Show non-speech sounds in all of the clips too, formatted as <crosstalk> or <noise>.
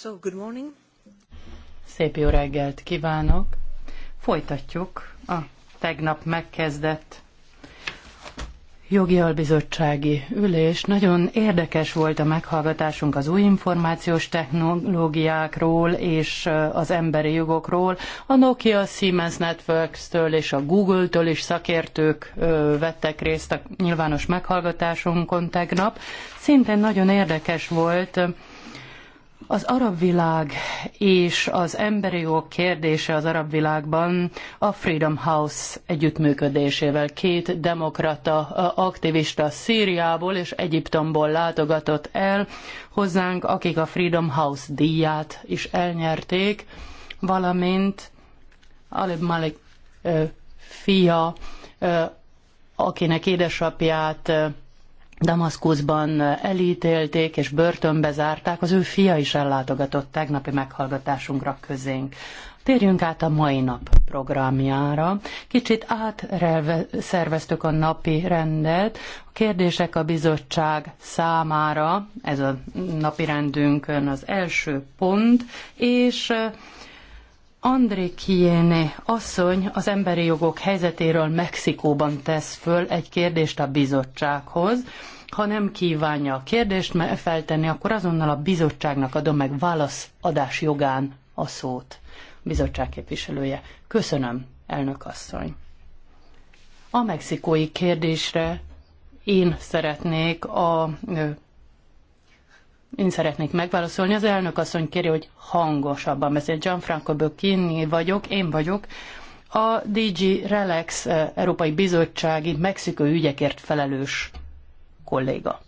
So, good morning. Szép jó reggelt kívánok. Folytatjuk a tegnap megkezdett jogi albizottsági ülés. Nagyon érdekes volt a meghallgatásunk az új információs technológiákról és az emberi jogokról. A Nokia, Siemens Networks-től és a Google-től is szakértők vettek részt a nyilvános meghallgatásunkon tegnap. Szintén nagyon érdekes volt az arab világ és az emberi jog kérdése az arab világban a Freedom House együttműködésével két demokrata aktivista Szíriából és Egyiptomból látogatott el hozzánk, akik a Freedom House díját is elnyerték, valamint Alib Malik fia, akinek édesapját Damaszkuszban elítélték és börtönbe zárták, az ő fia is ellátogatott tegnapi meghallgatásunkra közénk. Térjünk át a mai nap programjára. Kicsit átszerveztük a napi rendet. A kérdések a bizottság számára, ez a napi rendünkön az első pont, és André Kiene asszony az emberi jogok helyzetéről Mexikóban tesz föl egy kérdést a bizottsághoz. Ha nem kívánja a kérdést feltenni, akkor azonnal a bizottságnak adom meg válaszadás jogán a szót. A bizottság képviselője. Köszönöm, elnök asszony. A mexikói kérdésre én szeretnék a én szeretnék megválaszolni. Az elnök asszony kéri, hogy hangosabban beszél. Gianfranco Bocchini vagyok, én vagyok. A DG Relax eh, Európai Bizottsági Mexikó ügyekért felelős kolléga.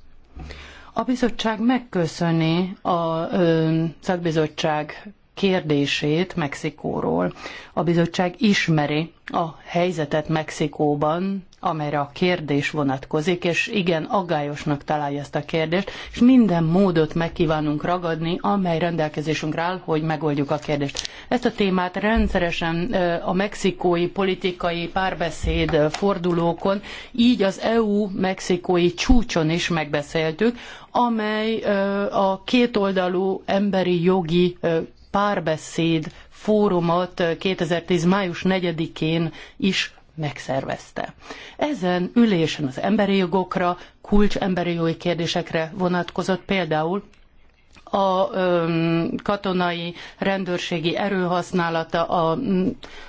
A bizottság megköszöni a ö, szakbizottság kérdését Mexikóról. A bizottság ismeri a helyzetet Mexikóban, amelyre a kérdés vonatkozik, és igen, aggályosnak találja ezt a kérdést, és minden módot megkívánunk ragadni, amely rendelkezésünkre áll, hogy megoldjuk a kérdést. Ezt a témát rendszeresen a mexikói politikai párbeszéd fordulókon, így az EU-mexikói csúcson is megbeszéltük, amely a kétoldalú emberi jogi párbeszéd fórumot 2010. május 4-én is megszervezte. Ezen ülésen az emberi jogokra, kulcs emberi jogi kérdésekre vonatkozott például a katonai rendőrségi erőhasználata, a,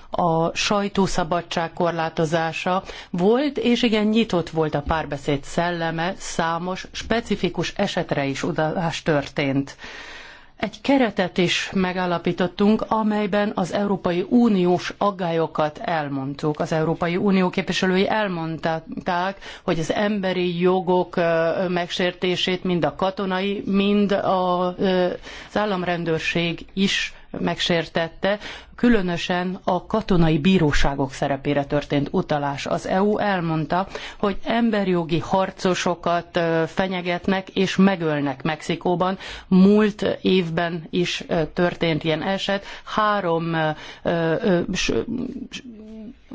a sajtószabadság korlátozása volt, és igen, nyitott volt a párbeszéd szelleme, számos specifikus esetre is utalás történt egy keretet is megállapítottunk, amelyben az Európai Uniós aggályokat elmondtuk. Az Európai Unió képviselői elmondták, hogy az emberi jogok megsértését mind a katonai, mind az államrendőrség is megsértette, különösen a katonai bíróságok szerepére történt utalás. Az EU elmondta, hogy emberjogi harcosokat fenyegetnek és megölnek Mexikóban. Múlt évben is történt ilyen eset. Három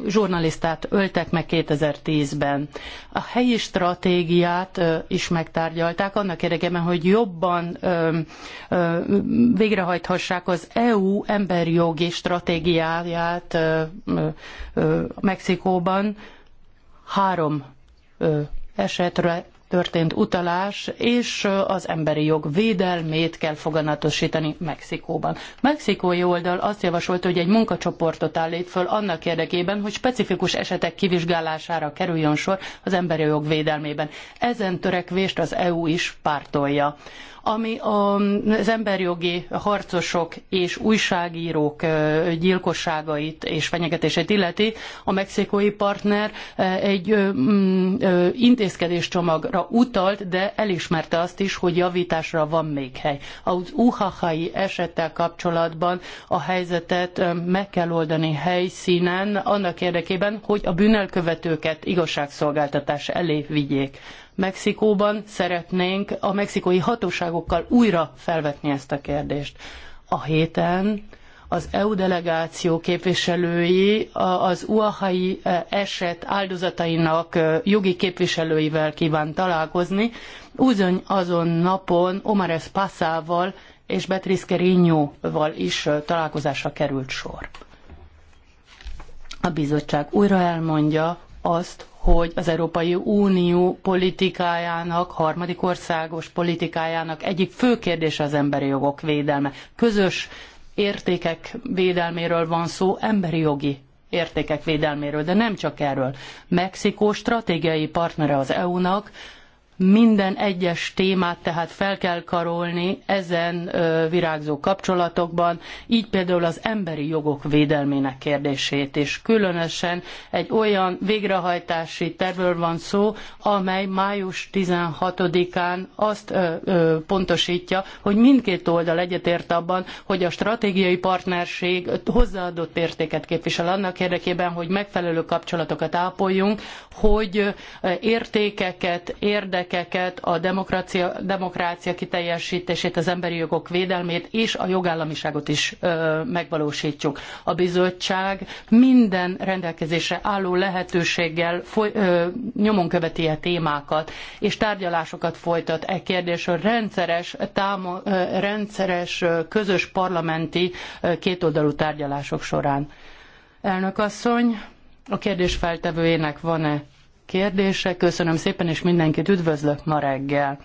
zsurnalisztát öltek meg 2010-ben. A helyi stratégiát is megtárgyalták annak érdekében, hogy jobban végrehajthassák az EU emberi jogi stratégiáját Mexikóban. Három esetre történt utalás, és az emberi jog védelmét kell foganatosítani Mexikóban. Mexikói oldal azt javasolt, hogy egy munkacsoportot állít föl annak érdekében, hogy specifikus esetek kivizsgálására kerüljön sor az emberi jog védelmében. Ezen törekvést az EU is pártolja ami az emberjogi harcosok és újságírók gyilkosságait és fenyegetését illeti, a mexikói partner egy mm, intézkedéscsomagra utalt, de elismerte azt is, hogy javításra van még hely. Az uhahai esettel kapcsolatban a helyzetet meg kell oldani helyszínen annak érdekében, hogy a bűnelkövetőket igazságszolgáltatás elé vigyék. Mexikóban szeretnénk a mexikói hatóságokkal újra felvetni ezt a kérdést. A héten az EU delegáció képviselői az uahai e, eset áldozatainak e, jogi képviselőivel kíván találkozni, Uzony azon napon Omares Passával és Beatriz Kerinyóval is e, találkozásra került sor. A bizottság újra elmondja azt, hogy az Európai Unió politikájának, harmadik országos politikájának egyik fő kérdése az emberi jogok védelme. Közös értékek védelméről van szó, emberi jogi értékek védelméről, de nem csak erről. Mexikó stratégiai partnere az EU-nak, minden egyes témát tehát fel kell karolni ezen virágzó kapcsolatokban, így például az emberi jogok védelmének kérdését is. Különösen egy olyan végrehajtási tervről van szó, amely május 16-án azt pontosítja, hogy mindkét oldal egyetért abban, hogy a stratégiai partnerség hozzáadott értéket képvisel annak érdekében, hogy megfelelő kapcsolatokat ápoljunk, hogy értékeket, érdekeket, érdekeket, a demokrácia, demokrácia kiteljesítését, az emberi jogok védelmét és a jogállamiságot is ö, megvalósítjuk. A bizottság minden rendelkezésre álló lehetőséggel foly, ö, nyomon követi e témákat, és tárgyalásokat folytat e kérdésről rendszeres, támo, ö, rendszeres közös parlamenti ö, kétoldalú tárgyalások során. Elnök asszony, a kérdés feltevőjének van-e kérdése. Köszönöm szépen, és mindenkit üdvözlök ma reggel.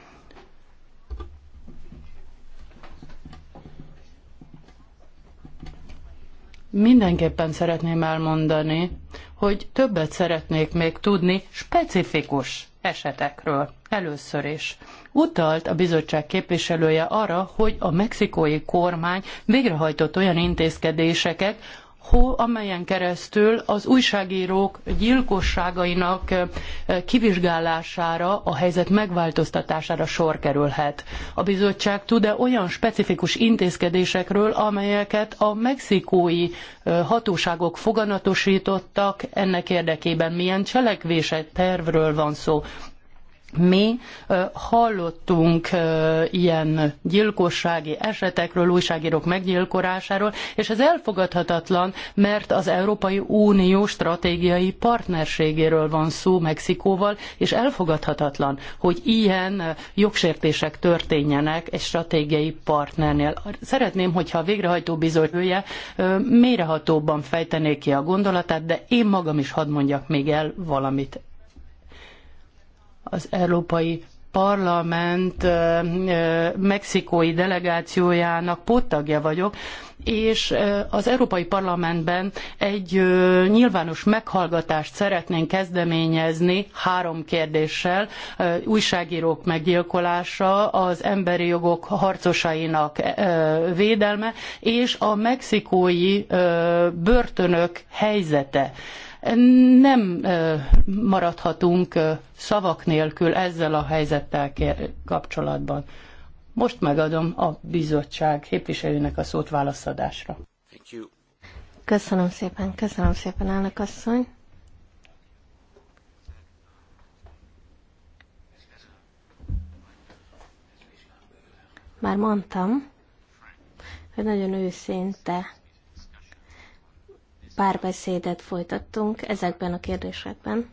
Mindenképpen szeretném elmondani, hogy többet szeretnék még tudni specifikus esetekről. Először is. Utalt a bizottság képviselője arra, hogy a mexikói kormány végrehajtott olyan intézkedéseket, amelyen keresztül az újságírók gyilkosságainak kivizsgálására, a helyzet megváltoztatására sor kerülhet. A bizottság tud-e olyan specifikus intézkedésekről, amelyeket a mexikói hatóságok foganatosítottak ennek érdekében? Milyen cselekvése tervről van szó? Mi hallottunk ilyen gyilkossági esetekről, újságírók meggyilkolásáról, és ez elfogadhatatlan, mert az Európai Unió stratégiai partnerségéről van szó Mexikóval, és elfogadhatatlan, hogy ilyen jogsértések történjenek egy stratégiai partnernél. Szeretném, hogyha a végrehajtó bizottője mélyrehatóbban fejtené ki a gondolatát, de én magam is hadd mondjak még el valamit az Európai Parlament mexikói delegációjának póttagja vagyok, és az Európai Parlamentben egy nyilvános meghallgatást szeretnénk kezdeményezni három kérdéssel. Újságírók meggyilkolása, az emberi jogok harcosainak védelme és a mexikói börtönök helyzete nem maradhatunk szavak nélkül ezzel a helyzettel kapcsolatban. Most megadom a bizottság képviselőnek a szót válaszadásra. Köszönöm szépen, köszönöm szépen, elnök asszony. Már mondtam, hogy nagyon őszinte párbeszédet folytattunk ezekben a kérdésekben.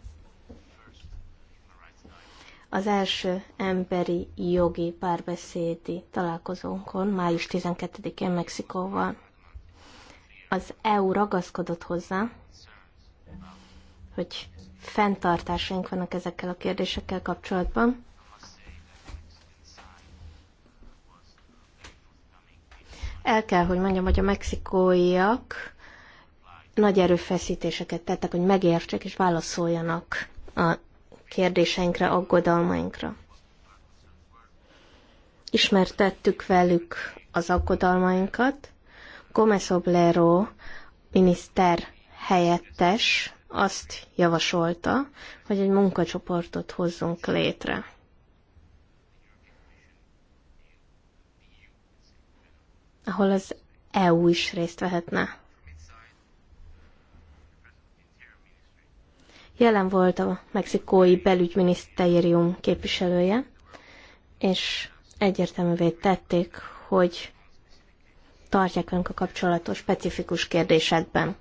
Az első emberi jogi párbeszédi találkozónkon május 12-én Mexikóval az EU ragaszkodott hozzá, hogy fenntartásaink vannak ezekkel a kérdésekkel kapcsolatban. El kell, hogy mondjam, hogy a mexikóiak nagy erőfeszítéseket tettek, hogy megértsék és válaszoljanak a kérdéseinkre, aggodalmainkra. Ismertettük velük az aggodalmainkat. Gomez Oblero miniszter helyettes azt javasolta, hogy egy munkacsoportot hozzunk létre. ahol az EU is részt vehetne. Jelen volt a mexikói belügyminisztérium képviselője, és egyértelművé tették, hogy tartják önk a kapcsolatos specifikus kérdésekben.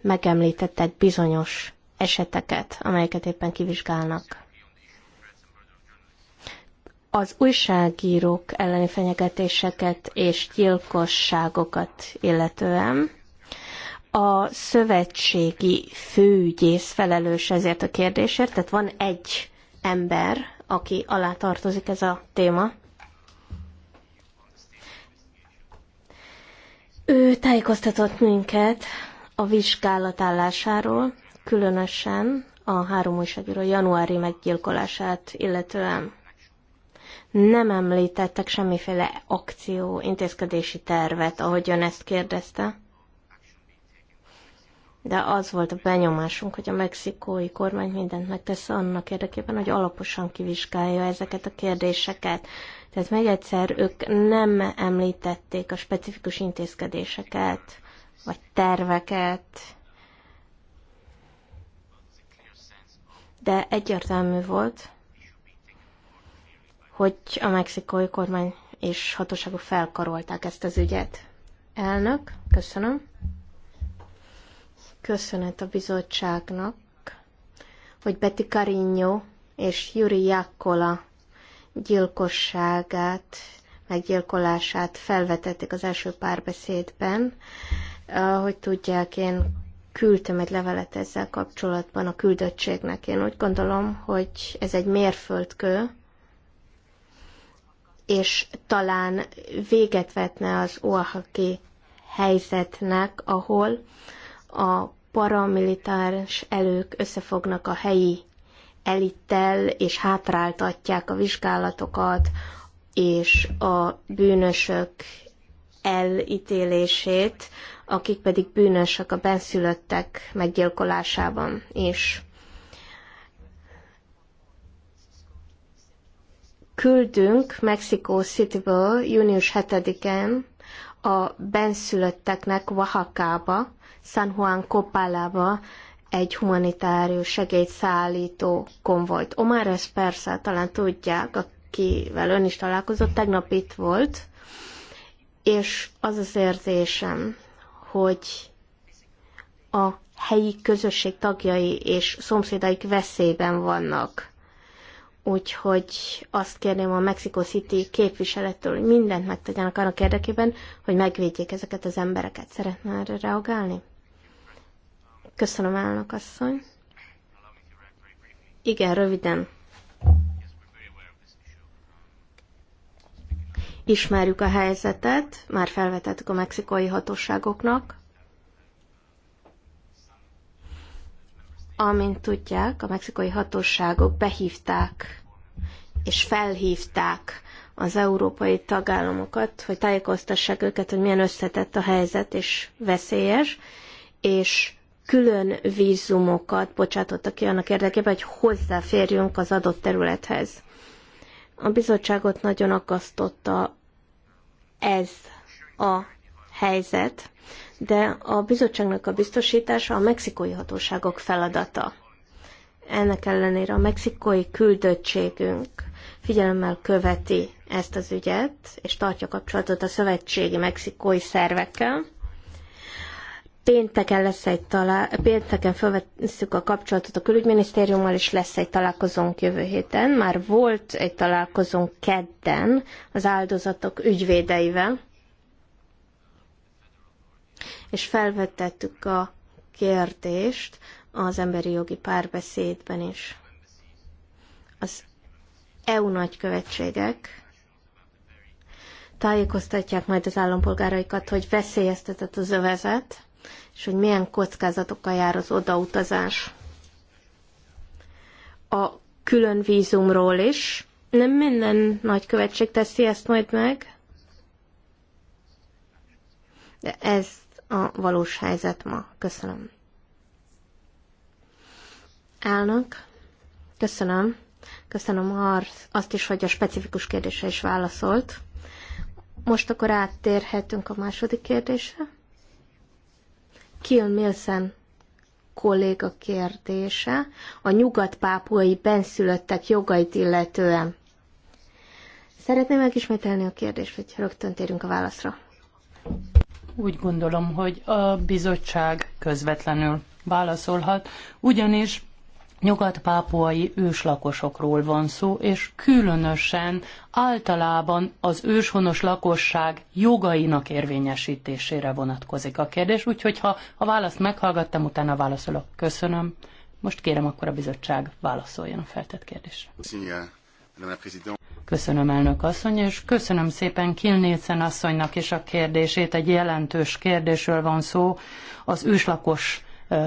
Megemlítettek bizonyos eseteket, amelyeket éppen kivizsgálnak. Az újságírók elleni fenyegetéseket és gyilkosságokat illetően a szövetségi főügyész felelős ezért a kérdésért, tehát van egy ember, aki alá tartozik ez a téma. Ő tájékoztatott minket a vizsgálat állásáról, különösen a három újságíró januári meggyilkolását illetően. Nem említettek semmiféle akció, intézkedési tervet, ahogy ön ezt kérdezte de az volt a benyomásunk, hogy a mexikói kormány mindent megtesz annak érdekében, hogy alaposan kivizsgálja ezeket a kérdéseket. Tehát még egyszer, ők nem említették a specifikus intézkedéseket, vagy terveket, de egyértelmű volt, hogy a mexikói kormány és hatóságok felkarolták ezt az ügyet. Elnök, köszönöm köszönet a bizottságnak, hogy Betty Carigno és Yuri Jakola gyilkosságát, meggyilkolását felvetették az első párbeszédben. Hogy tudják, én küldtem egy levelet ezzel kapcsolatban a küldöttségnek. Én úgy gondolom, hogy ez egy mérföldkő, és talán véget vetne az Oaxaki helyzetnek, ahol a paramilitáris elők összefognak a helyi elittel, és hátráltatják a vizsgálatokat, és a bűnösök elítélését, akik pedig bűnösök a benszülöttek meggyilkolásában is. Küldünk Mexico Cityből június 7-en a benszülötteknek Oaxacába, San Juan Copálába egy humanitárius segélyszállító konvojt. Omar ezt persze talán tudják, akivel ön is találkozott, tegnap itt volt, és az az érzésem, hogy a helyi közösség tagjai és szomszédaik veszélyben vannak. Úgyhogy azt kérném a Mexico City képviselettől, hogy mindent megtegyenek annak érdekében, hogy megvédjék ezeket az embereket. Szeretne erre reagálni? Köszönöm, elnök asszony. Igen, röviden. Ismerjük a helyzetet, már felvetettük a mexikai hatóságoknak. Amint tudják, a mexikai hatóságok behívták és felhívták az európai tagállamokat, hogy tájékoztassák őket, hogy milyen összetett a helyzet és veszélyes, és külön vízumokat bocsátottak ki annak érdekében, hogy hozzáférjünk az adott területhez. A bizottságot nagyon akasztotta ez a helyzet, de a bizottságnak a biztosítása a mexikói hatóságok feladata. Ennek ellenére a mexikói küldöttségünk figyelemmel követi ezt az ügyet, és tartja kapcsolatot a szövetségi mexikói szervekkel pénteken lesz egy talál, pénteken felvesszük a kapcsolatot a külügyminisztériummal, és lesz egy találkozónk jövő héten. Már volt egy találkozónk kedden az áldozatok ügyvédeivel, és felvetettük a kérdést az emberi jogi párbeszédben is. Az EU nagykövetségek tájékoztatják majd az állampolgáraikat, hogy veszélyeztetett az övezet, és hogy milyen kockázatokkal jár az odautazás. A külön vízumról is. Nem minden nagykövetség teszi ezt majd meg, de ez a valós helyzet ma. Köszönöm. Elnök, köszönöm. Köszönöm azt is, hogy a specifikus kérdése is válaszolt. Most akkor áttérhetünk a második kérdésre. Kill Milsen kolléga kérdése a nyugat-pápuai benszülöttek jogait illetően. Szeretném megismételni a kérdést, hogy rögtön térünk a válaszra. Úgy gondolom, hogy a bizottság közvetlenül válaszolhat, ugyanis nyugat-pápuai őslakosokról van szó, és különösen általában az őshonos lakosság jogainak érvényesítésére vonatkozik a kérdés, úgyhogy ha a választ meghallgattam, utána válaszolok. Köszönöm. Most kérem akkor a bizottság válaszoljon a feltett kérdésre. Köszönöm elnök asszony, és köszönöm szépen Kilnécen asszonynak is a kérdését. Egy jelentős kérdésről van szó az őslakos ö,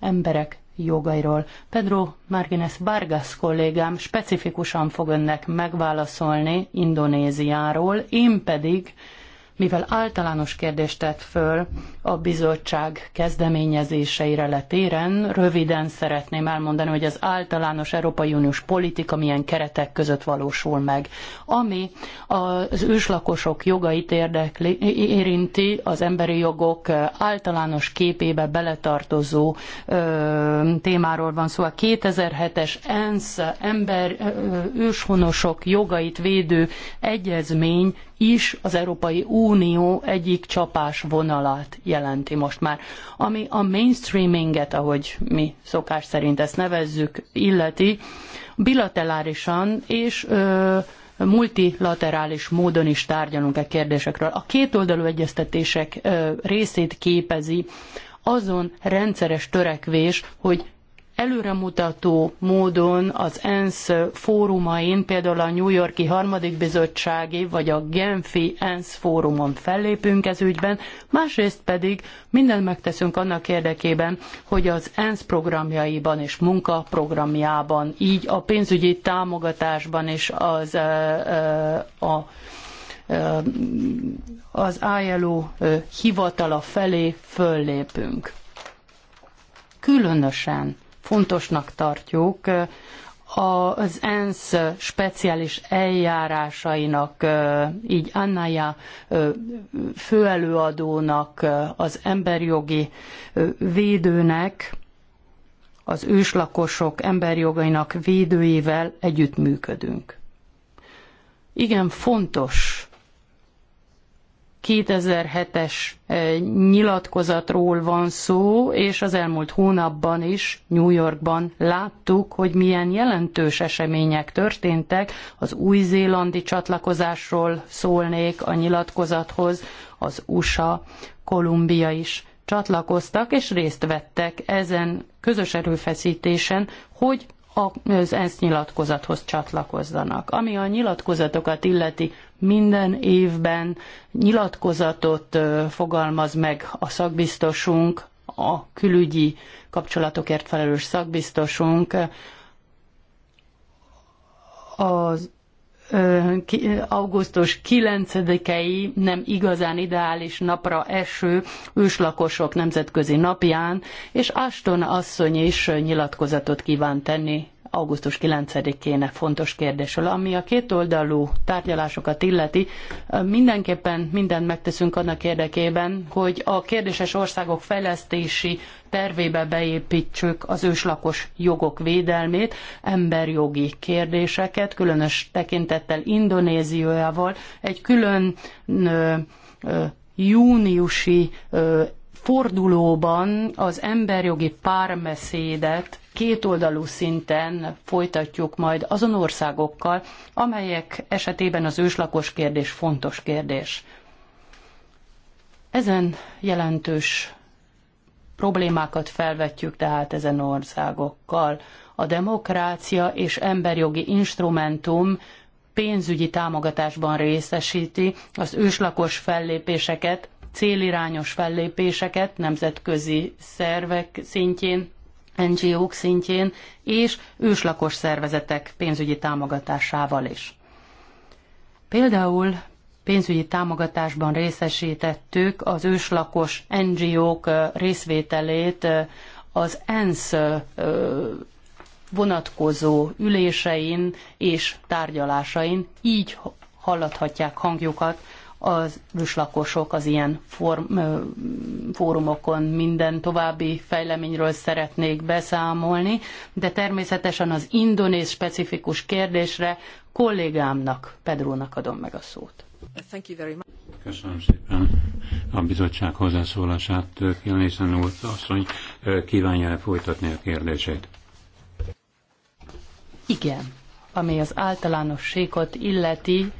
emberek jogairól. Pedro Margines Vargas kollégám specifikusan fog önnek megválaszolni Indonéziáról, én pedig mivel általános kérdést tett föl a bizottság kezdeményezéseire letéren, röviden szeretném elmondani, hogy az általános Európai Uniós politika milyen keretek között valósul meg. Ami az őslakosok jogait érdekli, érinti, az emberi jogok általános képébe beletartozó ö, témáról van szó. A 2007-es ENSZ ember őshonosok jogait védő egyezmény is az Európai Unió egyik csapás vonalát jelenti most már. Ami a mainstreaminget, ahogy mi szokás szerint ezt nevezzük, illeti, bilaterálisan és ö, multilaterális módon is tárgyalunk e kérdésekről. A kétoldalú egyeztetések ö, részét képezi azon rendszeres törekvés, hogy előremutató módon az ENSZ fórumain, például a New Yorki Harmadik Bizottsági vagy a Genfi ENSZ fórumon fellépünk ez ügyben, másrészt pedig mindent megteszünk annak érdekében, hogy az ENSZ programjaiban és munkaprogramjában, így a pénzügyi támogatásban és az a, a az ILO hivatala felé föllépünk. Különösen fontosnak tartjuk az ENSZ speciális eljárásainak, így Annája főelőadónak, az emberjogi védőnek, az őslakosok emberjogainak védőivel együttműködünk. Igen fontos 2007-es eh, nyilatkozatról van szó, és az elmúlt hónapban is New Yorkban láttuk, hogy milyen jelentős események történtek. Az új-zélandi csatlakozásról szólnék a nyilatkozathoz, az USA, Kolumbia is csatlakoztak és részt vettek ezen közös erőfeszítésen, hogy az ENSZ nyilatkozathoz csatlakozzanak. Ami a nyilatkozatokat illeti, minden évben nyilatkozatot fogalmaz meg a szakbiztosunk, a külügyi kapcsolatokért felelős szakbiztosunk, az augusztus 9-i nem igazán ideális napra eső őslakosok nemzetközi napján, és Ashton asszony is nyilatkozatot kíván tenni augusztus 9 én fontos kérdésről. Ami a kétoldalú tárgyalásokat illeti, mindenképpen mindent megteszünk annak érdekében, hogy a kérdéses országok fejlesztési tervébe beépítsük az őslakos jogok védelmét, emberjogi kérdéseket, különös tekintettel Indonéziával, egy külön ö, ö, júniusi ö, fordulóban az emberjogi párbeszédet kétoldalú szinten folytatjuk majd azon országokkal, amelyek esetében az őslakos kérdés fontos kérdés. Ezen jelentős problémákat felvetjük tehát ezen országokkal. A demokrácia és emberjogi instrumentum pénzügyi támogatásban részesíti az őslakos fellépéseket, célirányos fellépéseket nemzetközi szervek szintjén, NGO-k szintjén és őslakos szervezetek pénzügyi támogatásával is. Például pénzügyi támogatásban részesítettük az őslakos NGO-k részvételét az ENSZ vonatkozó ülésein és tárgyalásain, így hallathatják hangjukat az őslakosok az ilyen form, fórumokon minden további fejleményről szeretnék beszámolni, de természetesen az indonéz specifikus kérdésre kollégámnak, Pedrónak adom meg a szót. Köszönöm szépen a bizottság hozzászólását. Kilnészen úr asszony kívánja -e folytatni a kérdését? Igen. Ami az általános sékot illeti,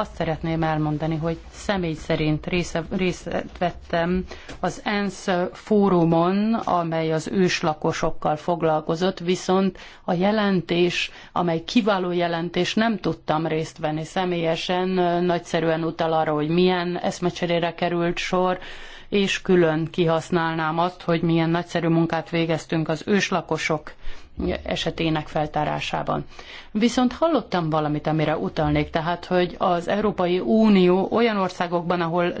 azt szeretném elmondani, hogy személy szerint része, részt vettem az ENSZ fórumon, amely az őslakosokkal foglalkozott, viszont a jelentés, amely kiváló jelentés, nem tudtam részt venni személyesen, nagyszerűen utal arra, hogy milyen eszmecserére került sor, és külön kihasználnám azt, hogy milyen nagyszerű munkát végeztünk az őslakosok esetének feltárásában. Viszont hallottam valamit, amire utalnék, tehát, hogy az Európai Unió olyan országokban, ahol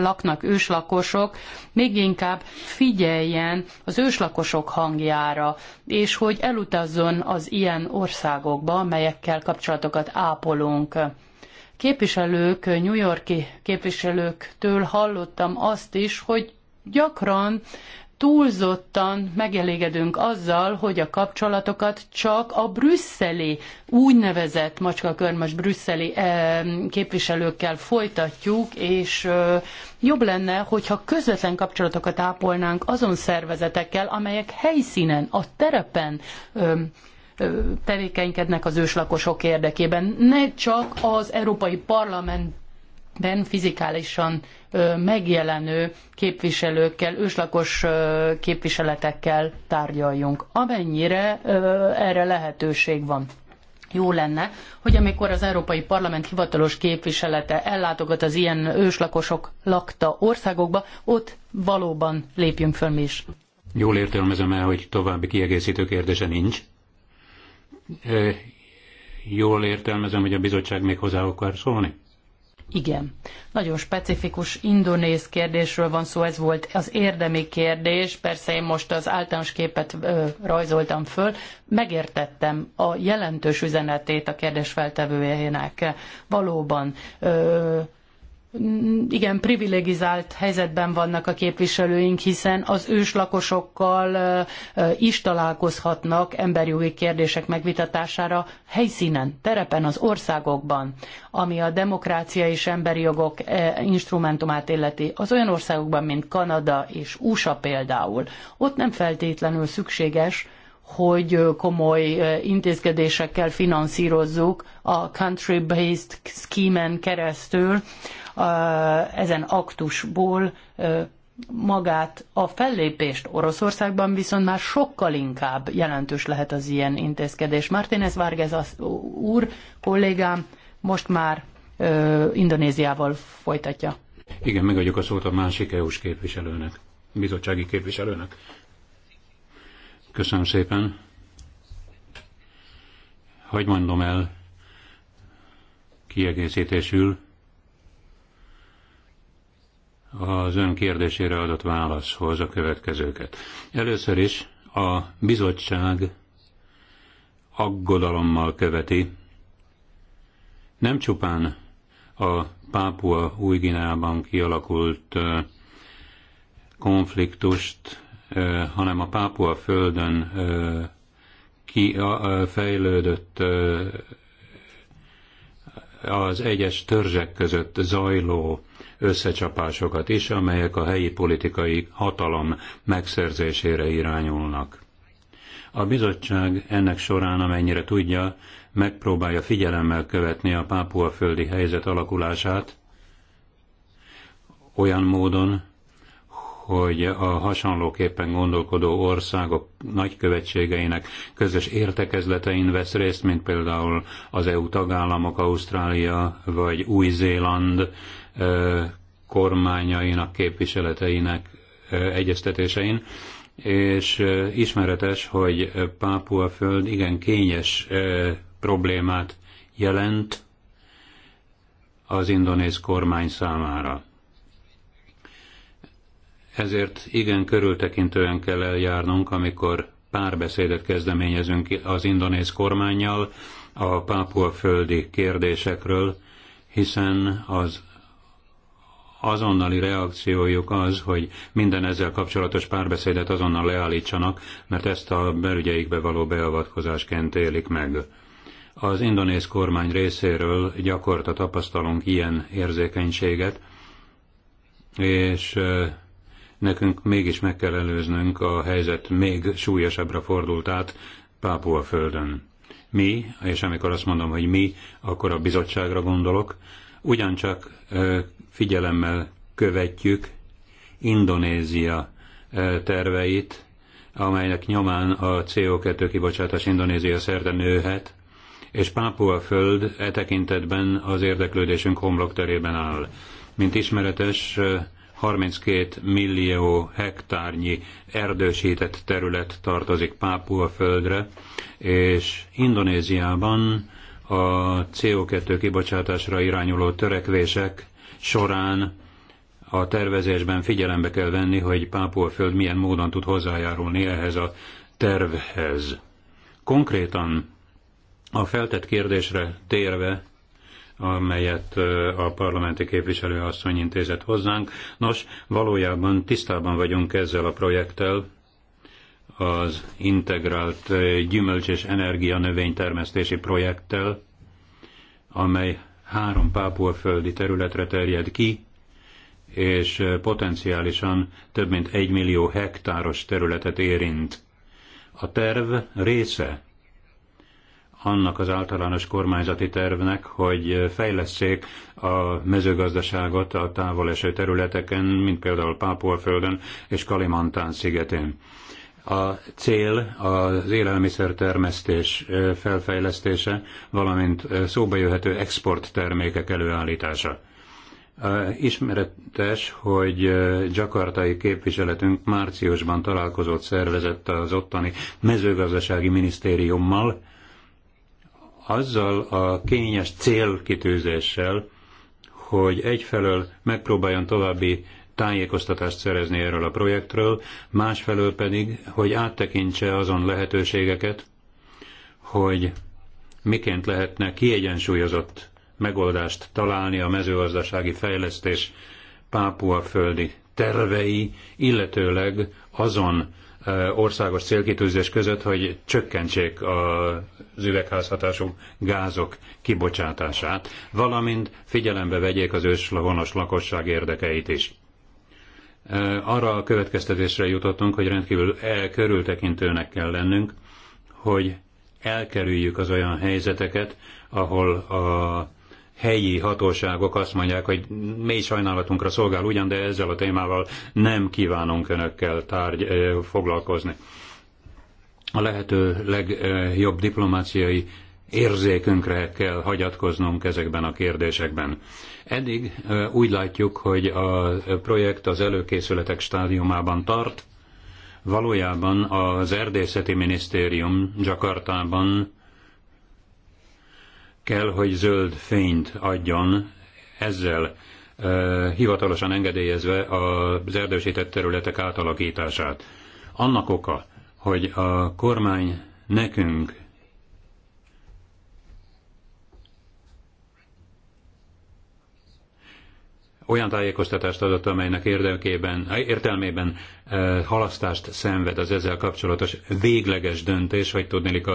laknak őslakosok, még inkább figyeljen az őslakosok hangjára, és hogy elutazzon az ilyen országokba, melyekkel kapcsolatokat ápolunk képviselők, New Yorki képviselőktől hallottam azt is, hogy gyakran túlzottan megelégedünk azzal, hogy a kapcsolatokat csak a brüsszeli, úgynevezett macskakörmös brüsszeli eh, képviselőkkel folytatjuk, és eh, jobb lenne, hogyha közvetlen kapcsolatokat ápolnánk azon szervezetekkel, amelyek helyszínen, a terepen eh, tevékenykednek az őslakosok érdekében. Ne csak az Európai Parlament ben fizikálisan megjelenő képviselőkkel, őslakos képviseletekkel tárgyaljunk, amennyire erre lehetőség van. Jó lenne, hogy amikor az Európai Parlament hivatalos képviselete ellátogat az ilyen őslakosok lakta országokba, ott valóban lépjünk föl mi is. Jól értelmezem el, hogy további kiegészítő kérdése nincs. Jól értelmezem, hogy a bizottság még hozzá akar szólni? Igen. Nagyon specifikus indonéz kérdésről van szó, ez volt az érdemi kérdés, persze én most az általános képet ö, rajzoltam föl, megértettem a jelentős üzenetét a kérdés feltevőjének. Valóban ö, igen privilegizált helyzetben vannak a képviselőink, hiszen az őslakosokkal is találkozhatnak emberjogi kérdések megvitatására helyszínen, terepen, az országokban, ami a demokrácia és emberi jogok instrumentumát illeti. Az olyan országokban, mint Kanada és USA például, ott nem feltétlenül szükséges, hogy komoly intézkedésekkel finanszírozzuk a country-based scheme-en keresztül ezen aktusból magát a fellépést Oroszországban viszont már sokkal inkább jelentős lehet az ilyen intézkedés. Martínez Várgez úr, kollégám, most már ö, Indonéziával folytatja. Igen, megadjuk a szót a másik EU-s képviselőnek, bizottsági képviselőnek. Köszönöm szépen. Hogy mondom el kiegészítésül az ön kérdésére adott válaszhoz a következőket. Először is a bizottság aggodalommal követi nem csupán a Pápua új kialakult konfliktust, hanem a Pápua földön kifejlődött az egyes törzsek között zajló összecsapásokat is, amelyek a helyi politikai hatalom megszerzésére irányulnak. A bizottság ennek során, amennyire tudja, megpróbálja figyelemmel követni a pápua-földi helyzet alakulását, olyan módon, hogy a hasonlóképpen gondolkodó országok nagykövetségeinek közös értekezletein vesz részt, mint például az EU tagállamok, Ausztrália vagy Új-Zéland kormányainak, képviseleteinek egyeztetésein, és ismeretes, hogy Pápua föld igen kényes problémát jelent az indonéz kormány számára ezért igen körültekintően kell eljárnunk, amikor párbeszédet kezdeményezünk az indonéz kormányjal a pápua földi kérdésekről, hiszen az azonnali reakciójuk az, hogy minden ezzel kapcsolatos párbeszédet azonnal leállítsanak, mert ezt a belügyeikbe való beavatkozásként élik meg. Az indonéz kormány részéről gyakorta tapasztalunk ilyen érzékenységet, és nekünk mégis meg kell előznünk a helyzet még súlyosabbra fordult át Pápua földön. Mi, és amikor azt mondom, hogy mi, akkor a bizottságra gondolok, ugyancsak figyelemmel követjük Indonézia terveit, amelynek nyomán a CO2 kibocsátás Indonézia szerte nőhet, és Pápua föld e tekintetben az érdeklődésünk homlokterében áll. Mint ismeretes, 32 millió hektárnyi erdősített terület tartozik Pápua földre, és Indonéziában a CO2 kibocsátásra irányuló törekvések során a tervezésben figyelembe kell venni, hogy Pápua föld milyen módon tud hozzájárulni ehhez a tervhez. Konkrétan a feltett kérdésre térve amelyet a parlamenti képviselőasszony intézett hozzánk. Nos, valójában tisztában vagyunk ezzel a projekttel, az integrált gyümölcs és energia növénytermesztési projekttel, amely három pápuaföldi területre terjed ki, és potenciálisan több mint egy millió hektáros területet érint. A terv része annak az általános kormányzati tervnek, hogy fejleszék a mezőgazdaságot a távol eső területeken, mint például Pápolföldön és Kalimantán szigetén. A cél az élelmiszertermesztés felfejlesztése, valamint szóba jöhető exporttermékek előállítása. Ismeretes, hogy Jakartai képviseletünk márciusban találkozott szervezett az ottani mezőgazdasági minisztériummal, azzal a kényes célkitűzéssel, hogy egyfelől megpróbáljon további tájékoztatást szerezni erről a projektről, másfelől pedig, hogy áttekintse azon lehetőségeket, hogy miként lehetne kiegyensúlyozott megoldást találni a mezőgazdasági fejlesztés Pápua földi tervei, illetőleg azon országos célkitűzés között, hogy csökkentsék az üvegházhatású gázok kibocsátását, valamint figyelembe vegyék az őslahonos lakosság érdekeit is. Arra a következtetésre jutottunk, hogy rendkívül e, körültekintőnek kell lennünk, hogy elkerüljük az olyan helyzeteket, ahol a helyi hatóságok azt mondják, hogy mély sajnálatunkra szolgál ugyan, de ezzel a témával nem kívánunk önökkel tárgy, foglalkozni. A lehető legjobb diplomáciai érzékünkre kell hagyatkoznunk ezekben a kérdésekben. Eddig úgy látjuk, hogy a projekt az előkészületek stádiumában tart, valójában az erdészeti minisztérium Jakartában kell, hogy zöld fényt adjon ezzel hivatalosan engedélyezve az erdősített területek átalakítását. Annak oka, hogy a kormány nekünk olyan tájékoztatást adott, amelynek érdekében, értelmében eh, halasztást szenved az ezzel kapcsolatos végleges döntés, hogy tudnélik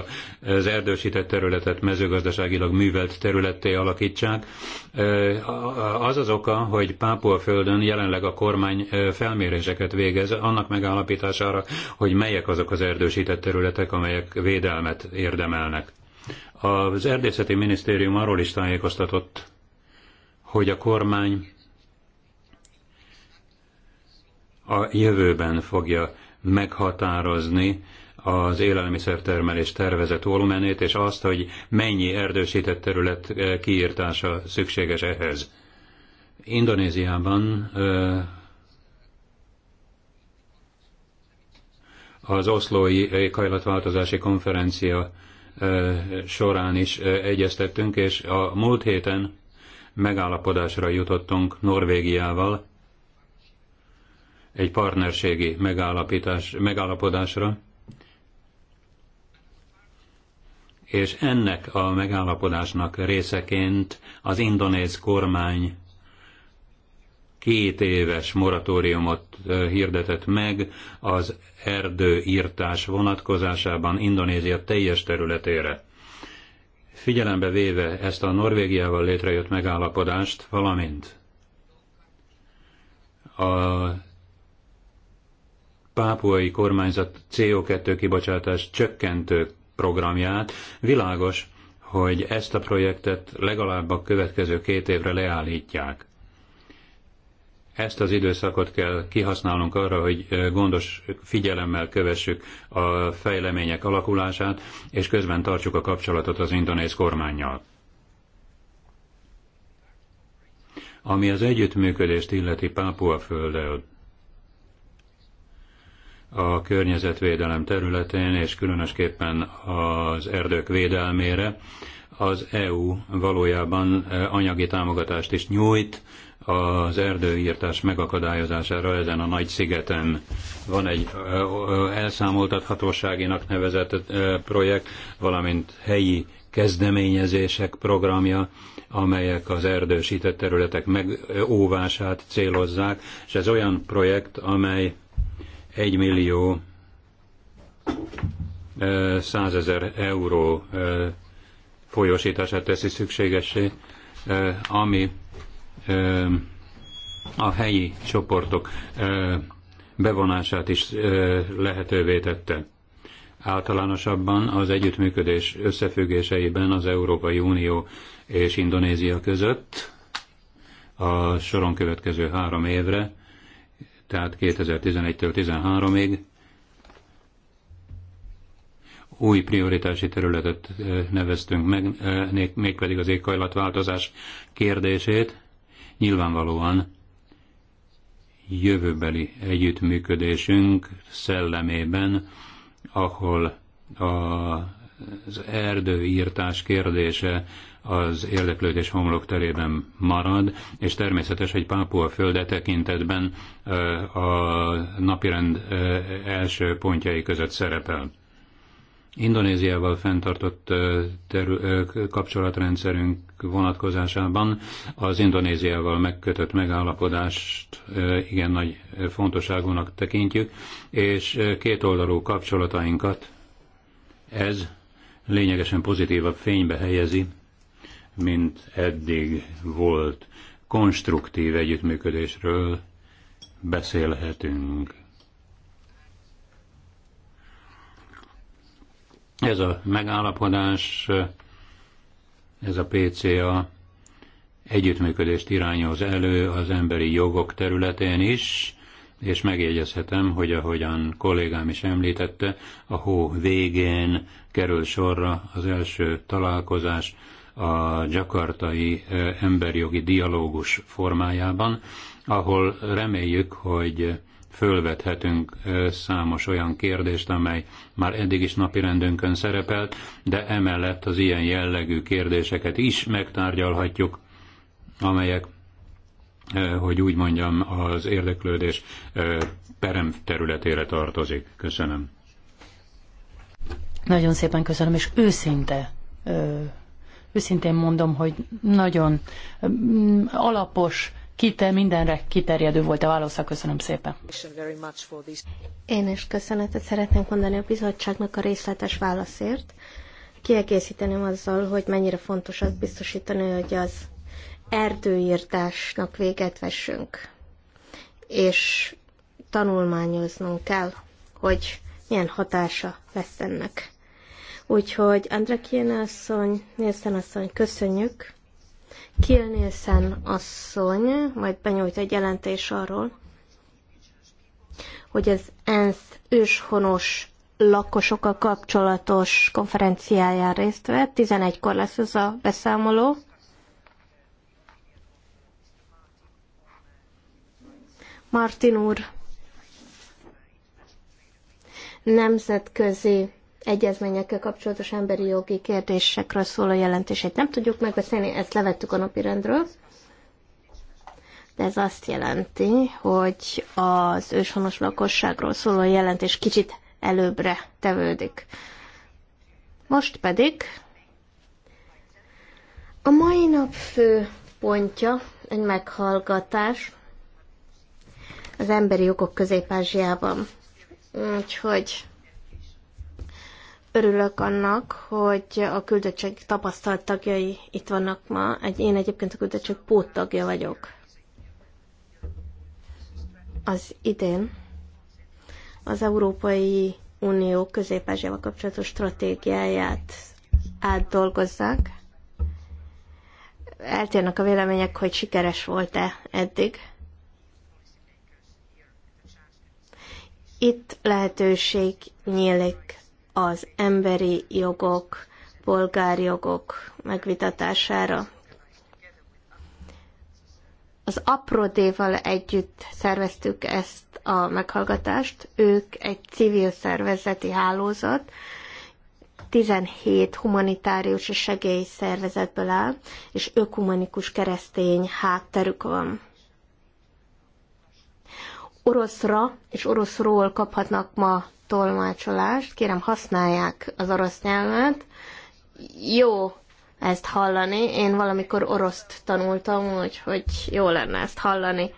az erdősített területet mezőgazdaságilag művelt területté alakítsák. Eh, az az oka, hogy földön jelenleg a kormány eh, felméréseket végez annak megállapítására, hogy melyek azok az erdősített területek, amelyek védelmet érdemelnek. Az erdészeti minisztérium arról is tájékoztatott, hogy a kormány a jövőben fogja meghatározni az élelmiszertermelés tervezett volumenét, és azt, hogy mennyi erdősített terület eh, kiírtása szükséges ehhez. Indonéziában eh, az oszlói éghajlatváltozási konferencia eh, során is egyeztettünk, és a múlt héten megállapodásra jutottunk Norvégiával egy partnerségi megállapítás, megállapodásra, és ennek a megállapodásnak részeként az indonéz kormány két éves moratóriumot hirdetett meg az erdőírtás vonatkozásában Indonézia teljes területére. Figyelembe véve ezt a Norvégiával létrejött megállapodást, valamint a pápuai kormányzat CO2 kibocsátás csökkentő programját. Világos, hogy ezt a projektet legalább a következő két évre leállítják. Ezt az időszakot kell kihasználnunk arra, hogy gondos figyelemmel kövessük a fejlemények alakulását, és közben tartsuk a kapcsolatot az indonéz kormányjal. Ami az együttműködést illeti Pápua földdel, a környezetvédelem területén, és különösképpen az erdők védelmére, az EU valójában e, anyagi támogatást is nyújt az erdőírtás megakadályozására ezen a nagy szigeten. Van egy e, e, elszámoltathatóságinak nevezett projekt, valamint helyi kezdeményezések programja, amelyek az erdősített területek megóvását célozzák, és ez olyan projekt, amely 1 millió 100 ezer euró folyosítását teszi szükségesé, ami a helyi csoportok bevonását is lehetővé tette. Általánosabban az együttműködés összefüggéseiben az Európai Unió és Indonézia között a soron következő három évre tehát 2011-től 13-ig új prioritási területet neveztünk meg, mégpedig az éghajlatváltozás kérdését. Nyilvánvalóan jövőbeli együttműködésünk szellemében, ahol az erdőírtás kérdése az érdeklődés homlok terében marad, és természetes, hogy Pápua földe tekintetben a napirend első pontjai között szerepel. Indonéziával fenntartott terü- kapcsolatrendszerünk vonatkozásában az Indonéziával megkötött megállapodást igen nagy fontosságúnak tekintjük, és kétoldalú kapcsolatainkat ez lényegesen pozitívabb fénybe helyezi, mint eddig volt. Konstruktív együttműködésről beszélhetünk. Ez a megállapodás, ez a PCA együttműködést irányoz elő az emberi jogok területén is, és megjegyezhetem, hogy ahogyan kollégám is említette, a hó végén kerül sorra az első találkozás a gyakartai emberjogi dialógus formájában, ahol reméljük, hogy fölvethetünk számos olyan kérdést, amely már eddig is rendünkön szerepelt, de emellett az ilyen jellegű kérdéseket is megtárgyalhatjuk, amelyek, hogy úgy mondjam, az érdeklődés perem területére tartozik. Köszönöm. Nagyon szépen köszönöm, és őszinte Őszintén mondom, hogy nagyon mm, alapos, kite, mindenre kiterjedő volt a válasz, szóval Köszönöm szépen. Én is köszönetet szeretnék mondani a bizottságnak a részletes válaszért. Kiegészíteném azzal, hogy mennyire fontos azt biztosítani, hogy az erdőírtásnak véget vessünk, és tanulmányoznunk kell, hogy milyen hatása lesz ennek. Úgyhogy Andra Kien asszony, Nielsen asszony, köszönjük. Kiel Nielsen asszony majd benyújt egy jelentés arról, hogy az ENSZ őshonos lakosokkal kapcsolatos konferenciáján részt vett. 11-kor lesz ez a beszámoló. Martin úr nemzetközi egyezményekkel kapcsolatos emberi jogi kérdésekről szóló jelentését nem tudjuk megbeszélni, ezt levettük a napirendről. De ez azt jelenti, hogy az őshonos lakosságról szóló jelentés kicsit előbbre tevődik. Most pedig a mai nap fő pontja egy meghallgatás az emberi jogok Közép-Ázsiában. Úgyhogy Örülök annak, hogy a küldöttség tapasztalt tagjai itt vannak ma. Én egyébként a küldöttség póttagja vagyok. Az idén az Európai Unió közép kapcsolatos stratégiáját átdolgozzák. Eltérnek a vélemények, hogy sikeres volt-e eddig. Itt lehetőség nyílik az emberi jogok, polgárjogok megvitatására. Az aprodéval együtt szerveztük ezt a meghallgatást. Ők egy civil szervezeti hálózat, 17 humanitárius és szervezetből áll, és ökumenikus keresztény hátterük van. Oroszra és oroszról kaphatnak ma tolmácsolást, kérem használják az orosz nyelvet. Jó ezt hallani, én valamikor oroszt tanultam, úgyhogy jó lenne ezt hallani.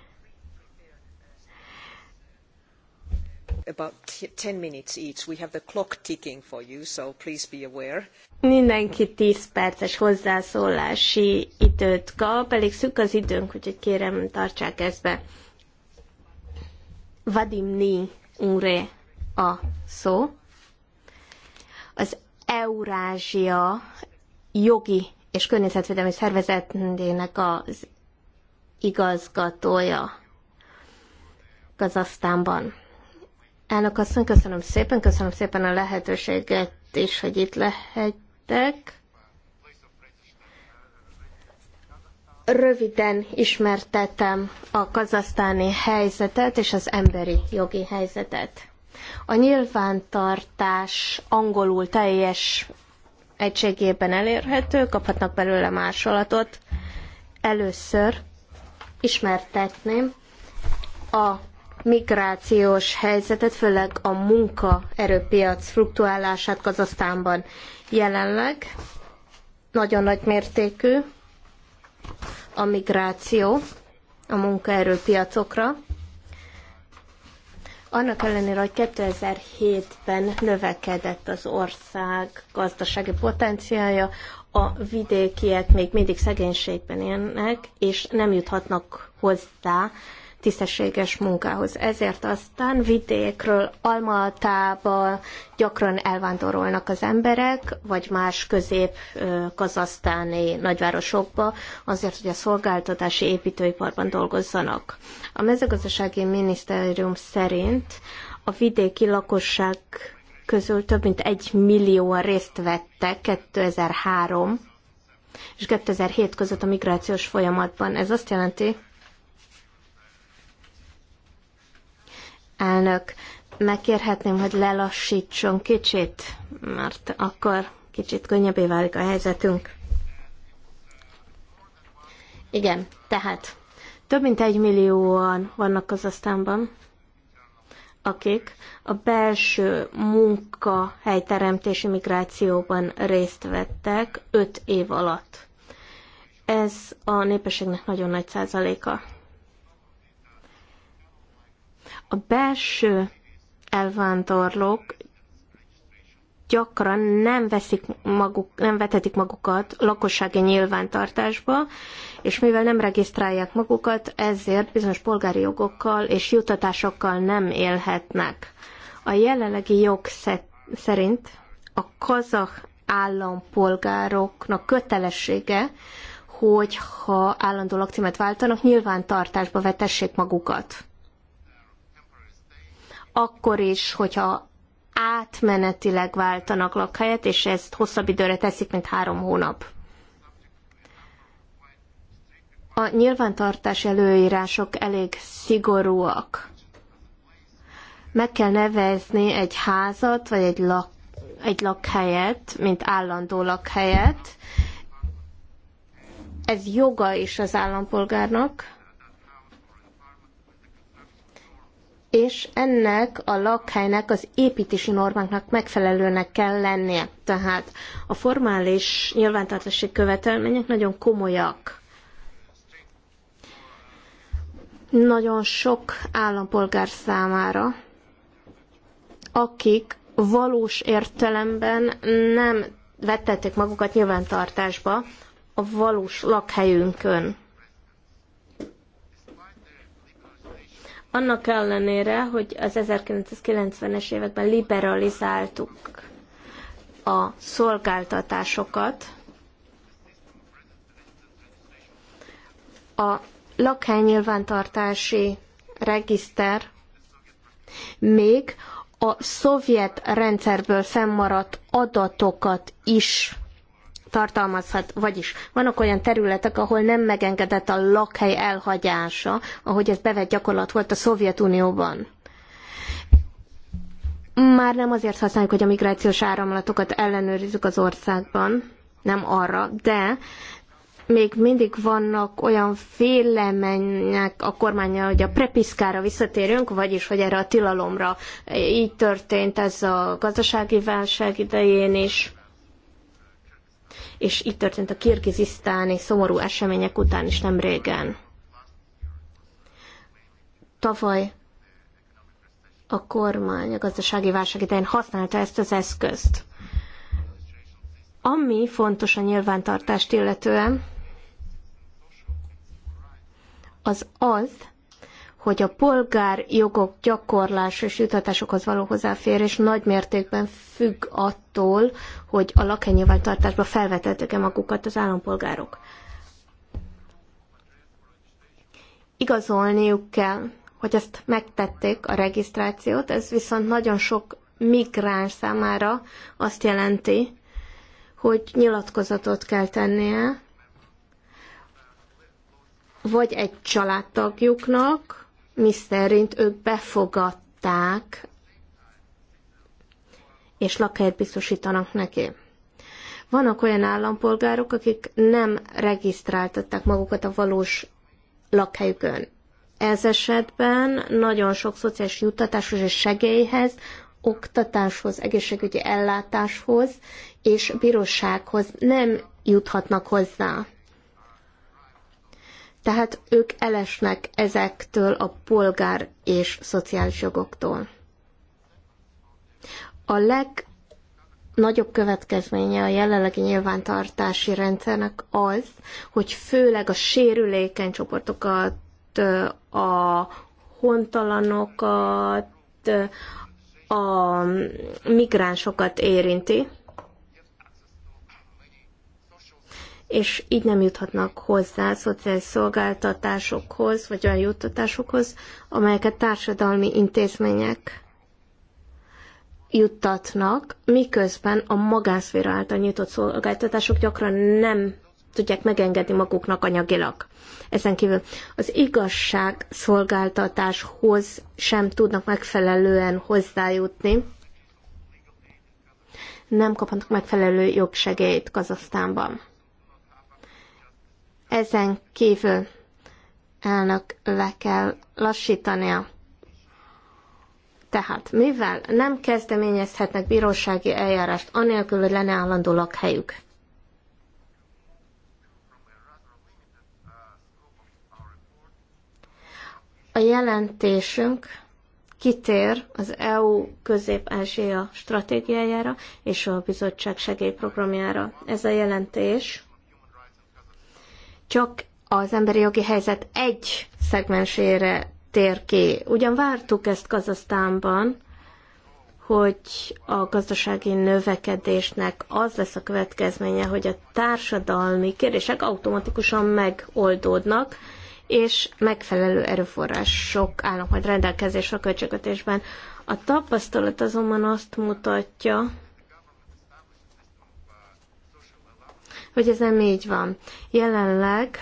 About 10 minutes each. We have the clock ticking for you, so please be aware. Mindenki 10 perces hozzászólási időt kap, elég szűk az időnk, úgyhogy kérem, tartsák ezt be. Vadim Ni, úré a szó. Az Eurázsia jogi és környezetvédelmi szervezetének az igazgatója Kazasztánban. Elnök asszony, köszönöm szépen, köszönöm szépen a lehetőséget is, hogy itt lehettek. Röviden ismertetem a kazasztáni helyzetet és az emberi jogi helyzetet. A nyilvántartás angolul teljes egységében elérhető, kaphatnak belőle másolatot. Először ismertetném a migrációs helyzetet, főleg a munkaerőpiac fluktuálását Kazasztánban jelenleg. Nagyon nagy mértékű a migráció a munkaerőpiacokra annak ellenére, hogy 2007-ben növekedett az ország gazdasági potenciája, a vidékiek még mindig szegénységben élnek, és nem juthatnak hozzá tisztességes munkához. Ezért aztán vidékről, Almatába gyakran elvándorolnak az emberek, vagy más közép-kazasztáni nagyvárosokba, azért, hogy a szolgáltatási építőiparban dolgozzanak. A mezőgazdasági minisztérium szerint a vidéki lakosság közül több mint egy millióan részt vettek 2003 és 2007 között a migrációs folyamatban. Ez azt jelenti, Elnök, megkérhetném, hogy lelassítson kicsit, mert akkor kicsit könnyebbé válik a helyzetünk. Igen, tehát több mint egy millióan vannak az aztánban, akik a belső munkahelyteremtési migrációban részt vettek öt év alatt. Ez a népességnek nagyon nagy százaléka. A belső elvándorlók gyakran nem, veszik maguk, nem vetetik magukat lakossági nyilvántartásba, és mivel nem regisztrálják magukat, ezért bizonyos polgári jogokkal és jutatásokkal nem élhetnek. A jelenlegi jog szerint a kazah állampolgároknak kötelessége, hogy ha állandó lakcímet váltanak, nyilvántartásba vetessék magukat akkor is, hogyha átmenetileg váltanak lakhelyet, és ezt hosszabb időre teszik, mint három hónap. A nyilvántartás előírások elég szigorúak. Meg kell nevezni egy házat, vagy egy, lak, egy lakhelyet, mint állandó lakhelyet. Ez joga is az állampolgárnak, és ennek a lakhelynek az építési normáknak megfelelőnek kell lennie. Tehát a formális nyilvántartási követelmények nagyon komolyak. Nagyon sok állampolgár számára, akik valós értelemben nem vettették magukat nyilvántartásba a valós lakhelyünkön. Annak ellenére, hogy az 1990-es években liberalizáltuk a szolgáltatásokat, a lakhelynyilvántartási regiszter még a szovjet rendszerből fennmaradt adatokat is tartalmazhat, vagyis vannak olyan területek, ahol nem megengedett a lakhely elhagyása, ahogy ez bevett gyakorlat volt a Szovjetunióban. Már nem azért használjuk, hogy a migrációs áramlatokat ellenőrizzük az országban, nem arra, de még mindig vannak olyan vélemények a kormánya, hogy a prepiszkára visszatérünk, vagyis hogy erre a tilalomra. Így történt ez a gazdasági válság idején is és itt történt a kirgizisztáni szomorú események után is nem régen. Tavaly a kormány a gazdasági válság idején használta ezt az eszközt. Ami fontos a nyilvántartást illetően, az az, hogy a polgárjogok gyakorlása és jutatásokhoz való hozzáférés nagy mértékben függ attól, hogy a lakhelynyilvántartásba felvetettek-e magukat az állampolgárok. Igazolniuk kell, hogy ezt megtették a regisztrációt, ez viszont nagyon sok migráns számára azt jelenti, hogy nyilatkozatot kell tennie, vagy egy családtagjuknak, miszerint ők befogadták, és lakhelyet biztosítanak neki. Vannak olyan állampolgárok, akik nem regisztráltatták magukat a valós lakhelyükön. Ez esetben nagyon sok szociális juttatáshoz és segélyhez, oktatáshoz, egészségügyi ellátáshoz és bírósághoz nem juthatnak hozzá. Tehát ők elesnek ezektől a polgár és szociális jogoktól. A legnagyobb következménye a jelenlegi nyilvántartási rendszernek az, hogy főleg a sérülékeny csoportokat, a hontalanokat, a migránsokat érinti, és így nem juthatnak hozzá szociális szolgáltatásokhoz, vagy olyan juttatásokhoz, amelyeket társadalmi intézmények juttatnak, miközben a magánszféra által nyitott szolgáltatások gyakran nem tudják megengedni maguknak anyagilag. Ezen kívül az igazság szolgáltatáshoz sem tudnak megfelelően hozzájutni. Nem kaphatnak megfelelő jogsegélyt Kazasztánban. Ezen kívül elnök le kell lassítania. Tehát, mivel nem kezdeményezhetnek bírósági eljárást, anélkül, hogy lenne állandó lakhelyük. A jelentésünk kitér az EU közép-ázsia stratégiájára és a bizottság segélyprogramjára. Ez a jelentés csak az emberi jogi helyzet egy szegmensére tér ki. Ugyan vártuk ezt Kazasztánban, hogy a gazdasági növekedésnek az lesz a következménye, hogy a társadalmi kérdések automatikusan megoldódnak, és megfelelő erőforrások állnak majd rendelkezésre a költségvetésben. A tapasztalat azonban azt mutatja, hogy ez nem így van. Jelenleg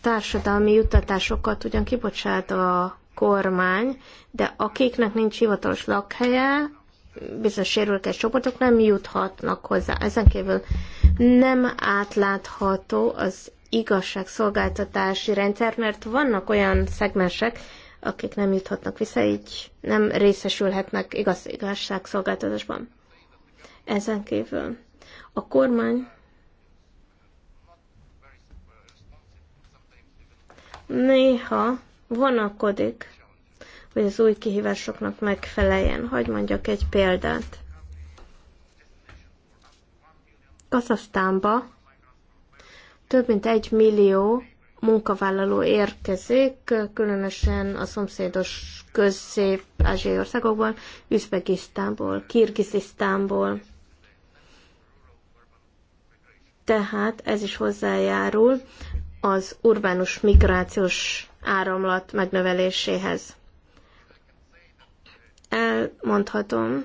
társadalmi juttatásokat ugyan kibocsát a kormány, de akiknek nincs hivatalos lakhelye, bizonyos sérülkes csoportok nem juthatnak hozzá. Ezen kívül nem átlátható az igazságszolgáltatási rendszer, mert vannak olyan szegmensek, akik nem juthatnak vissza, így nem részesülhetnek igaz igazságszolgáltatásban. Ezen kívül a kormány néha vonakodik, hogy az új kihívásoknak megfeleljen. Hogy mondjak egy példát? Kazasztánba több mint egy millió munkavállaló érkezik, különösen a szomszédos közép-ázsiai országokból, Üzbegisztánból, Kirgizisztánból. Tehát ez is hozzájárul az urbánus migrációs áramlat megnöveléséhez. Elmondhatom,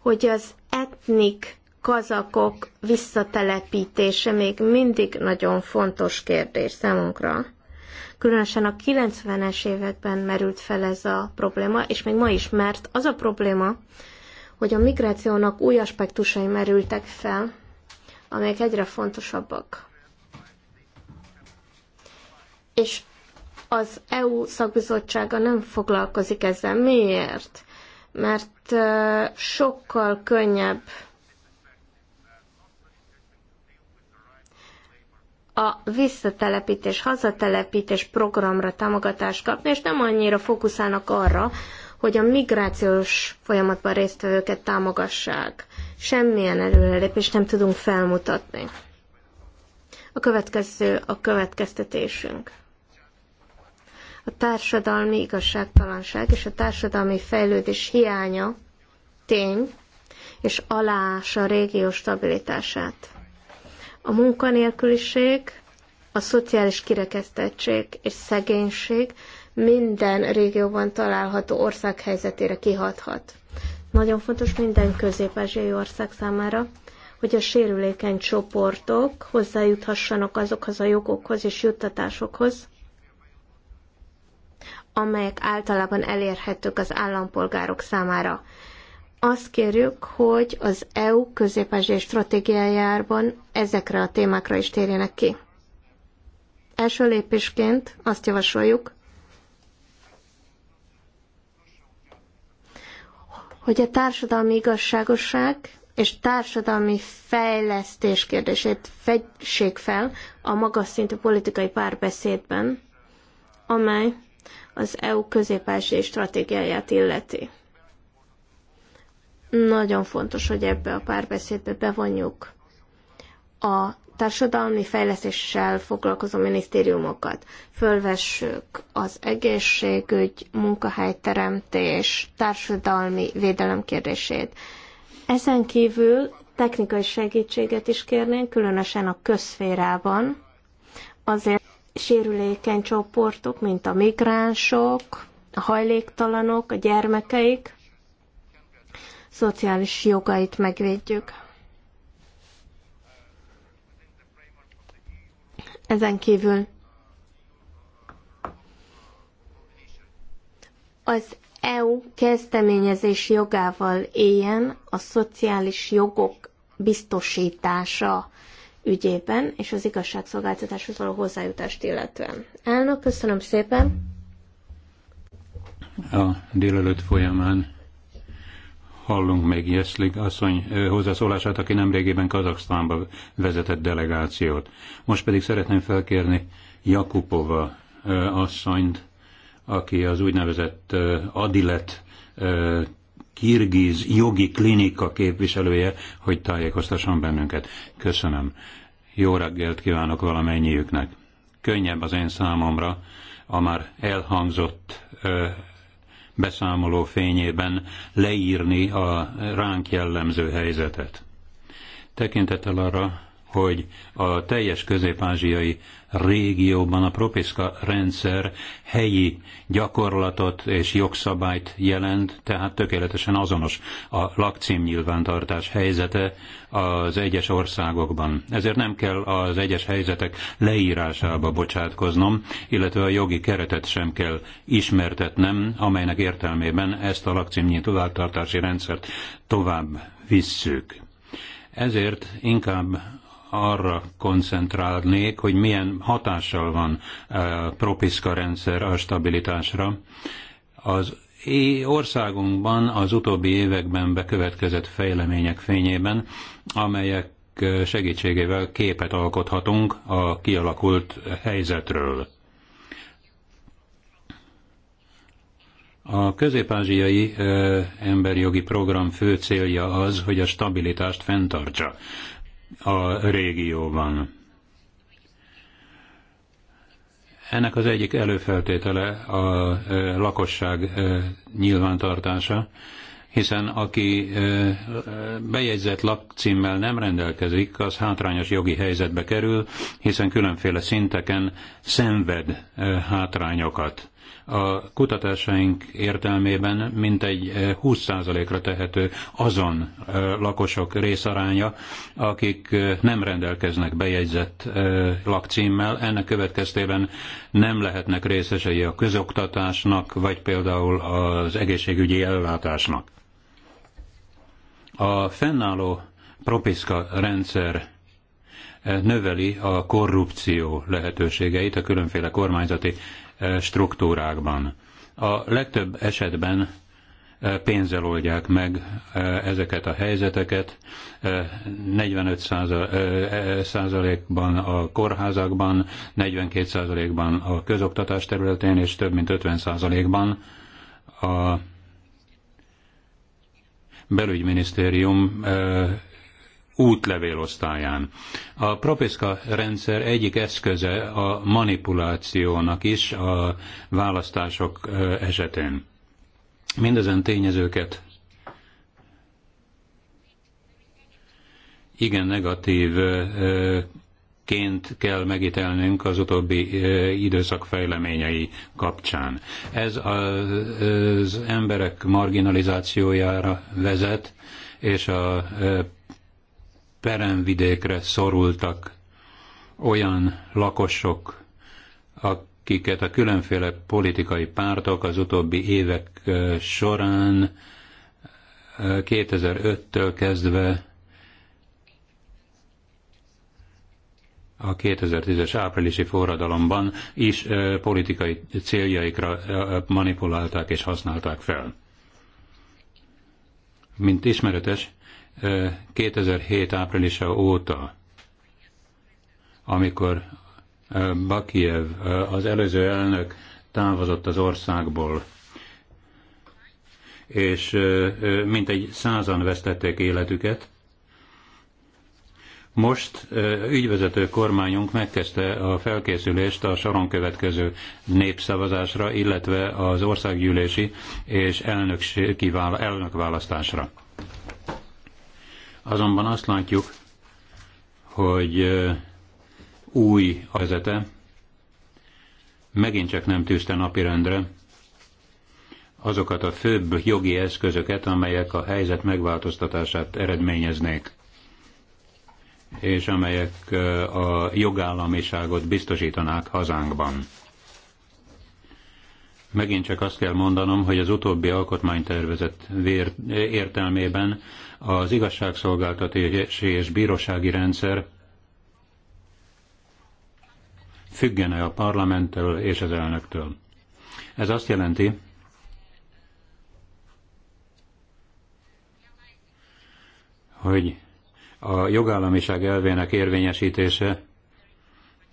hogy az etnik kazakok visszatelepítése még mindig nagyon fontos kérdés számunkra. Különösen a 90-es években merült fel ez a probléma, és még ma is, mert az a probléma, hogy a migrációnak új aspektusai merültek fel, amelyek egyre fontosabbak. És az EU szakbizottsága nem foglalkozik ezzel. Miért? Mert sokkal könnyebb a visszatelepítés, hazatelepítés programra támogatást kapni, és nem annyira fókuszálnak arra, hogy a migrációs folyamatban résztvevőket támogassák. Semmilyen előrelépést nem tudunk felmutatni. A következő a következtetésünk. A társadalmi igazságtalanság és a társadalmi fejlődés hiánya tény, és alása a régió stabilitását. A munkanélküliség, a szociális kirekesztettség és szegénység minden régióban található ország helyzetére kihathat. Nagyon fontos minden közép ország számára, hogy a sérülékeny csoportok hozzájuthassanak azokhoz a jogokhoz és juttatásokhoz, amelyek általában elérhetők az állampolgárok számára. Azt kérjük, hogy az EU közép stratégiájában ezekre a témákra is térjenek ki. Első lépésként azt javasoljuk, hogy a társadalmi igazságosság és társadalmi fejlesztés kérdését fedjék fel a magas szintű politikai párbeszédben, amely az EU közép stratégiáját illeti. Nagyon fontos, hogy ebbe a párbeszédbe bevonjuk a társadalmi fejlesztéssel foglalkozó minisztériumokat. Fölvessük az egészségügy, munkahelyteremtés, társadalmi védelem kérdését. Ezen kívül technikai segítséget is kérnénk, különösen a közférában, azért sérülékeny csoportok, mint a migránsok, a hajléktalanok, a gyermekeik, szociális jogait megvédjük. Ezen kívül az EU kezdeményezés jogával éljen a szociális jogok biztosítása ügyében és az igazságszolgáltatáshoz való hozzájutást illetően. Elnök, köszönöm szépen! A délelőtt folyamán hallunk még Jeszlik asszony hozzászólását, aki nemrégében Kazaksztánba vezetett delegációt. Most pedig szeretném felkérni Jakupova asszonyt, aki az úgynevezett Adilet kirgiz jogi klinika képviselője, hogy tájékoztasson bennünket. Köszönöm. Jó reggelt kívánok valamennyiüknek. Könnyebb az én számomra a már elhangzott beszámoló fényében leírni a ránk jellemző helyzetet. Tekintettel arra, hogy a teljes közép-ázsiai régióban a propiska rendszer helyi gyakorlatot és jogszabályt jelent, tehát tökéletesen azonos a lakcím nyilvántartás helyzete az egyes országokban. Ezért nem kell az egyes helyzetek leírásába bocsátkoznom, illetve a jogi keretet sem kell ismertetnem, amelynek értelmében ezt a lakcím nyilvántartási rendszert tovább visszük. Ezért inkább arra koncentrálnék, hogy milyen hatással van a eh, propiszka rendszer a stabilitásra. Az országunkban az utóbbi években bekövetkezett fejlemények fényében, amelyek eh, segítségével képet alkothatunk a kialakult helyzetről. A közép-ázsiai eh, emberjogi program fő célja az, hogy a stabilitást fenntartsa a régióban. Ennek az egyik előfeltétele a e, lakosság e, nyilvántartása, hiszen aki e, bejegyzett lakcímmel nem rendelkezik, az hátrányos jogi helyzetbe kerül, hiszen különféle szinteken szenved hátrányokat a kutatásaink értelmében mintegy 20%-ra eh, tehető azon eh, lakosok részaránya, akik eh, nem rendelkeznek bejegyzett lakcímmel, ennek következtében nem lehetnek részesei a közoktatásnak, vagy például az egészségügyi ellátásnak. A fennálló propiska rendszer növeli a korrupció lehetőségeit a különféle kormányzati struktúrákban. A legtöbb esetben pénzzel oldják meg ezeket a helyzeteket, 45 e, százalékban a kórházakban, 42 százalékban a közoktatás területén, és több mint 50 százalékban a belügyminisztérium útlevél osztályán. A propiska rendszer egyik eszköze a manipulációnak is a választások esetén. Mindezen tényezőket igen negatív ként kell megítelnünk az utóbbi időszak fejleményei kapcsán. Ez az emberek marginalizációjára vezet, és a peremvidékre szorultak olyan lakosok, akiket a különféle politikai pártok az utóbbi évek során 2005-től kezdve a 2010-es áprilisi forradalomban is politikai céljaikra manipulálták és használták fel. Mint ismeretes, 2007 áprilisa óta, amikor Bakiev, az előző elnök távozott az országból, és mintegy százan vesztették életüket. Most ügyvezető kormányunk megkezdte a felkészülést a soron következő népszavazásra, illetve az országgyűlési és elnök elnökválasztásra. Azonban azt látjuk, hogy új vezete megint csak nem tűzte napirendre azokat a főbb jogi eszközöket, amelyek a helyzet megváltoztatását eredményeznék, és amelyek a jogállamiságot biztosítanák hazánkban. Megint csak azt kell mondanom, hogy az utóbbi alkotmánytervezet értelmében az igazságszolgáltatási és bírósági rendszer függene a parlamenttől és az elnöktől. Ez azt jelenti, hogy a jogállamiság elvének érvényesítése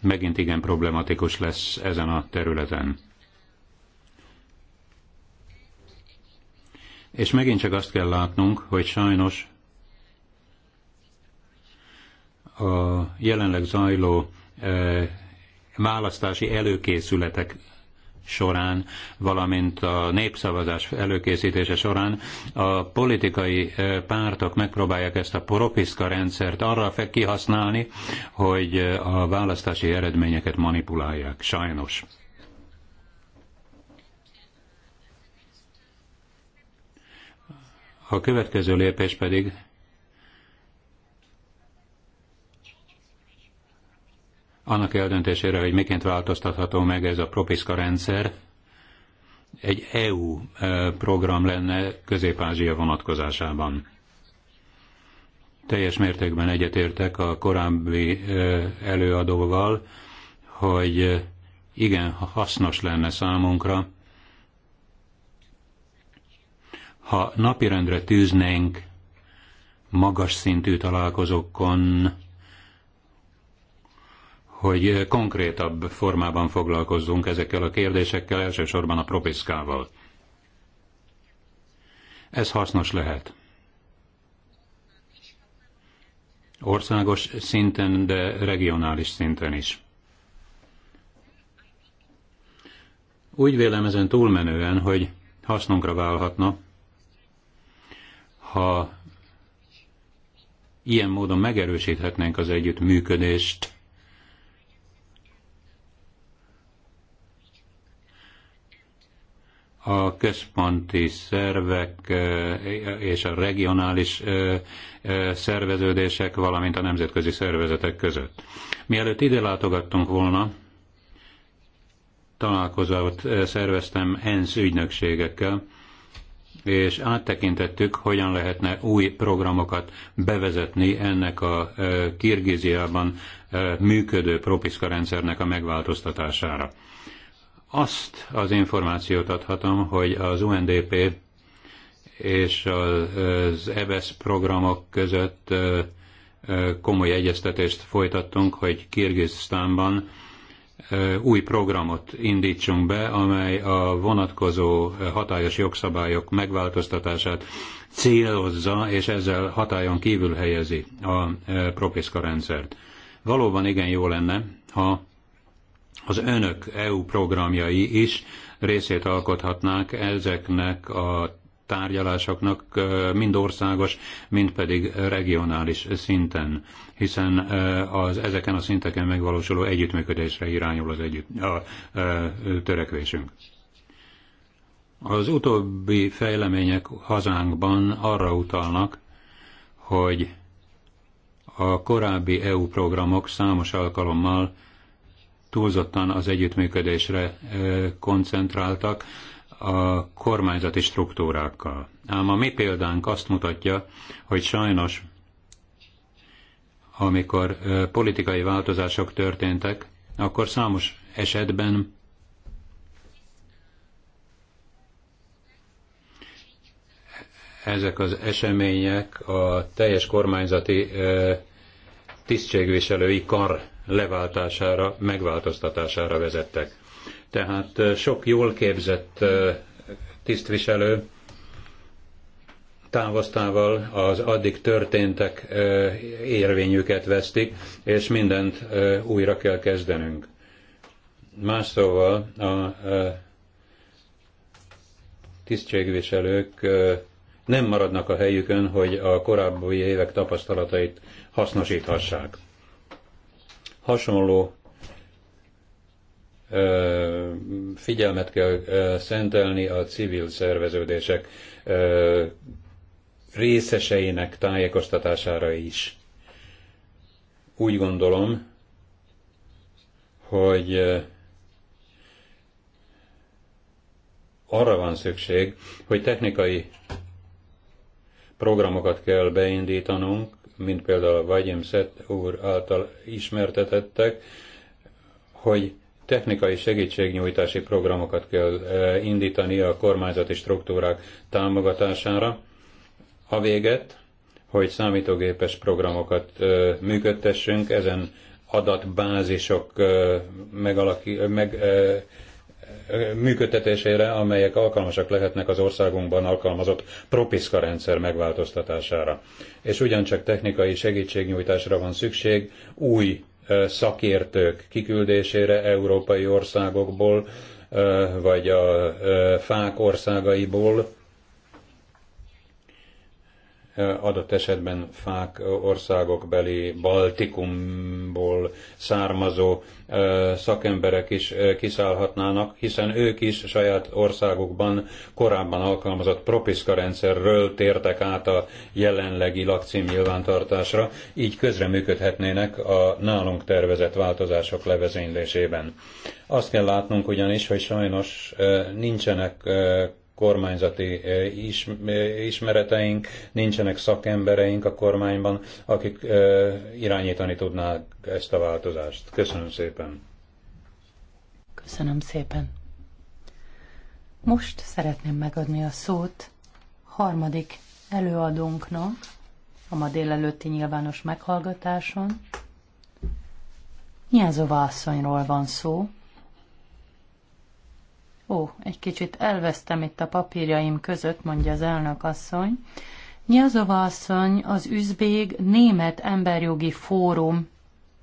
megint igen problematikus lesz ezen a területen. És megint csak azt kell látnunk, hogy sajnos a jelenleg zajló e, választási előkészületek során, valamint a népszavazás előkészítése során a politikai e, pártok megpróbálják ezt a propiszka rendszert arra kihasználni, hogy e, a választási eredményeket manipulálják, sajnos. A következő lépés pedig annak eldöntésére, hogy miként változtatható meg ez a propiszka rendszer, egy EU e, program lenne Közép-Ázsia vonatkozásában. Teljes mértékben egyetértek a korábbi e, előadóval, hogy igen, hasznos lenne számunkra, ha napirendre tűznénk magas szintű találkozókon, hogy konkrétabb formában foglalkozzunk ezekkel a kérdésekkel, elsősorban a propiszkával. Ez hasznos lehet. Országos szinten, de regionális szinten is. Úgy vélem ezen túlmenően, hogy hasznunkra válhatna, ha ilyen módon megerősíthetnénk az együttműködést, a központi szervek eh, és a regionális eh, eh, szerveződések, valamint a nemzetközi szervezetek között. Mielőtt ide látogattunk volna, találkozót szerveztem ENSZ ügynökségekkel, és áttekintettük, hogyan lehetne új programokat bevezetni ennek a Kirgiziában működő propiska rendszernek a megváltoztatására. Azt az információt adhatom, hogy az UNDP és az EBS e programok között komoly egyeztetést folytattunk, hogy Kirgisztánban új programot indítsunk be, amely a vonatkozó hatályos jogszabályok megváltoztatását célozza, és ezzel hatályon kívül helyezi a propiszka rendszert. Valóban igen jó lenne, ha az önök EU programjai is részét alkothatnák ezeknek a tárgyalásoknak mind országos, mind pedig regionális szinten, hiszen az ezeken a szinteken megvalósuló együttműködésre irányul az együtt, a, a, a törekvésünk. Az utóbbi fejlemények hazánkban arra utalnak, hogy a korábbi EU programok számos alkalommal túlzottan az együttműködésre koncentráltak, a kormányzati struktúrákkal. Ám a mi példánk azt mutatja, hogy sajnos, amikor politikai változások történtek, akkor számos esetben ezek az események a teljes kormányzati tisztségviselői kar leváltására, megváltoztatására vezettek. Tehát sok jól képzett tisztviselő távoztával az addig történtek érvényüket vesztik, és mindent újra kell kezdenünk. Más szóval a tisztségviselők nem maradnak a helyükön, hogy a korábbi évek tapasztalatait hasznosíthassák. Hasonló figyelmet kell szentelni a civil szerveződések részeseinek tájékoztatására is. Úgy gondolom, hogy arra van szükség, hogy technikai programokat kell beindítanunk, mint például a Vagyim Szett úr által ismertetettek, hogy technikai segítségnyújtási programokat kell indítani a kormányzati struktúrák támogatására. A véget, hogy számítógépes programokat működtessünk, ezen adatbázisok meg, működtetésére, amelyek alkalmasak lehetnek az országunkban alkalmazott propiszka rendszer megváltoztatására. És ugyancsak technikai segítségnyújtásra van szükség új szakértők kiküldésére európai országokból, vagy a fák országaiból, Eh, adott esetben fák eh, országokbeli Baltikumból származó eh, szakemberek is kiszállhatnának, hiszen ők is saját országukban korábban alkalmazott propiszka rendszerről tértek át a jelenlegi lakcím nyilvántartásra, így közreműködhetnének a nálunk tervezett változások levezénylésében. Azt kell látnunk ugyanis, hogy sajnos nincsenek kormányzati ismereteink, nincsenek szakembereink a kormányban, akik irányítani tudnák ezt a változást. Köszönöm szépen. Köszönöm szépen. Most szeretném megadni a szót harmadik előadónknak a ma délelőtti nyilvános meghallgatáson. Nyázova asszonyról van szó, Ó, egy kicsit elvesztem itt a papírjaim között, mondja az elnök asszony. Nyazova asszony az üzbég német emberjogi fórum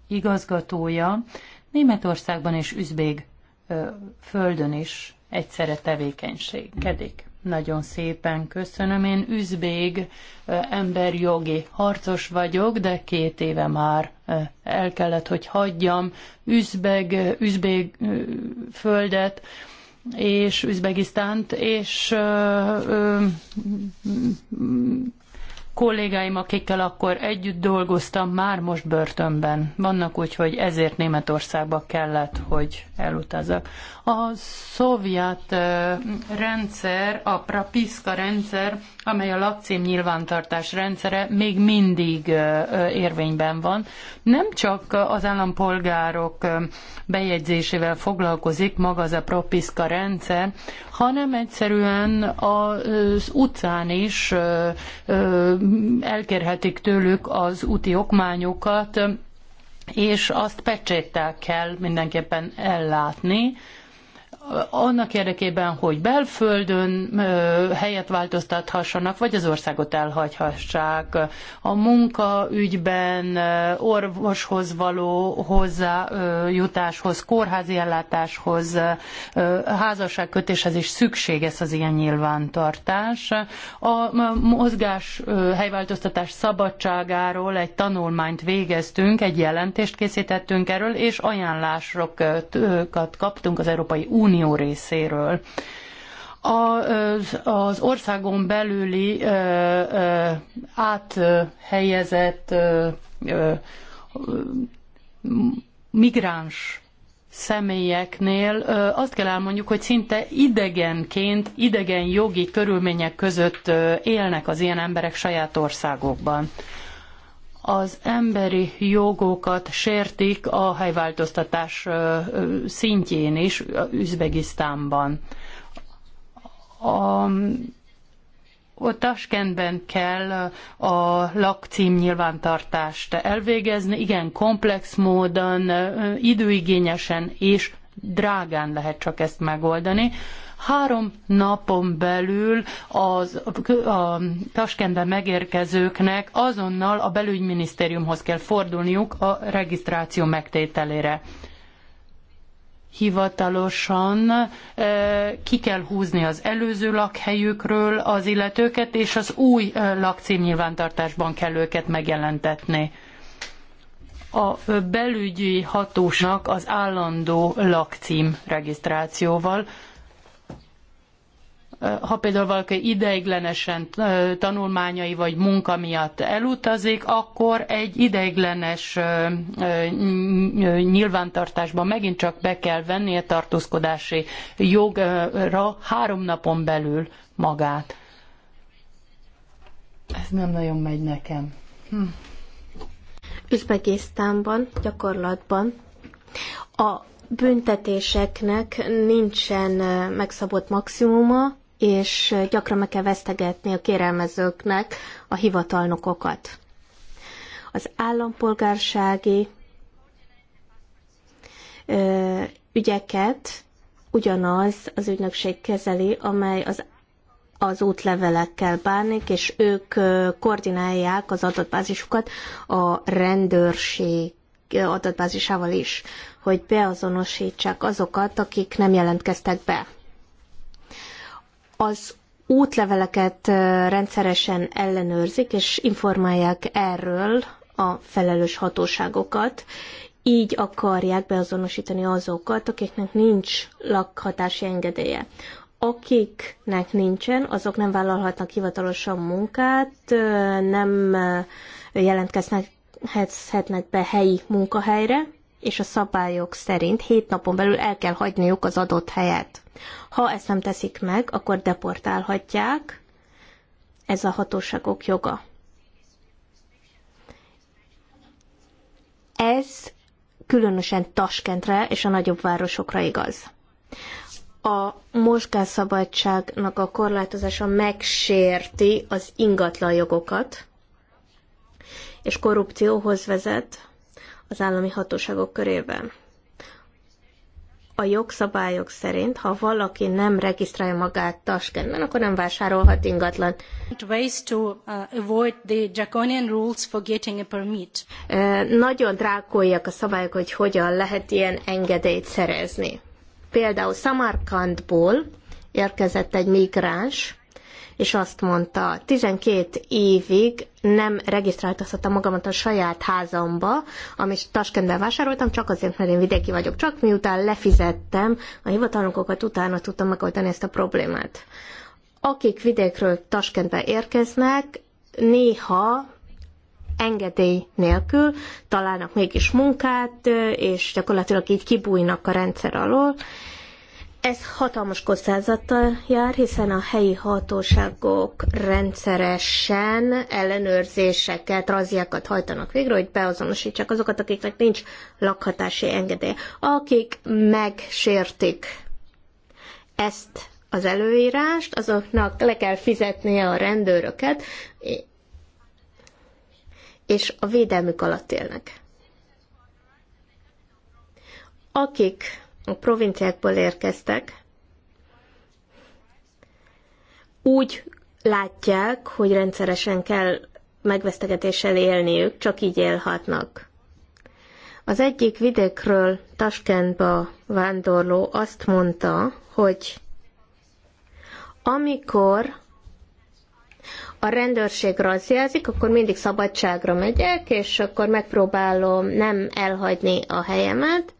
igazgatója, Németországban és üzbég ö, földön is egyszerre tevékenységkedik. Nagyon szépen köszönöm. Én üzbég emberjogi harcos vagyok, de két éve már el kellett, hogy hagyjam üzbeg, üzbég földet, és Üzbegisztánt, és kollégáim, akikkel akkor együtt dolgoztam, már most börtönben vannak, úgyhogy ezért Németországba kellett, hogy elutazzak. A szovjet rendszer, a prapiszka rendszer amely a lakcím nyilvántartás rendszere még mindig érvényben van. Nem csak az állampolgárok bejegyzésével foglalkozik maga az a propiszka rendszer, hanem egyszerűen az utcán is elkérhetik tőlük az úti okmányokat, és azt pecséttel kell mindenképpen ellátni, annak érdekében, hogy belföldön helyet változtathassanak, vagy az országot elhagyhassák. A munkaügyben, orvoshoz való hozzájutáshoz, kórházi ellátáshoz, házasságkötéshez is szükséges az ilyen nyilvántartás. A mozgás helyváltoztatás szabadságáról egy tanulmányt végeztünk, egy jelentést készítettünk erről, és ajánlásokat kaptunk az Európai Unió Unió részéről. Az, az országon belüli ö, ö, áthelyezett ö, ö, migráns személyeknél azt kell elmondjuk, hogy szinte idegenként, idegen jogi körülmények között élnek az ilyen emberek saját országokban az emberi jogokat sértik a helyváltoztatás szintjén is, Üzbegisztánban. A, a Taskentben kell a lakcím nyilvántartást elvégezni, igen komplex módon, időigényesen és drágán lehet csak ezt megoldani. Három napon belül az, a Taskenden megérkezőknek azonnal a belügyminisztériumhoz kell fordulniuk a regisztráció megtételére hivatalosan e, ki kell húzni az előző lakhelyükről az illetőket, és az új e, lakcím nyilvántartásban kell őket megjelentetni. A belügyi hatósnak az állandó lakcím regisztrációval, ha például valaki ideiglenesen tanulmányai vagy munka miatt elutazik, akkor egy ideiglenes nyilvántartásban megint csak be kell vennie tartózkodási jogra három napon belül magát. Ez nem nagyon megy nekem. Hm. Üzbegisztánban gyakorlatban a büntetéseknek nincsen megszabott maximuma, és gyakran meg kell vesztegetni a kérelmezőknek a hivatalnokokat. Az állampolgársági ö, ügyeket ugyanaz az ügynökség kezeli, amely az az útlevelekkel bánik, és ők koordinálják az adatbázisukat a rendőrség adatbázisával is, hogy beazonosítsák azokat, akik nem jelentkeztek be az útleveleket rendszeresen ellenőrzik, és informálják erről a felelős hatóságokat, így akarják beazonosítani azokat, akiknek nincs lakhatási engedélye. Akiknek nincsen, azok nem vállalhatnak hivatalosan munkát, nem jelentkeznek hetnek be helyi munkahelyre, és a szabályok szerint hét napon belül el kell hagyniuk az adott helyet. Ha ezt nem teszik meg, akkor deportálhatják, ez a hatóságok joga. Ez különösen Taskentre és a nagyobb városokra igaz. A mozgásszabadságnak a korlátozása megsérti az ingatlanjogokat, és korrupcióhoz vezet, az állami hatóságok körében. A jogszabályok szerint, ha valaki nem regisztrálja magát Taskentben, akkor nem vásárolhat ingatlan. Ways to uh, avoid the rules for getting a permit. Nagyon drákoljak a szabályok, hogy hogyan lehet ilyen engedélyt szerezni. Például Samarkandból érkezett egy migráns, és azt mondta, 12 évig nem regisztráltathattam magamat a saját házamba, amit Taskentben vásároltam, csak azért, mert én vidéki vagyok. Csak miután lefizettem a hivatalnokokat, utána tudtam megoldani ezt a problémát. Akik vidékről Taskentbe érkeznek, néha engedély nélkül találnak mégis munkát, és gyakorlatilag így kibújnak a rendszer alól, ez hatalmas kockázattal jár, hiszen a helyi hatóságok rendszeresen ellenőrzéseket, raziákat hajtanak végre, hogy beazonosítsák azokat, akiknek nincs lakhatási engedélye, akik megsértik ezt az előírást, azoknak le kell fizetnie a rendőröket, és a védelmük alatt élnek. Akik a provinciákból érkeztek, úgy látják, hogy rendszeresen kell megvesztegetéssel élniük, csak így élhatnak. Az egyik vidékről Taskentba vándorló azt mondta, hogy amikor a rendőrség razziázik, akkor mindig szabadságra megyek, és akkor megpróbálom nem elhagyni a helyemet,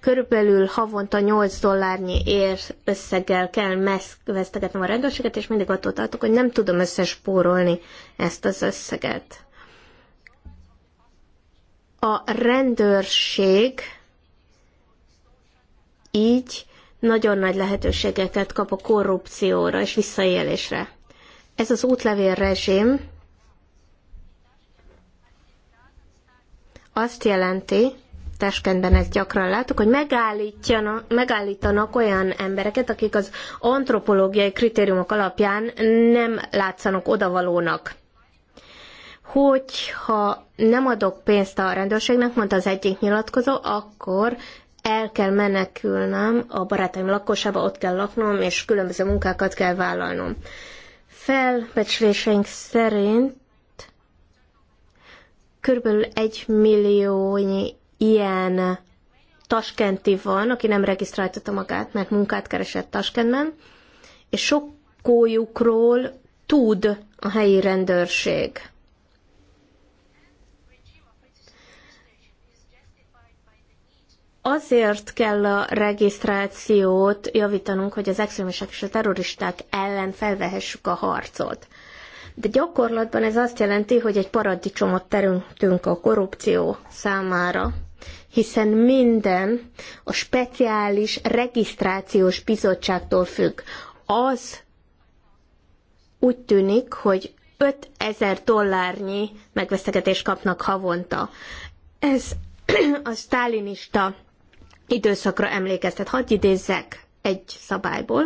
körülbelül havonta 8 dollárnyi ér összeggel kell vesztegetnem a rendőrséget, és mindig attól tartok, hogy nem tudom összespórolni ezt az összeget. A rendőrség így nagyon nagy lehetőségeket kap a korrupcióra és visszaélésre. Ez az útlevél rezsim azt jelenti, Teskentben ezt gyakran látok, hogy megállítanak olyan embereket, akik az antropológiai kritériumok alapján nem látszanak odavalónak. Hogyha nem adok pénzt a rendőrségnek, mondta az egyik nyilatkozó, akkor el kell menekülnöm a barátaim lakosába, ott kell laknom, és különböző munkákat kell vállalnom. Felbecsléseink szerint körülbelül egy milliónyi ilyen taskenti van, aki nem regisztráltatta magát, mert munkát keresett Taskentben, és sokkójukról tud a helyi rendőrség. Azért kell a regisztrációt javítanunk, hogy az extrémisek és a terroristák ellen felvehessük a harcot. De gyakorlatban ez azt jelenti, hogy egy paradicsomot teremtünk a korrupció számára, hiszen minden a speciális regisztrációs bizottságtól függ. Az úgy tűnik, hogy 5000 dollárnyi megvesztegetést kapnak havonta. Ez a sztálinista időszakra emlékeztet. Hadd idézzek egy szabályból.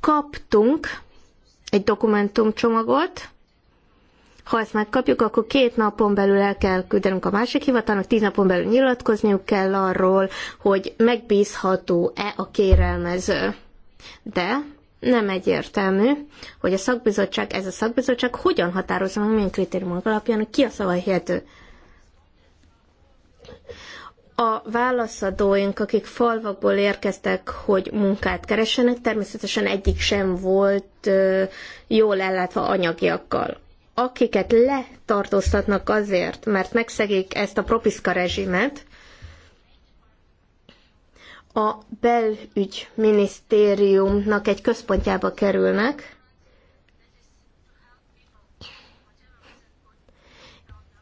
Kaptunk egy dokumentumcsomagot, ha ezt megkapjuk, akkor két napon belül el kell küldenünk a másik hivatalnak, tíz napon belül nyilatkozniuk kell arról, hogy megbízható-e a kérelmező. De nem egyértelmű, hogy a szakbizottság, ez a szakbizottság hogyan határozza meg, milyen kritériumok alapján, hogy ki a szavahihető. A válaszadóink, akik falvakból érkeztek, hogy munkát keressenek, természetesen egyik sem volt jól ellátva anyagiakkal akiket letartóztatnak azért, mert megszegik ezt a propiszka rezsimet, a belügyminisztériumnak egy központjába kerülnek,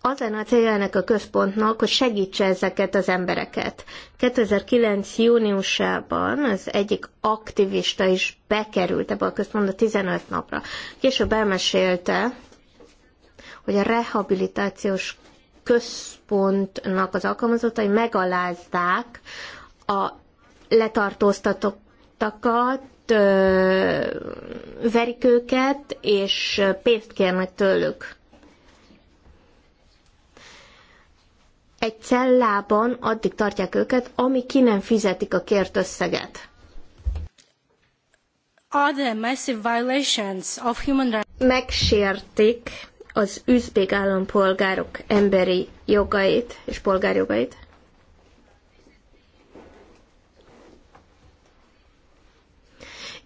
az lenne a célja ennek a központnak, hogy segítse ezeket az embereket. 2009. júniusában az egyik aktivista is bekerült ebbe a központba 15 napra. Később elmesélte, hogy a rehabilitációs központnak az alkalmazottai megalázták a letartóztatottakat, verik őket, és pénzt kérnek tőlük. Egy cellában addig tartják őket, ami ki nem fizetik a kért összeget. Megsértik az üzbék állampolgárok emberi jogait és polgárjogait?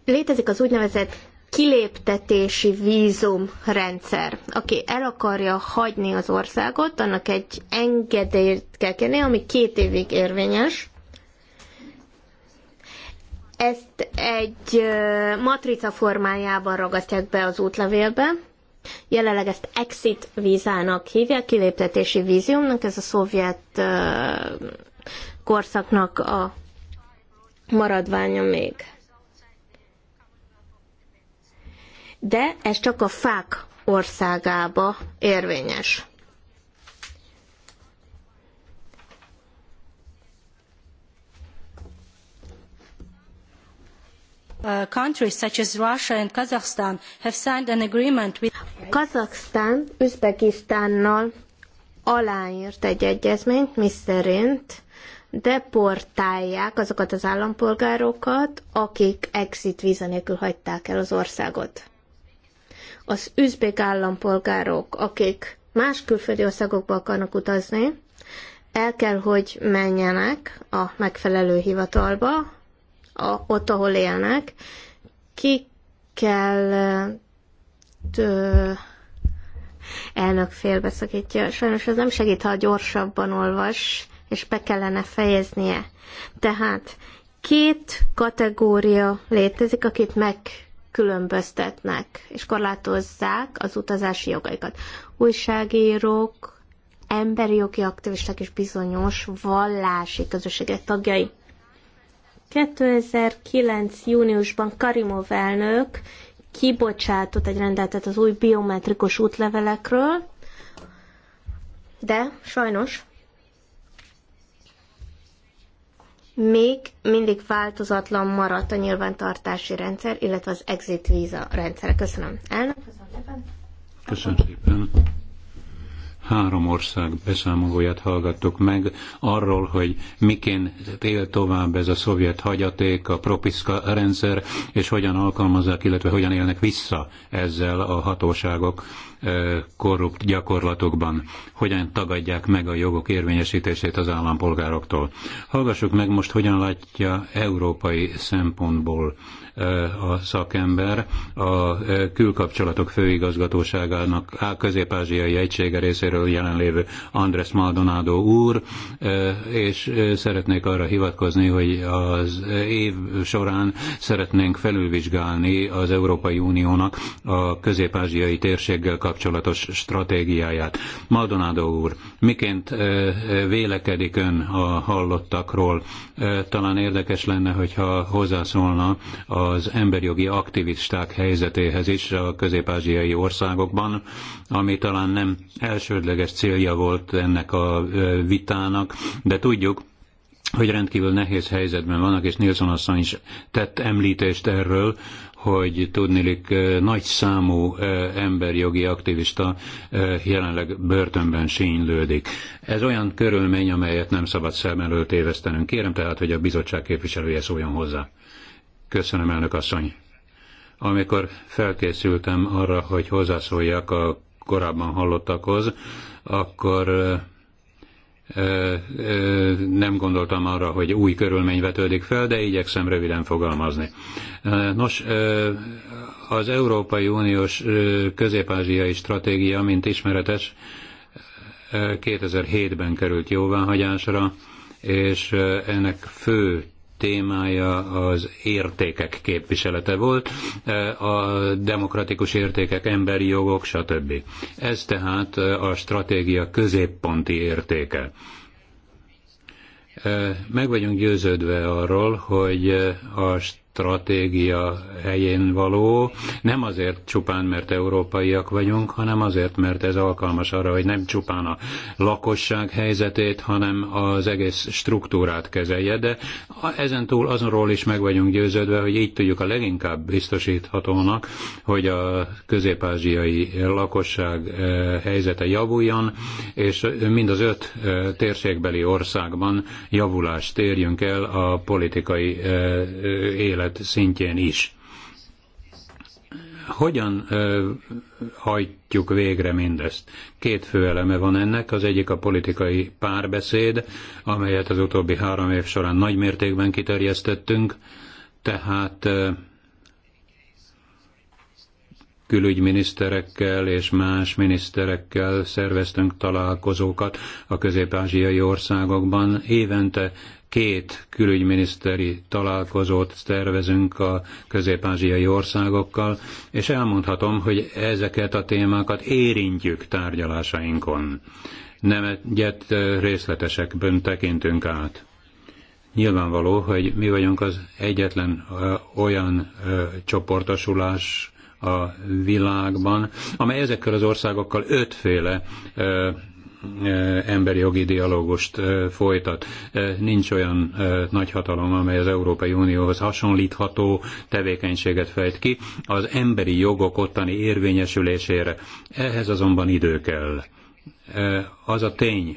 Létezik az úgynevezett kiléptetési vízumrendszer. Aki el akarja hagyni az országot, annak egy engedélyt kell kérni, ami két évig érvényes. Ezt egy matrica formájában ragasztják be az útlevélbe, Jelenleg ezt exit vízának hívják, kiléptetési víziumnak, ez a szovjet korszaknak a maradványa még. De ez csak a fák országába érvényes. Uh, countries such as Russia and Kazakhstan have signed an agreement with Kazakhstan Üzbegisztánnal aláírt egy egyezményt, miszerint deportálják azokat az állampolgárokat, akik exit víza nélkül hagyták el az országot. Az üzbék állampolgárok, akik más külföldi országokba akarnak utazni, el kell, hogy menjenek a megfelelő hivatalba, a, ott, ahol élnek, ki kell tő, elnök félbeszakítja. Sajnos ez nem segít, ha gyorsabban olvas, és be kellene fejeznie. Tehát két kategória létezik, akit megkülönböztetnek, és korlátozzák az utazási jogaikat. Újságírók, emberi jogi aktivisták és bizonyos vallási közösségek tagjai. 2009. júniusban Karimov elnök kibocsátott egy rendeletet az új biometrikus útlevelekről, de sajnos még mindig változatlan maradt a nyilvántartási rendszer, illetve az exit víza rendszere. Köszönöm. Elnök, köszönöm szépen. Köszönöm szépen három ország beszámolóját hallgattuk meg arról, hogy miként él tovább ez a szovjet hagyaték, a propiszka rendszer, és hogyan alkalmazzák, illetve hogyan élnek vissza ezzel a hatóságok korrupt gyakorlatokban, hogyan tagadják meg a jogok érvényesítését az állampolgároktól. Hallgassuk meg most, hogyan látja európai szempontból a szakember a külkapcsolatok főigazgatóságának a közép-ázsiai egysége részéről jelenlévő Andres Maldonado úr, és szeretnék arra hivatkozni, hogy az év során szeretnénk felülvizsgálni az Európai Uniónak a közép-ázsiai térséggel kapcsolatban kapcsolatos stratégiáját. Maldonado úr, miként vélekedik ön a hallottakról? Talán érdekes lenne, hogyha hozzászólna az emberjogi aktivisták helyzetéhez is a közép-ázsiai országokban, ami talán nem elsődleges célja volt ennek a vitának, de tudjuk, hogy rendkívül nehéz helyzetben vannak, és Nilsson asszony is tett említést erről, hogy tudnélik nagy számú emberjogi aktivista jelenleg börtönben sínylődik. Ez olyan körülmény, amelyet nem szabad szem előtt évesztenünk. Kérem tehát, hogy a bizottság képviselője szóljon hozzá. Köszönöm, elnök asszony. Amikor felkészültem arra, hogy hozzászóljak a korábban hallottakhoz, akkor nem gondoltam arra, hogy új körülmény vetődik fel, de igyekszem röviden fogalmazni. Nos, az Európai Uniós közép-ázsiai stratégia, mint ismeretes, 2007-ben került jóváhagyásra, és ennek fő témája az értékek képviselete volt, eh, a demokratikus értékek, emberi jogok, stb. Ez tehát eh, a stratégia középponti értéke. Eh, meg vagyunk győződve arról, hogy a stratégia helyén való, nem azért csupán, mert európaiak vagyunk, hanem azért, mert ez alkalmas arra, hogy nem csupán a lakosság helyzetét, hanem az egész struktúrát kezelje, de ezentúl azonról is meg vagyunk győződve, hogy így tudjuk a leginkább biztosíthatónak, hogy a közép-ázsiai lakosság eh, helyzete javuljon, és mind az öt eh, térségbeli országban javulást érjünk el a politikai eh, élet képviselet szintjén is. Hogyan ö, hajtjuk végre mindezt? Két fő eleme van ennek. Az egyik a politikai párbeszéd, amelyet az utóbbi három év során nagy mértékben kiterjesztettünk, tehát ö, külügyminiszterekkel és más miniszterekkel szerveztünk találkozókat a közép-ázsiai országokban. Évente két külügyminiszteri találkozót szervezünk a közép-ázsiai országokkal, és elmondhatom, hogy ezeket a témákat érintjük tárgyalásainkon. Nem egyet részletesekben tekintünk át. Nyilvánvaló, hogy mi vagyunk az egyetlen olyan csoportosulás a világban, amely ezekkel az országokkal ötféle emberi jogi dialógust folytat. Nincs olyan nagyhatalom, amely az Európai Unióhoz hasonlítható tevékenységet fejt ki az emberi jogok ottani érvényesülésére. Ehhez azonban idő kell. Az a tény,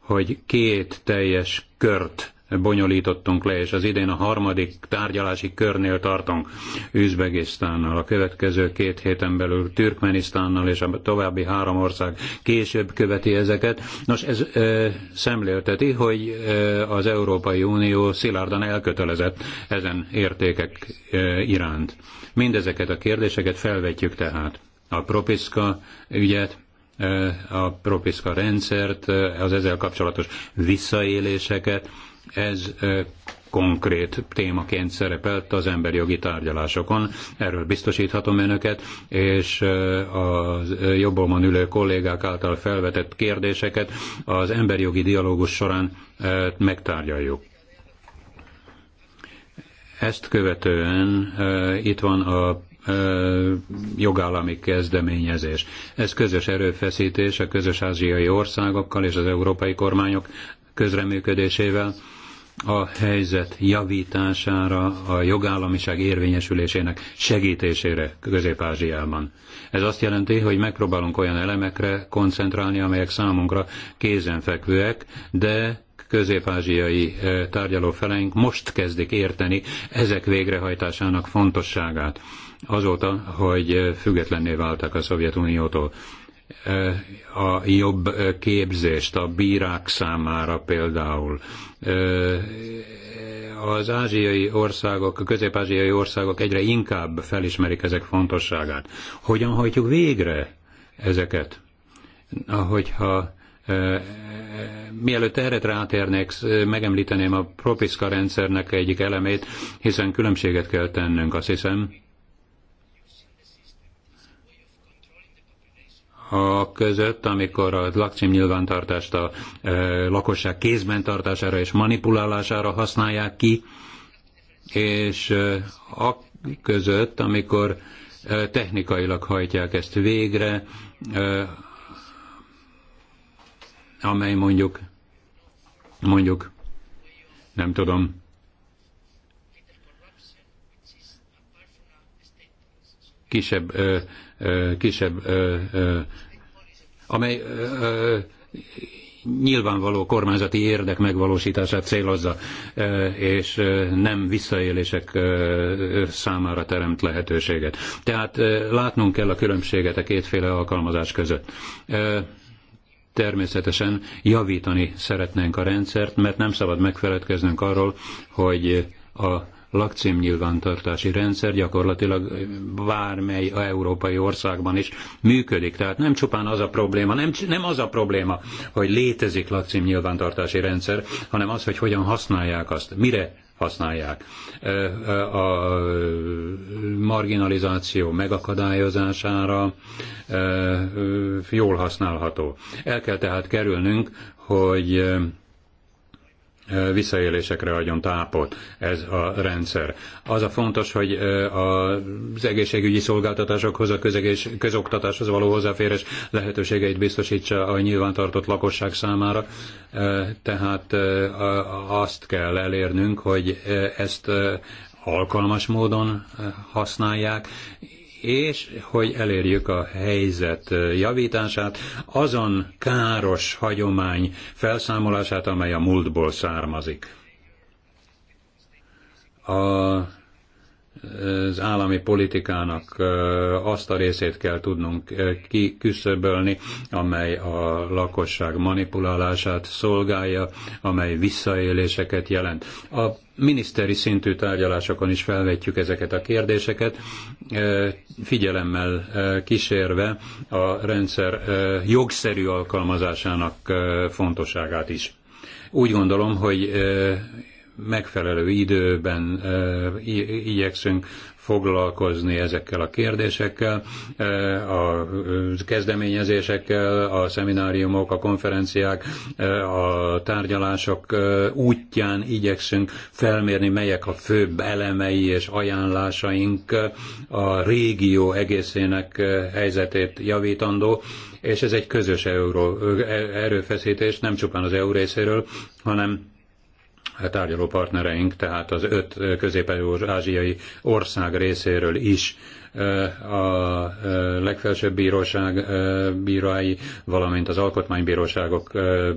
hogy két teljes kört bonyolítottunk le, és az idén a harmadik tárgyalási körnél tartunk Üzbegisztánnal, a következő két héten belül Türkmenisztánnal, és a további három ország később követi ezeket. Nos, ez ö, szemlélteti, hogy ö, az Európai Unió szilárdan elkötelezett ezen értékek ö, iránt. Mindezeket a kérdéseket felvetjük tehát. A propiszka ügyet, a propiszka rendszert, az ezzel kapcsolatos visszaéléseket, ez konkrét témaként szerepelt az emberi jogi tárgyalásokon. Erről biztosíthatom önöket, és a jobban ülő kollégák által felvetett kérdéseket az jogi dialógus során megtárgyaljuk. Ezt követően itt van a jogállami kezdeményezés. Ez közös erőfeszítés a közös ázsiai országokkal és az európai kormányok közreműködésével a helyzet javítására, a jogállamiság érvényesülésének segítésére Közép-Ázsiában. Ez azt jelenti, hogy megpróbálunk olyan elemekre koncentrálni, amelyek számunkra kézenfekvőek, de közép-ázsiai eh, tárgyalófeleink most kezdik érteni ezek végrehajtásának fontosságát azóta, hogy eh, függetlenné váltak a Szovjetuniótól a jobb képzést a bírák számára például. Az ázsiai országok, a közép-ázsiai országok egyre inkább felismerik ezek fontosságát. Hogyan hajtjuk végre ezeket? Ahogyha Mielőtt erre rátérnék, megemlíteném a propiszka rendszernek egyik elemét, hiszen különbséget kell tennünk, azt hiszem, a között, amikor a lakcím nyilvántartást a e, lakosság kézben tartására és manipulálására használják ki, és e, a között, amikor e, technikailag hajtják ezt végre, amely mondjuk, mondjuk, nem tudom, kisebb kisebb, amely nyilvánvaló kormányzati érdek megvalósítását célozza, és nem visszaélések számára teremt lehetőséget. Tehát látnunk kell a különbséget a kétféle alkalmazás között. Természetesen javítani szeretnénk a rendszert, mert nem szabad megfeledkeznünk arról, hogy a Lakcímnyilvántartási rendszer gyakorlatilag bármely európai országban is működik. Tehát nem csupán az a probléma, nem, nem az a probléma, hogy létezik lakcímnyilvántartási rendszer, hanem az, hogy hogyan használják azt, mire használják. A marginalizáció megakadályozására jól használható. El kell tehát kerülnünk, hogy visszaélésekre adjon tápot ez a rendszer. Az a fontos, hogy az egészségügyi szolgáltatásokhoz, a közegés, közoktatáshoz való hozzáférés lehetőségeit biztosítsa a nyilvántartott lakosság számára. Tehát azt kell elérnünk, hogy ezt alkalmas módon használják, és hogy elérjük a helyzet javítását, azon káros hagyomány felszámolását, amely a múltból származik. A az állami politikának azt a részét kell tudnunk kiküszöbölni, amely a lakosság manipulálását szolgálja, amely visszaéléseket jelent. A miniszteri szintű tárgyalásokon is felvetjük ezeket a kérdéseket, figyelemmel kísérve a rendszer jogszerű alkalmazásának fontosságát is. Úgy gondolom, hogy megfelelő időben igyekszünk foglalkozni ezekkel a kérdésekkel, a kezdeményezésekkel, a szemináriumok, a konferenciák, a tárgyalások útján igyekszünk felmérni, melyek a főbb elemei és ajánlásaink a régió egészének helyzetét javítandó, és ez egy közös euró, erőfeszítés, nem csupán az EU részéről, hanem tárgyaló partnereink, tehát az öt közép-ázsiai ország részéről is a legfelsőbb bíróság bírái, valamint az alkotmánybíróságok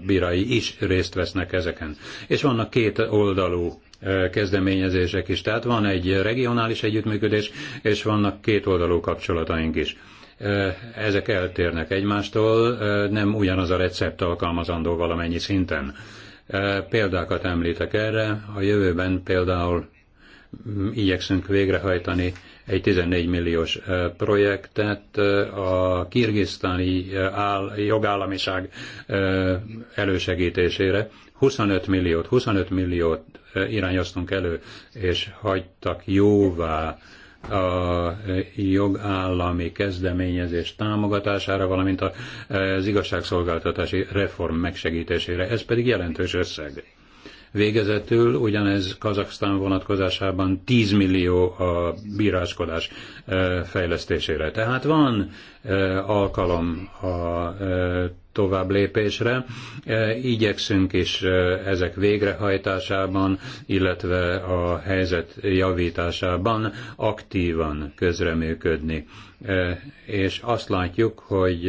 bírái is részt vesznek ezeken. És vannak két oldalú kezdeményezések is. Tehát van egy regionális együttműködés, és vannak két oldalú kapcsolataink is ezek eltérnek egymástól, nem ugyanaz a recept alkalmazandó valamennyi szinten. Példákat említek erre, a jövőben például mm, igyekszünk végrehajtani egy 14 milliós projektet a kirgisztáni áll, jogállamiság elősegítésére. 25 milliót, 25 milliót irányoztunk elő, és hagytak jóvá a e, jogállami kezdeményezés támogatására, valamint e, az igazságszolgáltatási reform megsegítésére. Ez pedig jelentős összeg. Végezetül ugyanez Kazaksztán vonatkozásában 10 millió a bíráskodás e, fejlesztésére. Tehát van alkalom a tovább lépésre. E, igyekszünk is e, ezek végrehajtásában, illetve a helyzet javításában aktívan közreműködni. E, és azt látjuk, hogy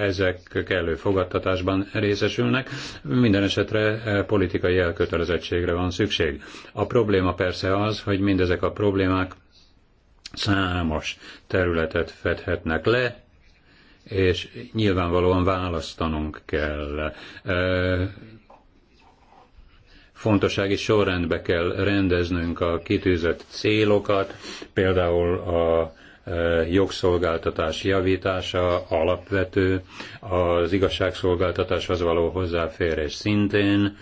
ezek kellő fogadtatásban részesülnek, minden esetre politikai elkötelezettségre van szükség. A probléma persze az, hogy mindezek a problémák számos területet fedhetnek le, és nyilvánvalóan választanunk kell. Fontossági sorrendbe kell rendeznünk a kitűzött célokat, például a jogszolgáltatás javítása alapvető, az igazságszolgáltatáshoz való hozzáférés szintén,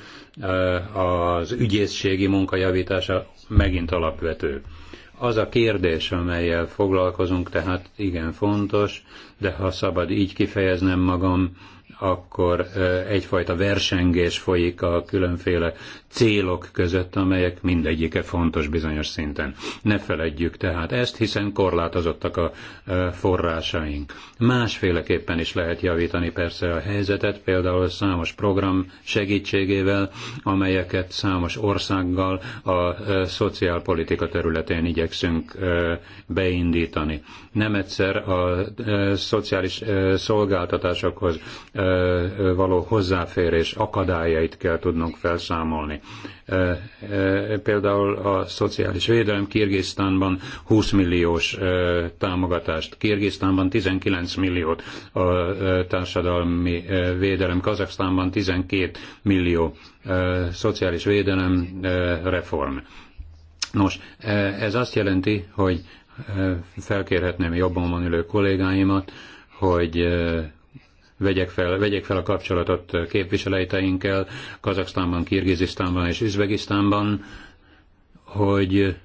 az ügyészségi munka javítása megint alapvető. Az a kérdés, amelyel foglalkozunk, tehát igen fontos, de ha szabad így kifejeznem magam, akkor egyfajta versengés folyik a különféle célok között, amelyek mindegyike fontos bizonyos szinten. Ne feledjük tehát ezt, hiszen korlátozottak a forrásaink. Másféleképpen is lehet javítani persze a helyzetet, például számos program segítségével, amelyeket számos országgal a szociálpolitika területén igyekszünk beindítani. Nem egyszer a szociális szolgáltatásokhoz való hozzáférés akadályait kell tudnunk felszámolni. Eh, eh, például a szociális védelem Kirgisztánban 20 milliós eh, támogatást, Kirgisztánban 19 milliót, a társadalmi védelem Kazaksztánban 12 millió szociális védelem reform. Nos, ez azt jelenti, hogy felkérhetném jobban van ülő kollégáimat, hogy vegyek fel, vegyék fel a kapcsolatot képviseleiteinkkel Kazaksztánban, Kirgizisztánban és Üzbegisztánban, hogy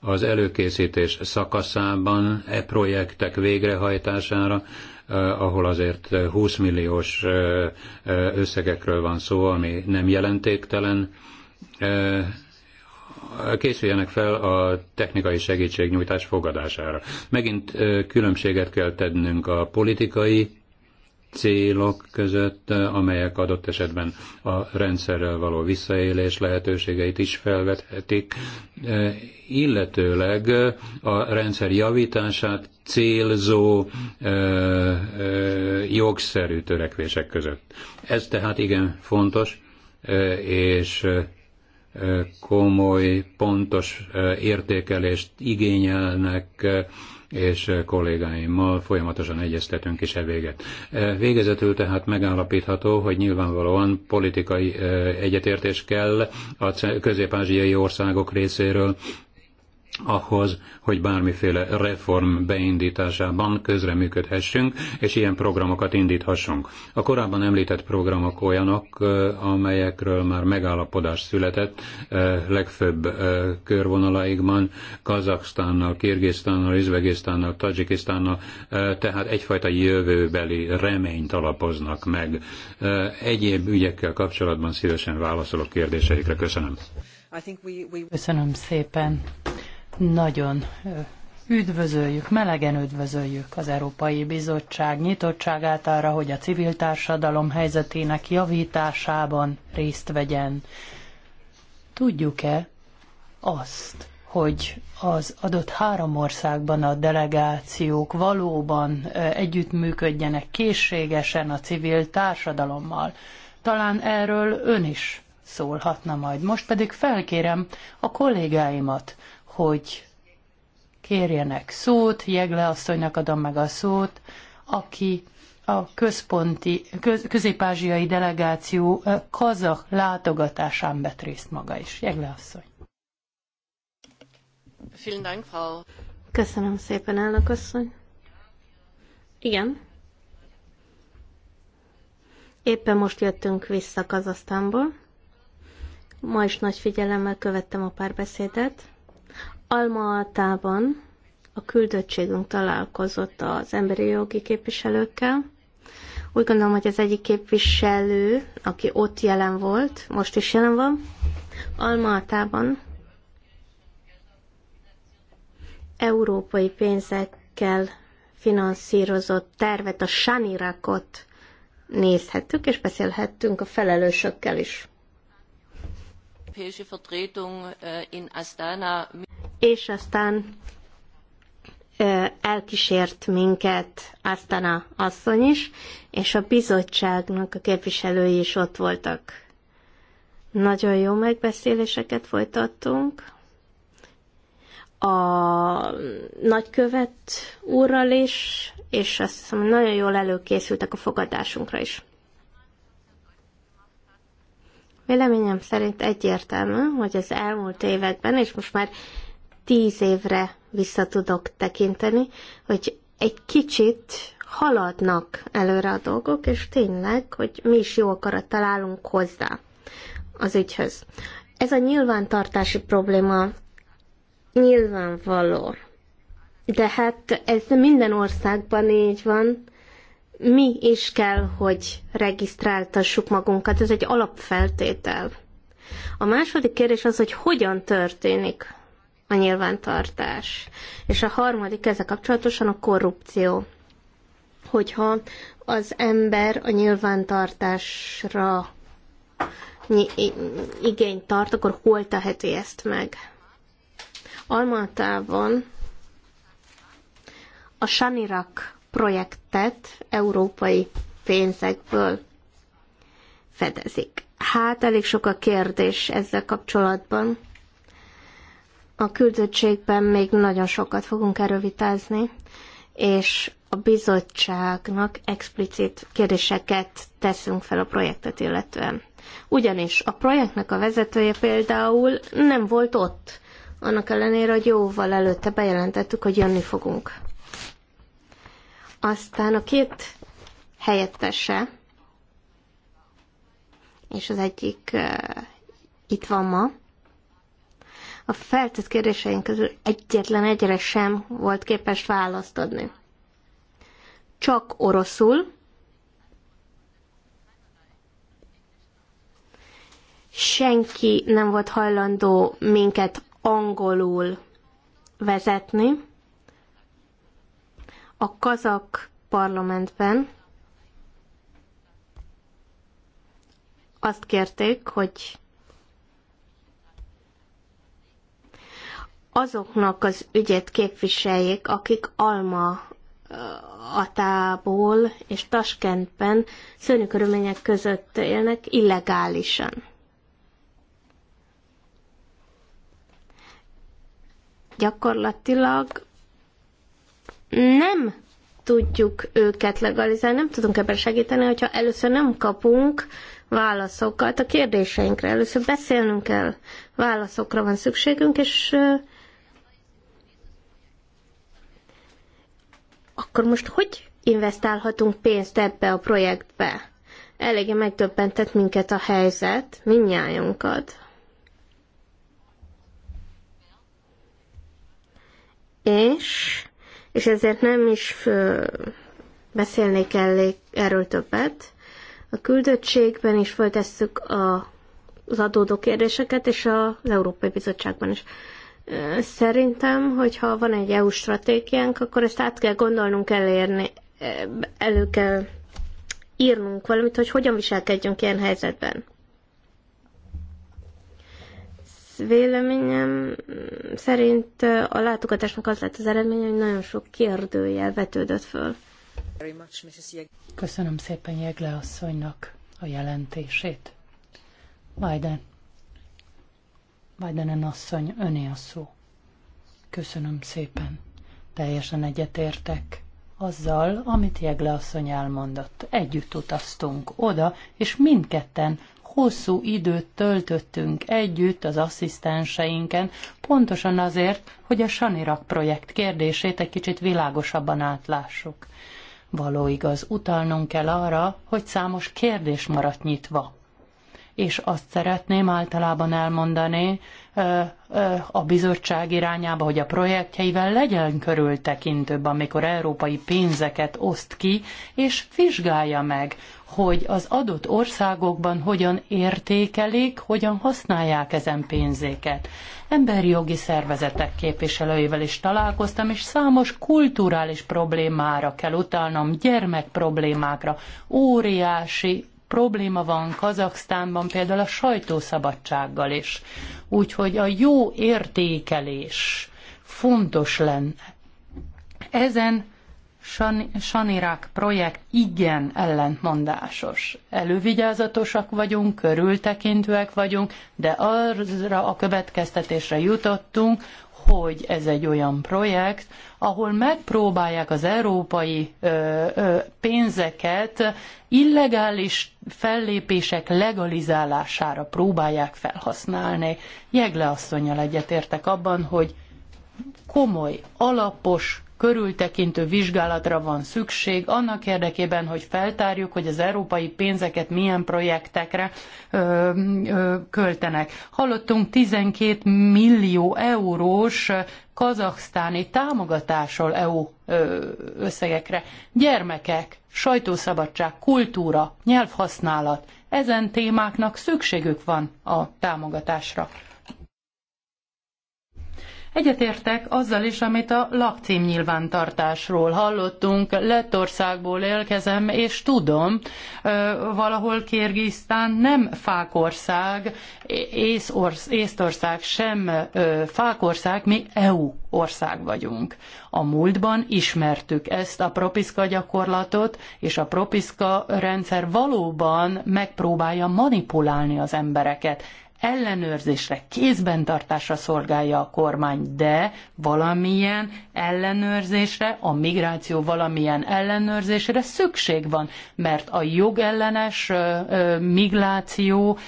az előkészítés szakaszában e projektek végrehajtására, eh, ahol azért 20 milliós eh, eh, összegekről van szó, ami nem jelentéktelen, készüljenek fel a technikai segítségnyújtás fogadására. Megint különbséget kell tennünk a politikai célok között, amelyek adott esetben a rendszerrel való visszaélés lehetőségeit is felvethetik, illetőleg a rendszer javítását célzó jogszerű törekvések között. Ez tehát igen fontos, és komoly, pontos értékelést igényelnek és eh, kollégáimmal folyamatosan egyeztetünk is e véget. E, végezetül tehát megállapítható, hogy nyilvánvalóan politikai eh, egyetértés kell a közép-ázsiai országok részéről ahhoz, hogy bármiféle reform beindításában közreműködhessünk, és ilyen programokat indíthassunk. A korábban említett programok olyanok, amelyekről már megállapodás született, legfőbb körvonalaikban, Kazaksztánnal, Kirgisztánnal, Üzvegisztánnal, Tadzsikisztánnal, tehát egyfajta jövőbeli reményt alapoznak meg. Egyéb ügyekkel kapcsolatban szívesen válaszolok kérdéseikre. Köszönöm. Köszönöm szépen. Nagyon üdvözöljük, melegen üdvözöljük az Európai Bizottság nyitottságát arra, hogy a civil társadalom helyzetének javításában részt vegyen. Tudjuk-e azt, hogy az adott három országban a delegációk valóban együttműködjenek készségesen a civil társadalommal. Talán erről ön is szólhatna majd. Most pedig felkérem a kollégáimat, hogy kérjenek szót, Jegle asszonynak adom meg a szót, aki a központi, köz, közép-ázsiai delegáció kazak látogatásán vett részt maga is. Jegle asszony. Köszönöm szépen, elnök asszony. Igen. Éppen most jöttünk vissza Kazasztánból. Ma is nagy figyelemmel követtem a párbeszédet, Almaatában a küldöttségünk találkozott az emberi jogi képviselőkkel. Úgy gondolom, hogy az egyik képviselő, aki ott jelen volt, most is jelen van, Almaatában európai pénzekkel finanszírozott tervet, a Sanirakot nézhettük, és beszélhettünk a felelősökkel is europäische Vertretung äh, in Astana. És aztán elkísért minket Astana asszony is, és a bizottságnak a képviselői is ott voltak. Nagyon jó megbeszéléseket folytattunk. A nagykövet úrral is, és azt hiszem, nagyon jól előkészültek a fogadásunkra is. Véleményem szerint egyértelmű, hogy az elmúlt években, és most már tíz évre vissza tudok tekinteni, hogy egy kicsit haladnak előre a dolgok, és tényleg, hogy mi is jó akarat találunk hozzá az ügyhöz. Ez a nyilvántartási probléma nyilvánvaló. De hát ez minden országban így van, mi is kell, hogy regisztráltassuk magunkat. Ez egy alapfeltétel. A második kérdés az, hogy hogyan történik a nyilvántartás. És a harmadik ezzel kapcsolatosan a korrupció. Hogyha az ember a nyilvántartásra igényt tart, akkor hol teheti ezt meg? Almatában a Sanirak projektet európai pénzekből fedezik. Hát elég sok a kérdés ezzel kapcsolatban. A küldöttségben még nagyon sokat fogunk erről vitázni, és a bizottságnak explicit kérdéseket teszünk fel a projektet illetően. Ugyanis a projektnek a vezetője például nem volt ott, annak ellenére, hogy jóval előtte bejelentettük, hogy jönni fogunk. Aztán a két helyettese, és az egyik uh, itt van ma, a feltett kérdéseink közül egyetlen egyre sem volt képes választ adni. Csak oroszul, senki nem volt hajlandó minket angolul vezetni, a kazak parlamentben azt kérték, hogy azoknak az ügyet képviseljék, akik Alma Atából és Taskentben szörnyű körülmények között élnek illegálisan. Gyakorlatilag nem tudjuk őket legalizálni, nem tudunk ebben segíteni, hogyha először nem kapunk válaszokat a kérdéseinkre. Először beszélnünk kell, válaszokra van szükségünk, és akkor most hogy investálhatunk pénzt ebbe a projektbe? Eléggé megdöbbentett minket a helyzet, minnyájunkat. És és ezért nem is beszélnék elég, erről többet. A küldöttségben is föltesszük a, az adódó kérdéseket, és az Európai Bizottságban is. Szerintem, hogyha van egy EU stratégiánk, akkor ezt át kell gondolnunk elérni, elő kell írnunk valamit, hogy hogyan viselkedjünk ilyen helyzetben véleményem szerint a látogatásnak az lett az eredmény, hogy nagyon sok kérdőjel vetődött föl. Köszönöm szépen Jegle asszonynak a jelentését. Biden. Bidenen asszony, öné a szó. Köszönöm szépen. Teljesen egyetértek azzal, amit Jegle asszony elmondott. Együtt utaztunk oda, és mindketten hosszú időt töltöttünk együtt az asszisztenseinken, pontosan azért, hogy a Sanirak projekt kérdését egy kicsit világosabban átlássuk. Való igaz, utalnunk kell arra, hogy számos kérdés maradt nyitva és azt szeretném általában elmondani a bizottság irányába, hogy a projektjeivel legyen körültekintőbb, amikor európai pénzeket oszt ki, és vizsgálja meg, hogy az adott országokban hogyan értékelik, hogyan használják ezen pénzéket. Emberi jogi szervezetek képviselőivel is találkoztam, és számos kulturális problémára kell utalnom, gyermek problémákra, óriási probléma van Kazaksztánban például a sajtószabadsággal is. Úgyhogy a jó értékelés fontos lenne. Ezen Sanirák projekt igen ellentmondásos. Elővigyázatosak vagyunk, körültekintőek vagyunk, de arra a következtetésre jutottunk, hogy ez egy olyan projekt, ahol megpróbálják az európai ö, ö, pénzeket illegális fellépések legalizálására próbálják felhasználni. Jegle asszonyjal egyetértek abban, hogy komoly, alapos körültekintő vizsgálatra van szükség, annak érdekében, hogy feltárjuk, hogy az európai pénzeket milyen projektekre ö, ö, költenek. Hallottunk 12 millió eurós kazaksztáni támogatásról EU összegekre. Gyermekek, sajtószabadság, kultúra, nyelvhasználat, ezen témáknak szükségük van a támogatásra. Egyetértek azzal is, amit a lakcím nyilvántartásról hallottunk. Lettországból élkezem, és tudom, valahol Kirgisztán nem fákország, Észtország sem fákország, mi EU ország vagyunk. A múltban ismertük ezt a propiszka gyakorlatot, és a propiszka rendszer valóban megpróbálja manipulálni az embereket ellenőrzésre, kézben tartásra szolgálja a kormány, de valamilyen ellenőrzésre, a migráció valamilyen ellenőrzésére szükség van, mert a jogellenes migráció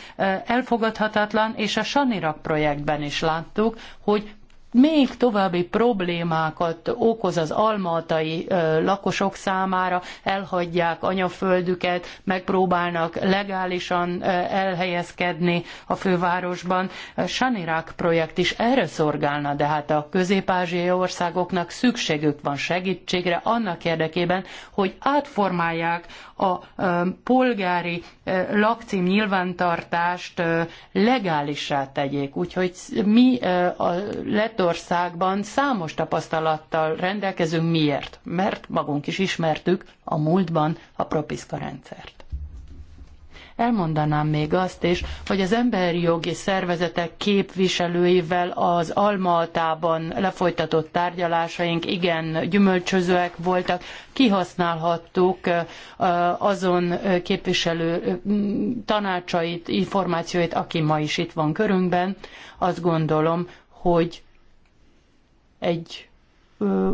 elfogadhatatlan, és a Sanirak projektben is láttuk, hogy még további problémákat okoz az almatai lakosok számára, elhagyják anyaföldüket, megpróbálnak legálisan elhelyezkedni a fővárosban. Sanirák projekt is erre szorgálna, de hát a közép-ázsiai országoknak szükségük van segítségre annak érdekében, hogy átformálják a polgári lakcím nyilvántartást legálissá tegyék. Úgyhogy mi lett országban számos tapasztalattal rendelkezünk. Miért? Mert magunk is ismertük a múltban a propiszka rendszert. Elmondanám még azt is, hogy az emberi jogi szervezetek képviselőivel az Almaltában lefolytatott tárgyalásaink igen gyümölcsözőek voltak. Kihasználhattuk azon képviselő tanácsait, információit, aki ma is itt van körünkben. Azt gondolom, hogy egy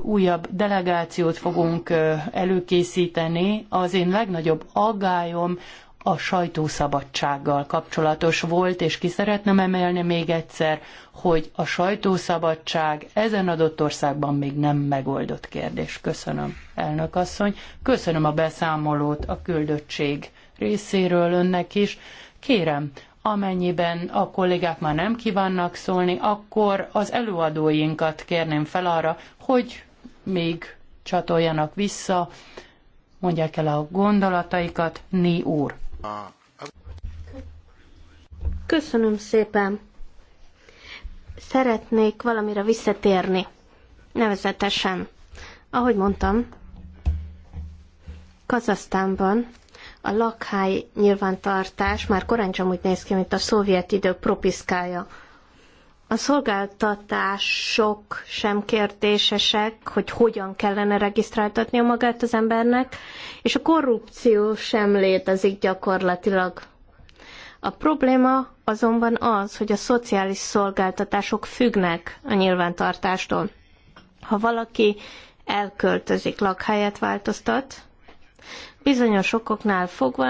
újabb delegációt fogunk előkészíteni. Az én legnagyobb aggályom a sajtószabadsággal kapcsolatos volt, és ki szeretném emelni még egyszer, hogy a sajtószabadság ezen adott országban még nem megoldott kérdés. Köszönöm, elnök asszony. Köszönöm a beszámolót a küldöttség részéről önnek is. Kérem, Amennyiben a kollégák már nem kívánnak szólni, akkor az előadóinkat kérném fel arra, hogy még csatoljanak vissza, mondják el a gondolataikat, Ni úr. Köszönöm szépen. Szeretnék valamire visszatérni. Nevezetesen, ahogy mondtam, Kazasztánban a lakhely nyilvántartás már korán sem úgy néz ki, mint a szovjet idők propiszkája. A szolgáltatások sem kérdésesek, hogy hogyan kellene regisztráltatnia magát az embernek, és a korrupció sem létezik gyakorlatilag. A probléma azonban az, hogy a szociális szolgáltatások függnek a nyilvántartástól. Ha valaki elköltözik, lakhelyet változtat, bizonyos okoknál fogva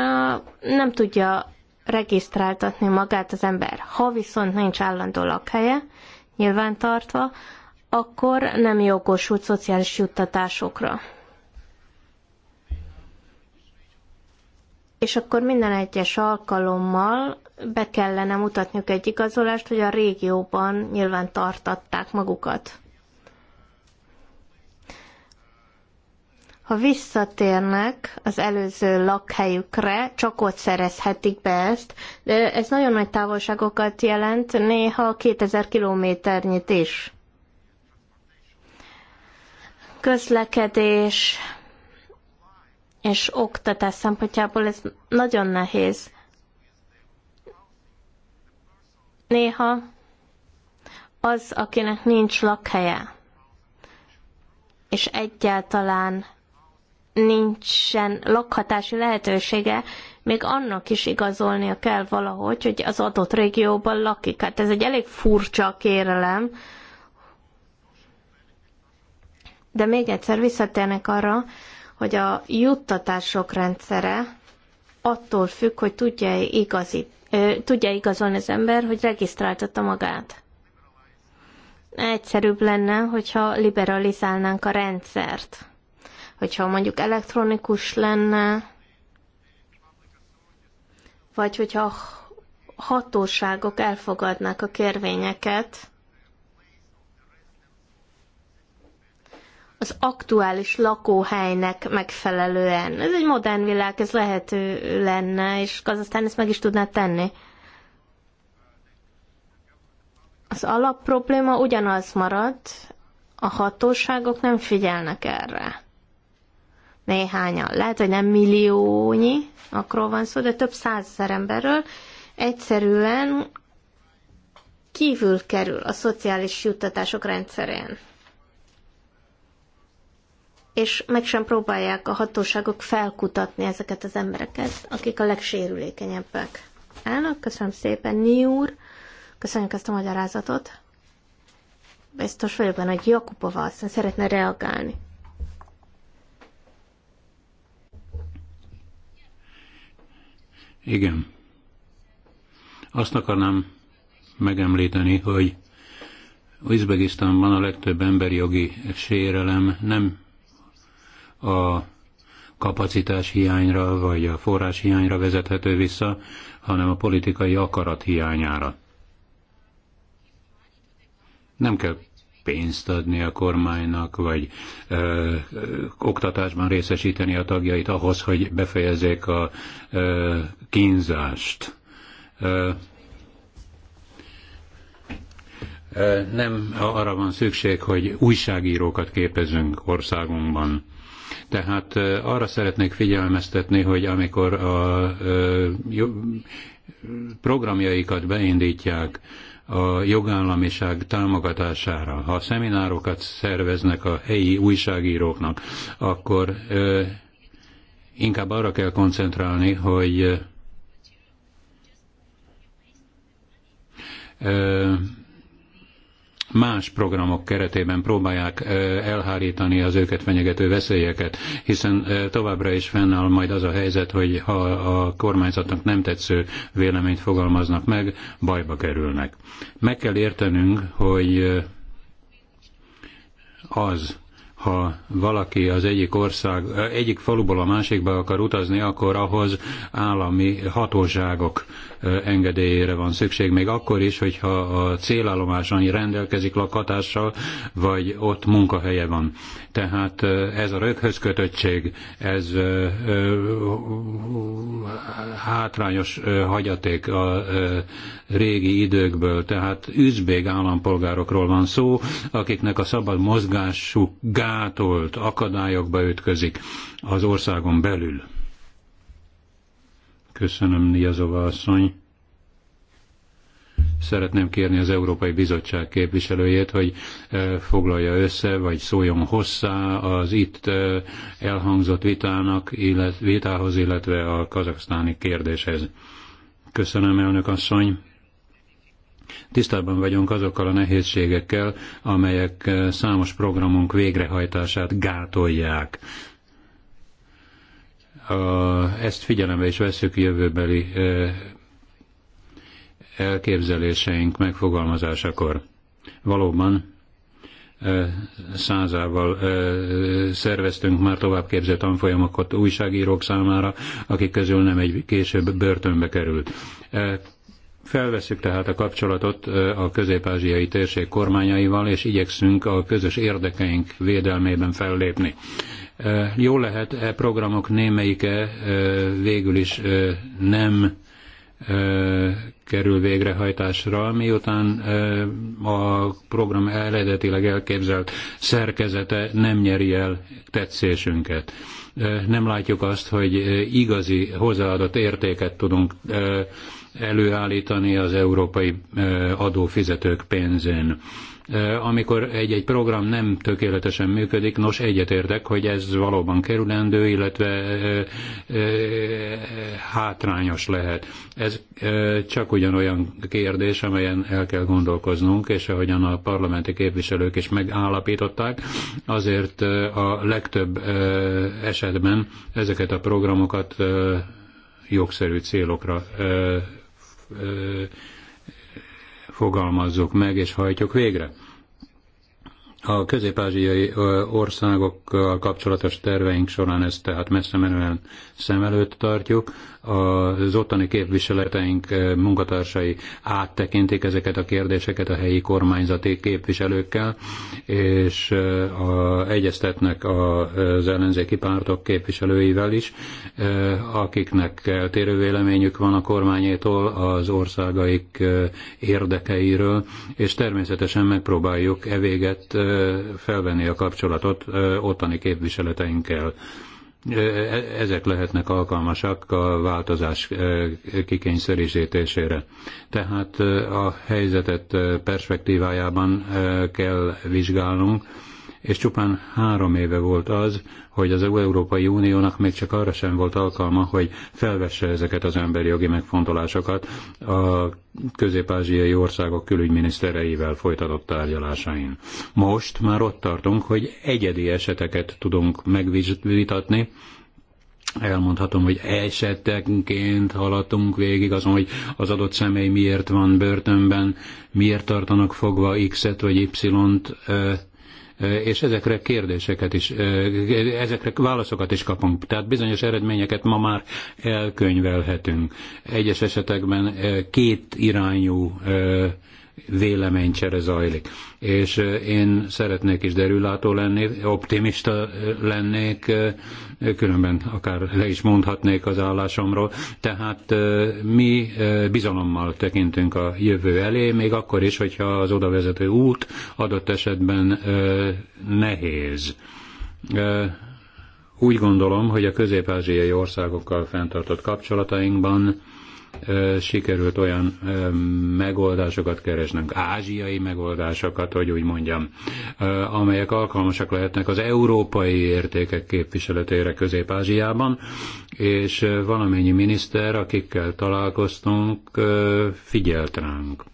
nem tudja regisztráltatni magát az ember. Ha viszont nincs állandó lakhelye, nyilván tartva, akkor nem jogosult szociális juttatásokra. És akkor minden egyes alkalommal be kellene mutatniuk egy igazolást, hogy a régióban nyilván tartatták magukat. ha visszatérnek az előző lakhelyükre, csak ott szerezhetik be ezt. De ez nagyon nagy távolságokat jelent, néha 2000 kilométernyit is. Közlekedés és oktatás szempontjából ez nagyon nehéz. Néha az, akinek nincs lakhelye, és egyáltalán nincsen lakhatási lehetősége, még annak is igazolnia kell valahogy, hogy az adott régióban lakik. Hát ez egy elég furcsa kérelem, de még egyszer visszatérnek arra, hogy a juttatások rendszere attól függ, hogy tudja igazi, tudja igazolni az ember, hogy regisztráltatta magát. Egyszerűbb lenne, hogyha liberalizálnánk a rendszert hogyha mondjuk elektronikus lenne, vagy hogyha a hatóságok elfogadnák a kérvényeket, az aktuális lakóhelynek megfelelően. Ez egy modern világ, ez lehető lenne, és Kazasztán ezt meg is tudná tenni. Az alapprobléma ugyanaz marad, a hatóságok nem figyelnek erre néhányan. Lehet, hogy nem milliónyi, akról van szó, de több százezer emberről egyszerűen kívül kerül a szociális juttatások rendszerén. És meg sem próbálják a hatóságok felkutatni ezeket az embereket, akik a legsérülékenyebbek. Elnök, köszönöm szépen, Ni úr, köszönjük ezt a magyarázatot. Biztos vagyok benne, hogy Jakubova aztán szeretne reagálni. Igen. Azt akarnám megemlíteni, hogy Uzbekisztánban a legtöbb emberi jogi sérelem nem a kapacitás hiányra vagy a forrás hiányra vezethető vissza, hanem a politikai akarat hiányára. Nem kell pénzt adni a kormánynak, vagy ö, ö, oktatásban részesíteni a tagjait ahhoz, hogy befejezzék a ö, kínzást. Ö, nem arra van szükség, hogy újságírókat képezünk országunkban. Tehát arra szeretnék figyelmeztetni, hogy amikor a programjaikat beindítják, a jogállamiság támogatására. Ha szeminárokat szerveznek a helyi újságíróknak, akkor inkább arra kell koncentrálni, hogy más programok keretében próbálják elhárítani az őket fenyegető veszélyeket, hiszen továbbra is fennáll majd az a helyzet, hogy ha a kormányzatnak nem tetsző véleményt fogalmaznak meg, bajba kerülnek. Meg kell értenünk, hogy az, ha valaki az egyik ország, egyik faluból a másikba akar utazni, akkor ahhoz állami hatóságok engedélyére van szükség, még akkor is, hogyha a célállomás annyi rendelkezik lakhatással, vagy ott munkahelye van. Tehát ez a röghöz kötöttség, ez hátrányos hagyaték a régi időkből, tehát üzbég állampolgárokról van szó, akiknek a szabad mozgásuk gátolt akadályokba ütközik az országon belül. Köszönöm, Niazova asszony. Szeretném kérni az Európai Bizottság képviselőjét, hogy eh, foglalja össze, vagy szóljon hosszá az itt eh, elhangzott vitának, illet, vitához, illetve a kazaksztáni kérdéshez. Köszönöm, elnök asszony. Tisztában vagyunk azokkal a nehézségekkel, amelyek eh, számos programunk végrehajtását gátolják ezt figyelembe is veszük jövőbeli elképzeléseink megfogalmazásakor. Valóban százával szerveztünk már továbbképző tanfolyamokat újságírók számára, akik közül nem egy később börtönbe került. Felveszük tehát a kapcsolatot a közép-ázsiai térség kormányaival, és igyekszünk a közös érdekeink védelmében fellépni. Jó lehet, e programok némelyike végül is nem kerül végrehajtásra, miután a program eredetileg elképzelt szerkezete nem nyeri el tetszésünket. Nem látjuk azt, hogy igazi hozzáadott értéket tudunk előállítani az európai adófizetők pénzén amikor egy-egy program nem tökéletesen működik, nos egyetértek, hogy ez valóban kerülendő, illetve hátrányos lehet. Ez csak ugyanolyan kérdés, amelyen el kell gondolkoznunk, és ahogyan a parlamenti képviselők is megállapították, azért a legtöbb esetben ezeket a programokat jogszerű célokra fogalmazzuk meg és hajtjuk végre. A közép-ázsiai országokkal kapcsolatos terveink során ezt tehát messze menően szem előtt tartjuk az ottani képviseleteink eh, munkatársai áttekintik ezeket a kérdéseket a helyi kormányzati képviselőkkel, és eh, a, egyeztetnek az ellenzéki pártok képviselőivel is, eh, akiknek eltérő véleményük van a kormányétól, az országaik érdekeiről, és természetesen megpróbáljuk evéget felvenni a kapcsolatot ottani képviseleteinkkel. E, ezek lehetnek alkalmasak a változás kikényszerítésére. Tehát a helyzetet perspektívájában kell vizsgálnunk, és csupán három éve volt az, hogy az Európai Uniónak még csak arra sem volt alkalma, hogy felvesse ezeket az emberi jogi megfontolásokat a közép-ázsiai országok külügyminisztereivel folytatott tárgyalásain. Most már ott tartunk, hogy egyedi eseteket tudunk megvitatni, elmondhatom, hogy esetenként haladtunk végig azon, hogy az adott személy miért van börtönben, miért tartanak fogva X-et vagy Y-t, és ezekre kérdéseket is, ezekre válaszokat is kapunk. Tehát bizonyos eredményeket ma már elkönyvelhetünk. Egyes esetekben két irányú véleménycsere zajlik. És én szeretnék is derülátó lenni, optimista lennék, különben akár le is mondhatnék az állásomról. Tehát mi bizalommal tekintünk a jövő elé, még akkor is, hogyha az odavezető út adott esetben nehéz. Úgy gondolom, hogy a közép-ázsiai országokkal fenntartott kapcsolatainkban sikerült olyan megoldásokat keresnünk, ázsiai megoldásokat, hogy úgy mondjam, amelyek alkalmasak lehetnek az európai értékek képviseletére Közép-Ázsiában, és valamennyi miniszter, akikkel találkoztunk, figyelt ránk.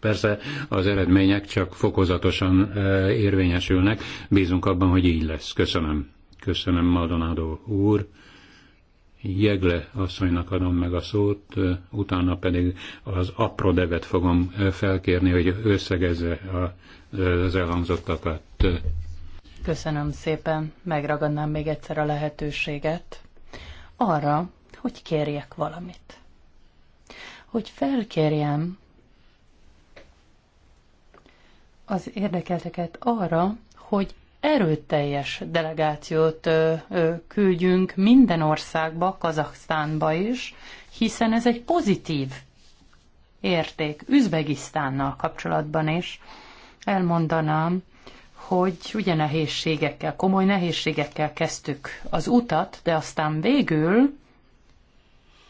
Persze az eredmények csak fokozatosan érvényesülnek, bízunk abban, hogy így lesz. Köszönöm. Köszönöm, Maldonado úr. Jegle asszonynak adom meg a szót, utána pedig az apró devet fogom felkérni, hogy összegezze az elhangzottakat. Köszönöm szépen, megragadnám még egyszer a lehetőséget arra, hogy kérjek valamit. Hogy felkérjem az érdekelteket arra, hogy erőteljes delegációt ö, ö, küldjünk minden országba, Kazaksztánba is, hiszen ez egy pozitív érték Üzbegisztánnal kapcsolatban is. Elmondanám, hogy ugye nehézségekkel, komoly nehézségekkel kezdtük az utat, de aztán végül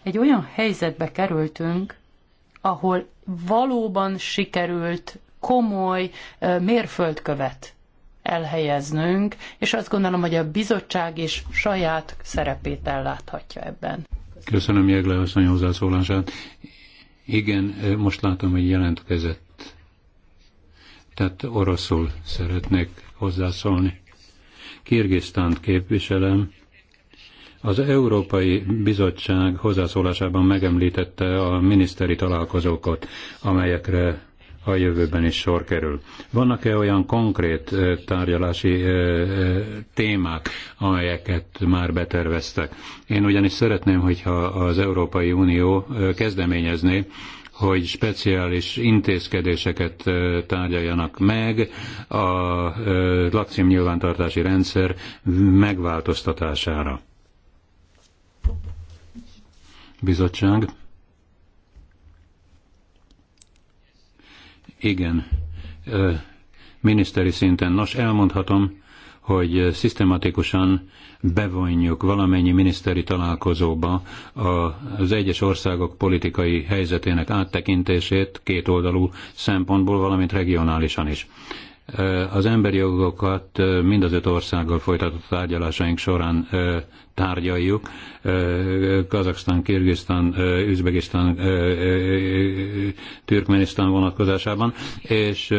egy olyan helyzetbe kerültünk, ahol valóban sikerült komoly mérföldkövet elhelyeznünk, és azt gondolom, hogy a bizottság is saját szerepét elláthatja ebben. Köszönöm Jegle asszony hozzászólását. Igen, most látom, hogy jelentkezett. Tehát oroszul szeretnék hozzászólni. Kirgisztánt képviselem. Az Európai Bizottság hozzászólásában megemlítette a miniszteri találkozókat, amelyekre a jövőben is sor kerül. Vannak-e olyan konkrét tárgyalási témák, amelyeket már beterveztek? Én ugyanis szeretném, hogyha az Európai Unió kezdeményezné, hogy speciális intézkedéseket tárgyaljanak meg a lakcím nyilvántartási rendszer megváltoztatására. Bizottság. Igen, miniszteri szinten. Nos, elmondhatom, hogy szisztematikusan bevonjuk valamennyi miniszteri találkozóba az egyes országok politikai helyzetének áttekintését kétoldalú szempontból, valamint regionálisan is az emberi jogokat mind az öt országgal folytatott tárgyalásaink során tárgyaljuk. Kazaksztán, Kirgisztán, Üzbegisztán, Türkmenisztán vonatkozásában, és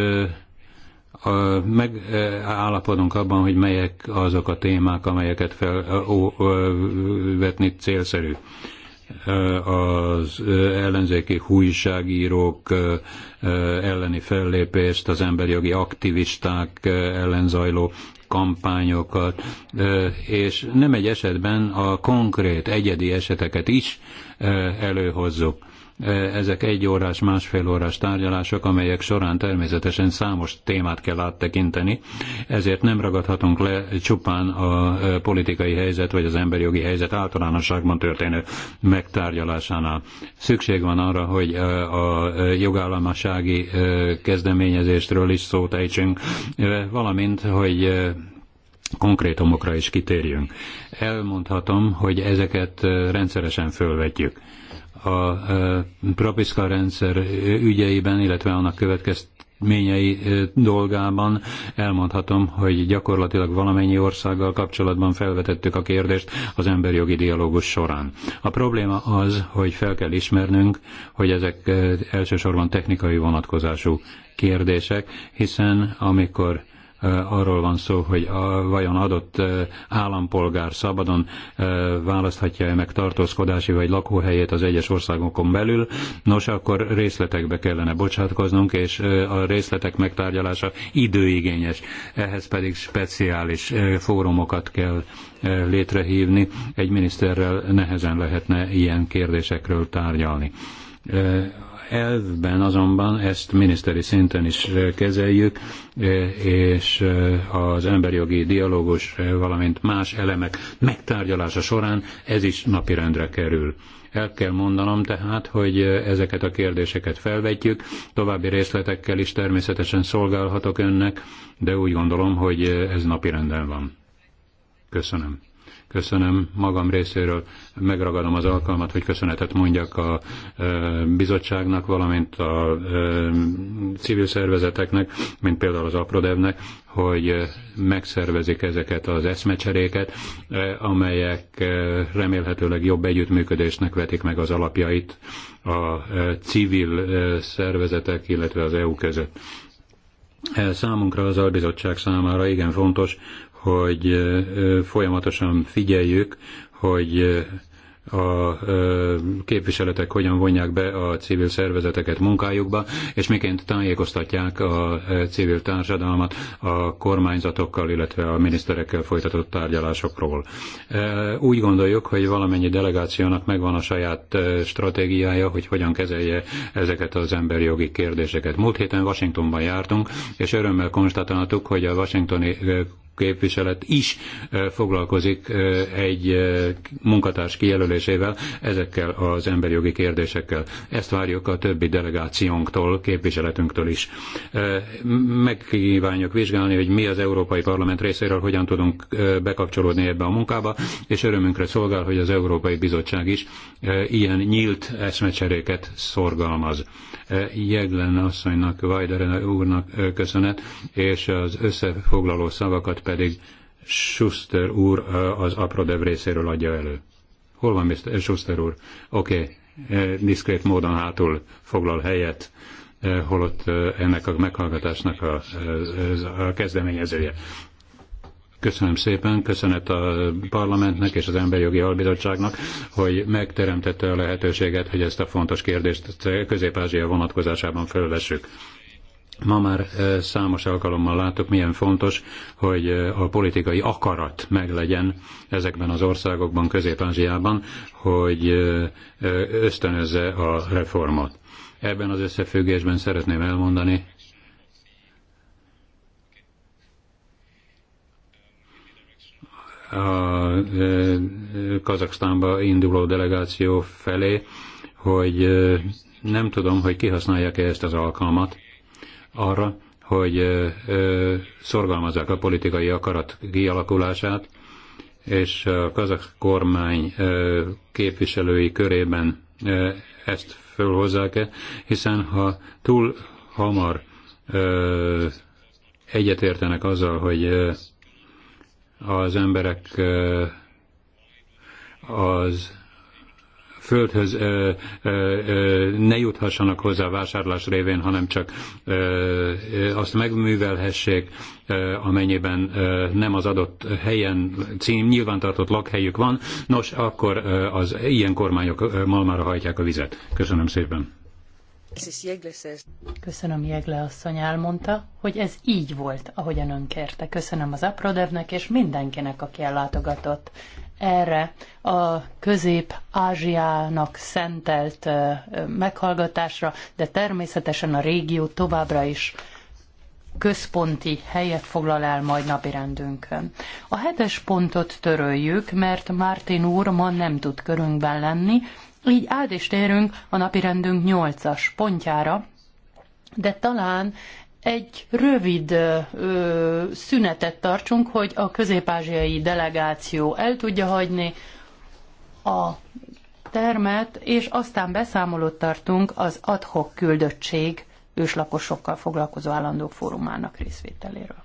megállapodunk abban, hogy melyek azok a témák, amelyeket felvetni célszerű az ellenzéki újságírók elleni fellépést, az emberi jogi aktivisták ellen zajló kampányokat, és nem egy esetben a konkrét egyedi eseteket is előhozzuk. Ezek egy órás, másfél órás tárgyalások, amelyek során természetesen számos témát kell áttekinteni, ezért nem ragadhatunk le csupán a politikai helyzet vagy az emberi jogi helyzet általánosságban történő megtárgyalásánál. Szükség van arra, hogy a jogállamasági kezdeményezéstről is szót ejtsünk, valamint, hogy konkrétumokra is kitérjünk. Elmondhatom, hogy ezeket rendszeresen fölvetjük a propiszka rendszer ügyeiben, illetve annak következményei dolgában elmondhatom, hogy gyakorlatilag valamennyi országgal kapcsolatban felvetettük a kérdést az emberjogi dialógus során. A probléma az, hogy fel kell ismernünk, hogy ezek elsősorban technikai vonatkozású kérdések, hiszen amikor arról van szó, hogy a, vajon adott állampolgár szabadon választhatja-e meg tartózkodási vagy lakóhelyét az egyes országokon belül, nos, akkor részletekbe kellene bocsátkoznunk, és a részletek megtárgyalása időigényes. Ehhez pedig speciális fórumokat kell létrehívni. Egy miniszterrel nehezen lehetne ilyen kérdésekről tárgyalni Elvben azonban ezt miniszteri szinten is eh, kezeljük, eh, és eh, az emberjogi dialógus, valamint más elemek megtárgyalása során ez is napirendre kerül. El kell mondanom tehát, hogy ezeket a kérdéseket felvetjük, további részletekkel is természetesen szolgálhatok önnek, de úgy gondolom, hogy ez napirenden van. Köszönöm. Köszönöm magam részéről, megragadom az alkalmat, hogy köszönetet mondjak a bizottságnak, valamint a civil szervezeteknek, mint például az Aprodevnek, hogy megszervezik ezeket az eszmecseréket, amelyek remélhetőleg jobb együttműködésnek vetik meg az alapjait a civil szervezetek, illetve az EU között. Számunkra az albizottság számára igen fontos, hogy folyamatosan figyeljük, hogy a képviseletek hogyan vonják be a civil szervezeteket munkájukba, és miként tájékoztatják a civil társadalmat a kormányzatokkal, illetve a miniszterekkel folytatott tárgyalásokról. Úgy gondoljuk, hogy valamennyi delegációnak megvan a saját stratégiája, hogy hogyan kezelje ezeket az emberi jogi kérdéseket. Múlt héten Washingtonban jártunk, és örömmel konstatáltuk, hogy a washingtoni képviselet is foglalkozik egy munkatárs kijelölésével ezekkel az emberi jogi kérdésekkel. Ezt várjuk a többi delegációnktól, képviseletünktől is. Megkívánjuk vizsgálni, hogy mi az Európai Parlament részéről hogyan tudunk bekapcsolódni ebbe a munkába, és örömünkre szolgál, hogy az Európai Bizottság is ilyen nyílt eszmecseréket szorgalmaz. Jeglen asszonynak, Vajdaren úrnak köszönet, és az összefoglaló szavakat pedig Schuster úr az Aprodev részéről adja elő. Hol van Mr. Schuster úr? Oké, okay. diszkrét módon hátul foglal helyet, holott ennek a meghallgatásnak a, a kezdeményezője. Köszönöm szépen, köszönet a parlamentnek és az Emberi Jogi Albizottságnak, hogy megteremtette a lehetőséget, hogy ezt a fontos kérdést Közép-Ázsia vonatkozásában felvessük. Ma már eh, számos alkalommal látok, milyen fontos, hogy eh, a politikai akarat meglegyen ezekben az országokban, Közép-Ázsiában, hogy eh, ösztönözze a reformot. Ebben az összefüggésben szeretném elmondani, a e, Kazaksztánba induló delegáció felé, hogy e, nem tudom, hogy kihasználják-e ezt az alkalmat arra, hogy e, szorgalmazzák a politikai akarat kialakulását, és a kazak kormány képviselői körében ezt fölhozzák-e, hiszen ha túl hamar egyetértenek azzal, hogy az emberek az földhöz ö, ö, ö, ne juthassanak hozzá vásárlás révén, hanem csak ö, ö, azt megművelhessék, ö, amennyiben ö, nem az adott helyen cím, nyilvántartott lakhelyük van, nos, akkor ö, az ilyen kormányok ö, malmára hajtják a vizet. Köszönöm szépen. Köszönöm, Jegle asszony elmondta, hogy ez így volt, ahogyan ön kérte. Köszönöm az Aprodevnek és mindenkinek, aki ellátogatott erre a Közép-Ázsiának szentelt meghallgatásra, de természetesen a régió továbbra is központi helyet foglal el majd napirendünkön. A hetes pontot töröljük, mert Mártin úr ma nem tud körünkben lenni, így át is térünk a napirendünk rendünk nyolcas pontjára, de talán egy rövid ö, szünetet tartsunk, hogy a közép-ázsiai delegáció el tudja hagyni a termet, és aztán beszámolót tartunk az adhok küldöttség őslakosokkal foglalkozó állandó fórumának részvételéről.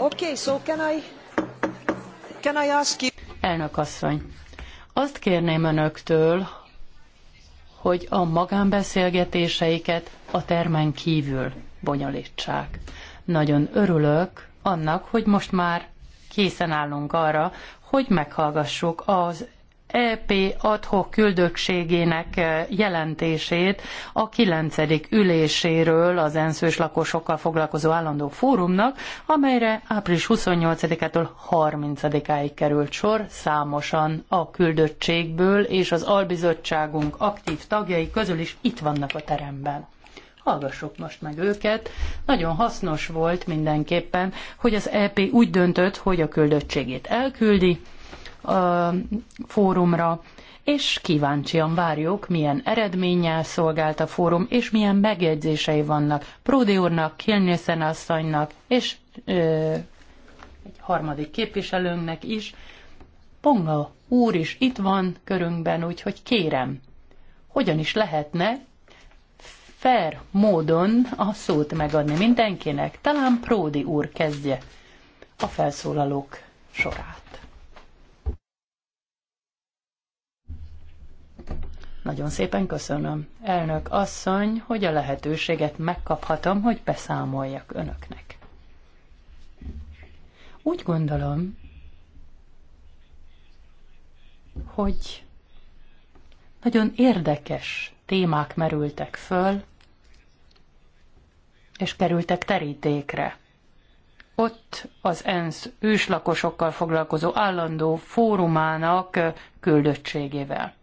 Okay, so can I, can I ask you... Elnök asszony, azt kérném önöktől, hogy a magánbeszélgetéseiket a termen kívül bonyolítsák. Nagyon örülök annak, hogy most már készen állunk arra, hogy meghallgassuk az EP adhok küldöttségének e, jelentését a 9. üléséről az ENSZ lakosokkal foglalkozó állandó fórumnak, amelyre április 28-től 30-áig került sor számosan a küldöttségből, és az albizottságunk aktív tagjai közül is itt vannak a teremben. Hallgassuk most meg őket. Nagyon hasznos volt mindenképpen, hogy az EP úgy döntött, hogy a küldöttségét elküldi, a fórumra, és kíváncsian várjuk, milyen eredménnyel szolgált a fórum, és milyen megjegyzései vannak Pródi úrnak, Kilnészen asszonynak, és ö, egy harmadik képviselőnknek is. Ponga úr is itt van körünkben, úgyhogy kérem, hogyan is lehetne fair módon a szót megadni mindenkinek. Talán Pródi úr kezdje a felszólalók sorát. Nagyon szépen köszönöm, elnök asszony, hogy a lehetőséget megkaphatom, hogy beszámoljak önöknek. Úgy gondolom, hogy nagyon érdekes témák merültek föl, és kerültek terítékre. Ott az ENSZ őslakosokkal foglalkozó állandó fórumának küldöttségével.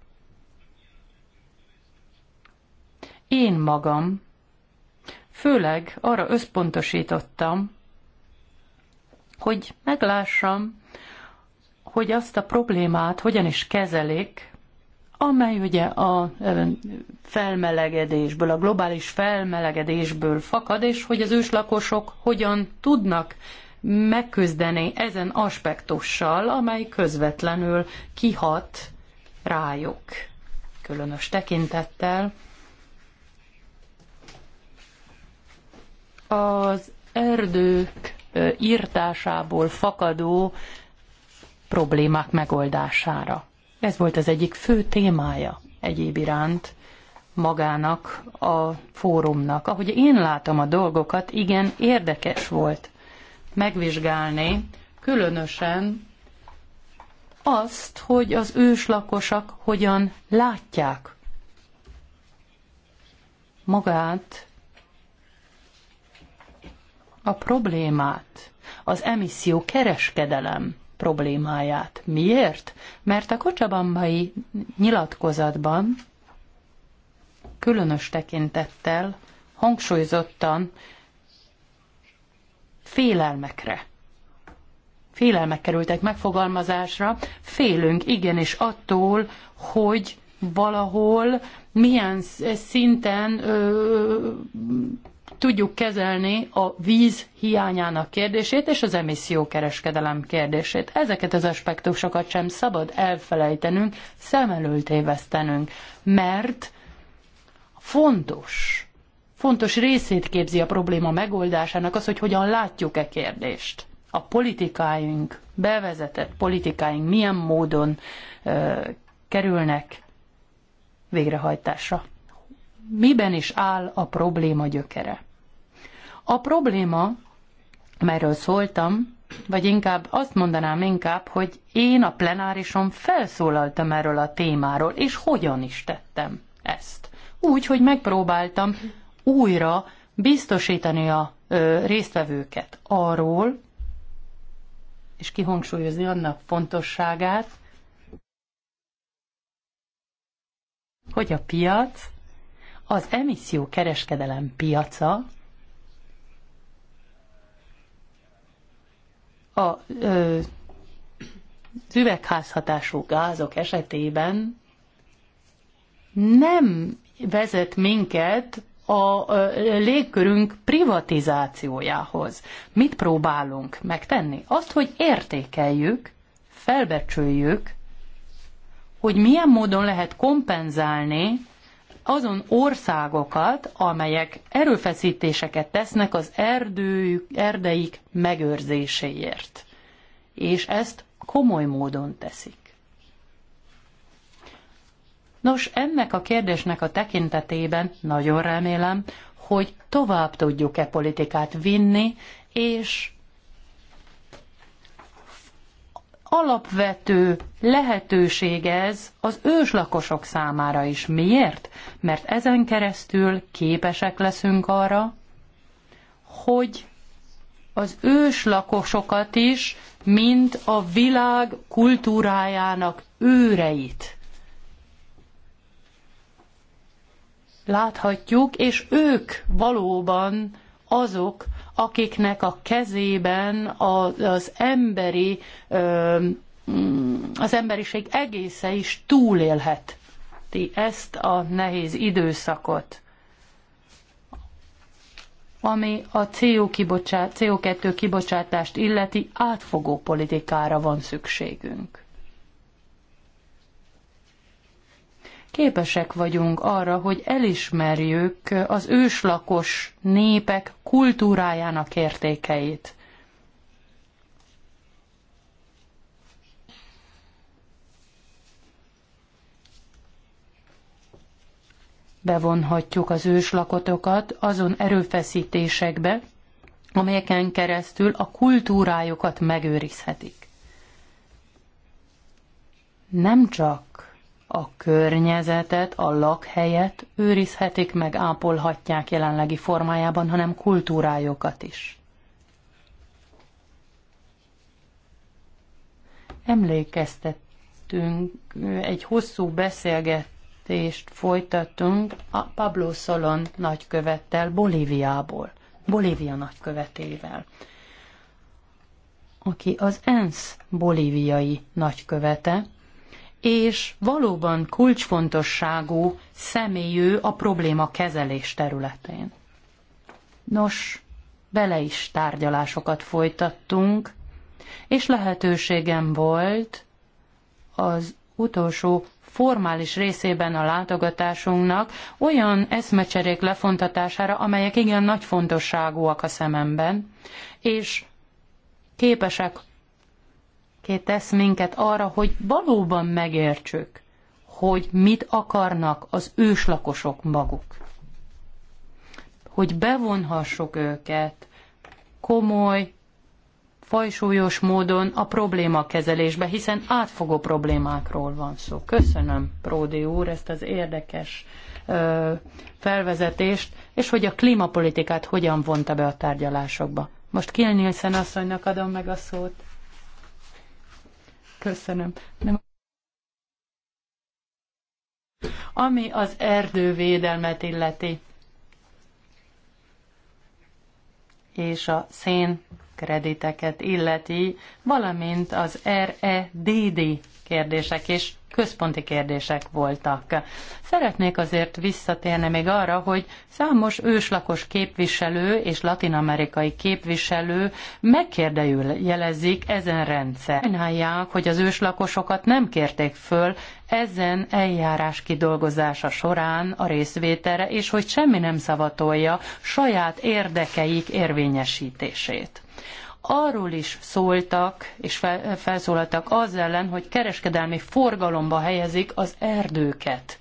én magam főleg arra összpontosítottam, hogy meglássam, hogy azt a problémát hogyan is kezelik, amely ugye a felmelegedésből, a globális felmelegedésből fakad, és hogy az őslakosok hogyan tudnak megküzdeni ezen aspektussal, amely közvetlenül kihat rájuk. Különös tekintettel az erdők írtásából fakadó problémák megoldására. Ez volt az egyik fő témája egyéb iránt magának a fórumnak. Ahogy én látom a dolgokat, igen érdekes volt megvizsgálni, különösen azt, hogy az őslakosak hogyan látják magát a problémát, az emisszió kereskedelem problémáját. Miért? Mert a kocsabambai nyilatkozatban különös tekintettel hangsúlyozottan félelmekre. Félelmek kerültek megfogalmazásra, félünk igenis attól, hogy valahol milyen szinten ö, tudjuk kezelni a víz hiányának kérdését és az emissziókereskedelem kérdését. Ezeket az aspektusokat sem szabad elfelejtenünk, szem előtt évesztenünk, mert fontos, fontos részét képzi a probléma megoldásának az, hogy hogyan látjuk-e kérdést. A politikáink, bevezetett politikáink milyen módon ö, kerülnek végrehajtásra. Miben is áll a probléma gyökere? A probléma, amelyről szóltam, vagy inkább azt mondanám inkább, hogy én a plenárison felszólaltam erről a témáról, és hogyan is tettem ezt. Úgy, hogy megpróbáltam újra biztosítani a ö, résztvevőket arról, és kihangsúlyozni annak fontosságát, hogy a piac, az emisszió kereskedelem piaca a ö, üvegházhatású gázok esetében nem vezet minket a légkörünk privatizációjához. Mit próbálunk megtenni? Azt, hogy értékeljük, felbecsüljük, hogy milyen módon lehet kompenzálni azon országokat, amelyek erőfeszítéseket tesznek az erdőjük, erdeik megőrzéséért. És ezt komoly módon teszik. Nos, ennek a kérdésnek a tekintetében nagyon remélem, hogy tovább tudjuk-e politikát vinni, és alapvető lehetőség ez az őslakosok számára is. Miért? Mert ezen keresztül képesek leszünk arra, hogy az őslakosokat is, mint a világ kultúrájának őreit láthatjuk, és ők valóban azok, akiknek a kezében az, az emberi mm, az emberiség egésze is túlélhet ezt a nehéz időszakot ami a CO2 kibocsátást illeti átfogó politikára van szükségünk. képesek vagyunk arra, hogy elismerjük az őslakos népek kultúrájának értékeit. Bevonhatjuk az őslakotokat azon erőfeszítésekbe, amelyeken keresztül a kultúrájukat megőrizhetik. Nem csak a környezetet, a lakhelyet őrizhetik meg, ápolhatják jelenlegi formájában, hanem kultúrájukat is. Emlékeztettünk, egy hosszú beszélgetést folytattunk a Pablo Solon nagykövettel Bolíviából, Bolívia nagykövetével, aki az ENSZ bolíviai nagykövete, és valóban kulcsfontosságú személyű a probléma kezelés területén. Nos, bele is tárgyalásokat folytattunk, és lehetőségem volt az utolsó formális részében a látogatásunknak olyan eszmecserék lefontatására, amelyek igen nagy fontosságúak a szememben, és képesek tesz minket arra, hogy valóban megértsük, hogy mit akarnak az őslakosok maguk. Hogy bevonhassuk őket komoly, fajsúlyos módon a probléma kezelésbe. hiszen átfogó problémákról van szó. Köszönöm, Pródi úr, ezt az érdekes ö, felvezetést, és hogy a klímapolitikát hogyan vonta be a tárgyalásokba. Most Kiel Nielsen asszonynak adom meg a szót. Köszönöm. Nem. Ami az erdővédelmet illeti, és a szén krediteket illeti, valamint az REDD kérdések is központi kérdések voltak. Szeretnék azért visszatérni még arra, hogy számos őslakos képviselő és latinamerikai képviselő megkérdejül jelezik ezen rendszer. Sajnálják, hogy az őslakosokat nem kérték föl ezen eljárás kidolgozása során a részvételre, és hogy semmi nem szavatolja saját érdekeik érvényesítését arról is szóltak és fel, felszólaltak az ellen, hogy kereskedelmi forgalomba helyezik az erdőket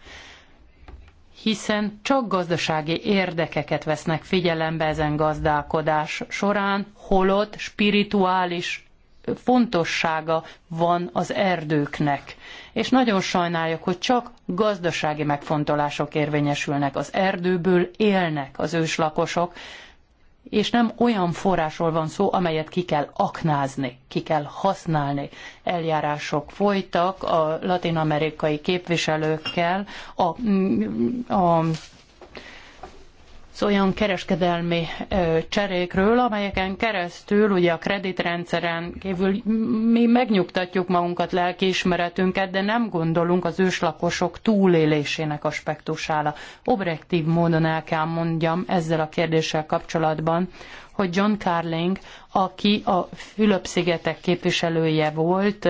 hiszen csak gazdasági érdekeket vesznek figyelembe ezen gazdálkodás során, holott spirituális fontossága van az erdőknek. És nagyon sajnáljuk, hogy csak gazdasági megfontolások érvényesülnek. Az erdőből élnek az őslakosok, és nem olyan forrásról van szó, amelyet ki kell aknázni, ki kell használni. Eljárások folytak a latin-amerikai képviselőkkel, a, a az olyan kereskedelmi cserékről, amelyeken keresztül ugye a kreditrendszeren kívül mi megnyugtatjuk magunkat, lelkiismeretünket, de nem gondolunk az őslakosok túlélésének aspektusára. Objektív módon el kell mondjam ezzel a kérdéssel kapcsolatban, hogy John Carling aki a Fülöp-szigetek képviselője volt,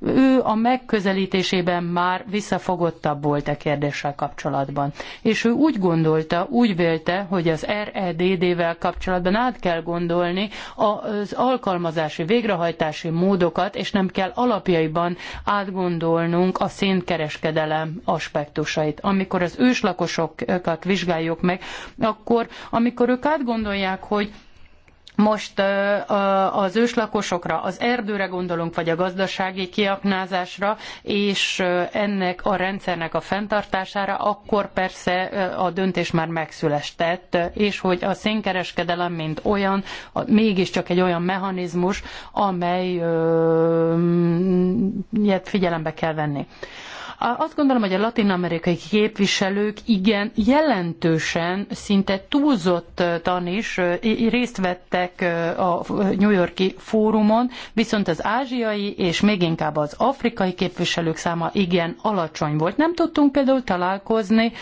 ő a megközelítésében már visszafogottabb volt a e kérdéssel kapcsolatban. És ő úgy gondolta, úgy vélte, hogy az REDD-vel kapcsolatban át kell gondolni az alkalmazási, végrehajtási módokat, és nem kell alapjaiban átgondolnunk a szénkereskedelem aspektusait. Amikor az őslakosokat vizsgáljuk meg, akkor amikor ők átgondolják, hogy most az őslakosokra, az erdőre gondolunk, vagy a gazdasági kiaknázásra, és ennek a rendszernek a fenntartására, akkor persze a döntés már megszülestett, és hogy a szénkereskedelem, mint olyan, mégiscsak egy olyan mechanizmus, amelyet figyelembe kell venni. Azt gondolom, hogy a latin-amerikai képviselők igen jelentősen, szinte túlzottan is részt vettek a New Yorki fórumon, viszont az ázsiai és még inkább az afrikai képviselők száma igen alacsony volt. Nem tudtunk például találkozni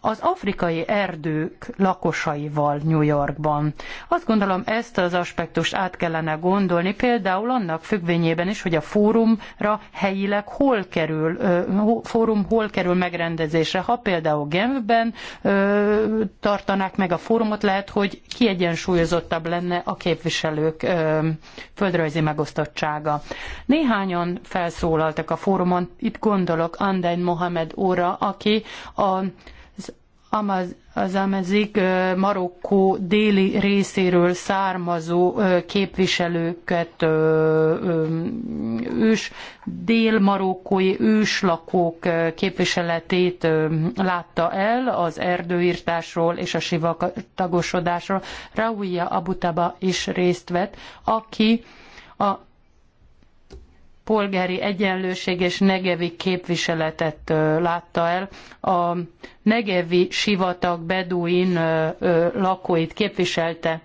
az afrikai erdők lakosaival New Yorkban. Azt gondolom, ezt az aspektust át kellene gondolni, például annak függvényében is, hogy a fórumra helyileg hol kerül fórum hol kerül megrendezésre. Ha például Genfben tartanák meg a fórumot, lehet, hogy kiegyensúlyozottabb lenne a képviselők földrajzi megosztottsága. Néhányan felszólaltak a fórumon, itt gondolok Andein Mohamed óra, aki a az az amezik Marokkó déli részéről származó képviselőket, ős, dél-marokkói őslakók képviseletét látta el az erdőirtásról és a sivatagosodásról. Rauja Abutaba is részt vett, aki a polgári egyenlőség és negevi képviseletet látta el. A negevi sivatag beduin lakóit képviselte.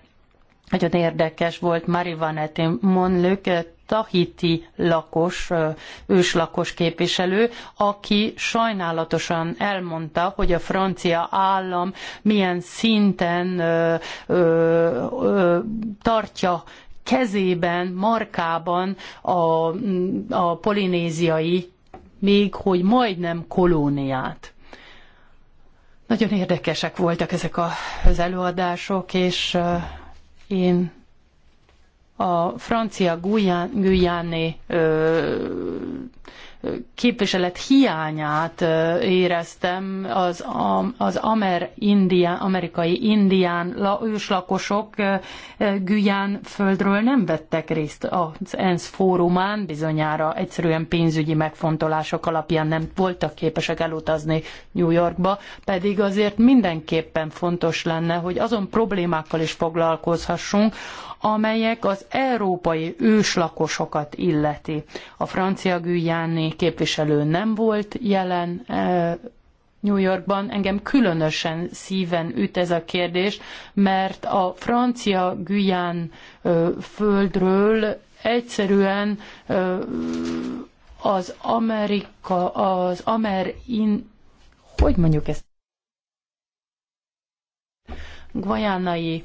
Nagyon érdekes volt Marivanette Monlők, tahiti lakos, őslakos képviselő, aki sajnálatosan elmondta, hogy a francia állam milyen szinten ö, ö, ö, tartja kezében, markában a, a polinéziai, még hogy majdnem kolóniát. Nagyon érdekesek voltak ezek az előadások, és én a francia Guyané képviselet hiányát éreztem az, az Amer indián, amerikai indián őslakosok Guyán földről nem vettek részt az ENSZ fórumán, bizonyára egyszerűen pénzügyi megfontolások alapján nem voltak képesek elutazni New Yorkba, pedig azért mindenképpen fontos lenne, hogy azon problémákkal is foglalkozhassunk, amelyek az európai őslakosokat illeti. A francia Güjáni képviselő nem volt jelen eh, New Yorkban. Engem különösen szíven üt ez a kérdés, mert a francia Guyán eh, földről egyszerűen eh, az Amerika, az Amerin, hogy mondjuk ezt? Guajánai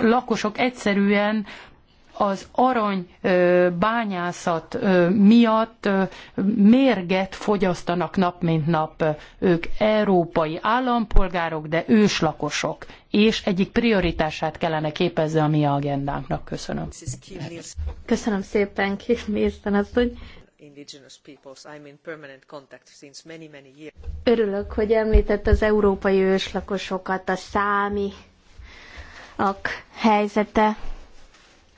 lakosok egyszerűen az arany bányászat miatt mérget fogyasztanak nap mint nap. Ők európai állampolgárok, de őslakosok, és egyik prioritását kellene képezze a mi agendánknak. Köszönöm. Köszönöm szépen, Kirmészen azt, Örülök, hogy említett az európai őslakosokat, a számiak helyzete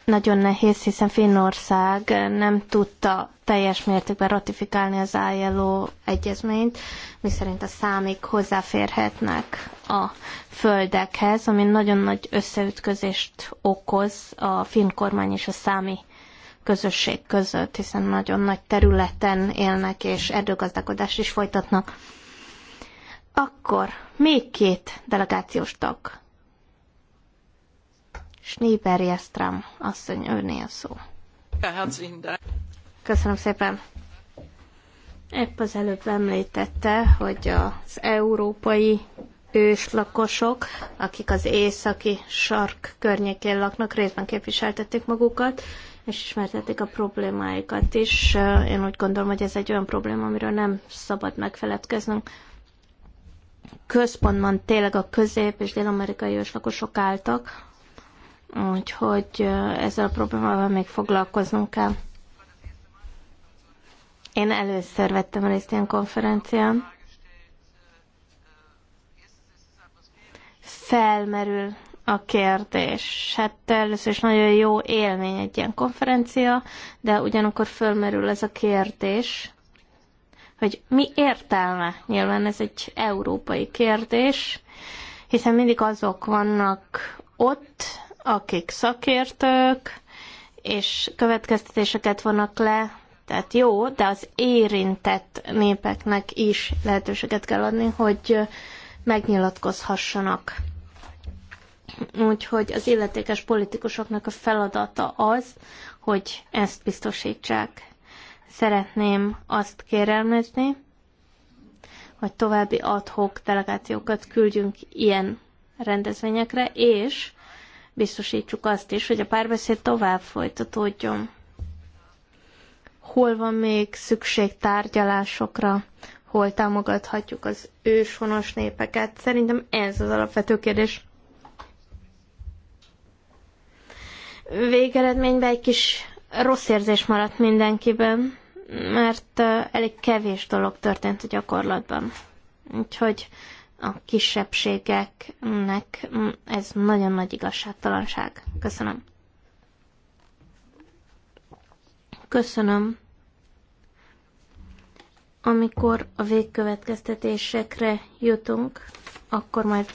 nagyon nehéz, hiszen Finnország nem tudta teljes mértékben ratifikálni az ILO egyezményt, miszerint a számik hozzáférhetnek a földekhez, ami nagyon nagy összeütközést okoz a finn kormány és a számi közösség között, hiszen nagyon nagy területen élnek és erdőgazdálkodást is folytatnak. Akkor még két delegációs tag Schneeberg-Jastram asszony, őné szó. Köszönöm szépen. Épp az előbb említette, hogy az európai őslakosok, akik az északi sark környékén laknak, részben képviseltették magukat, és ismertették a problémáikat is. Én úgy gondolom, hogy ez egy olyan probléma, amiről nem szabad megfeledkeznünk. Központban tényleg a közép- és dél-amerikai őslakosok álltak, Úgyhogy ezzel a problémával még foglalkoznunk kell. Én először vettem részt ilyen konferencián. Felmerül a kérdés. Hát először is nagyon jó élmény egy ilyen konferencia, de ugyanakkor felmerül ez a kérdés, hogy mi értelme? Nyilván ez egy európai kérdés, hiszen mindig azok vannak ott, akik szakértők, és következtetéseket vonnak le, tehát jó, de az érintett népeknek is lehetőséget kell adni, hogy megnyilatkozhassanak. Úgyhogy az illetékes politikusoknak a feladata az, hogy ezt biztosítsák. Szeretném azt kérelmezni, hogy további adhok delegációkat küldjünk ilyen rendezvényekre, és biztosítsuk azt is, hogy a párbeszéd tovább folytatódjon. Hol van még szükség tárgyalásokra, hol támogathatjuk az őshonos népeket. Szerintem ez az alapvető kérdés. Végeredményben egy kis rossz érzés maradt mindenkiben, mert elég kevés dolog történt a gyakorlatban. Úgyhogy a kisebbségeknek mm, ez nagyon nagy igazságtalanság. Köszönöm. Köszönöm. Amikor a végkövetkeztetésekre jutunk, akkor majd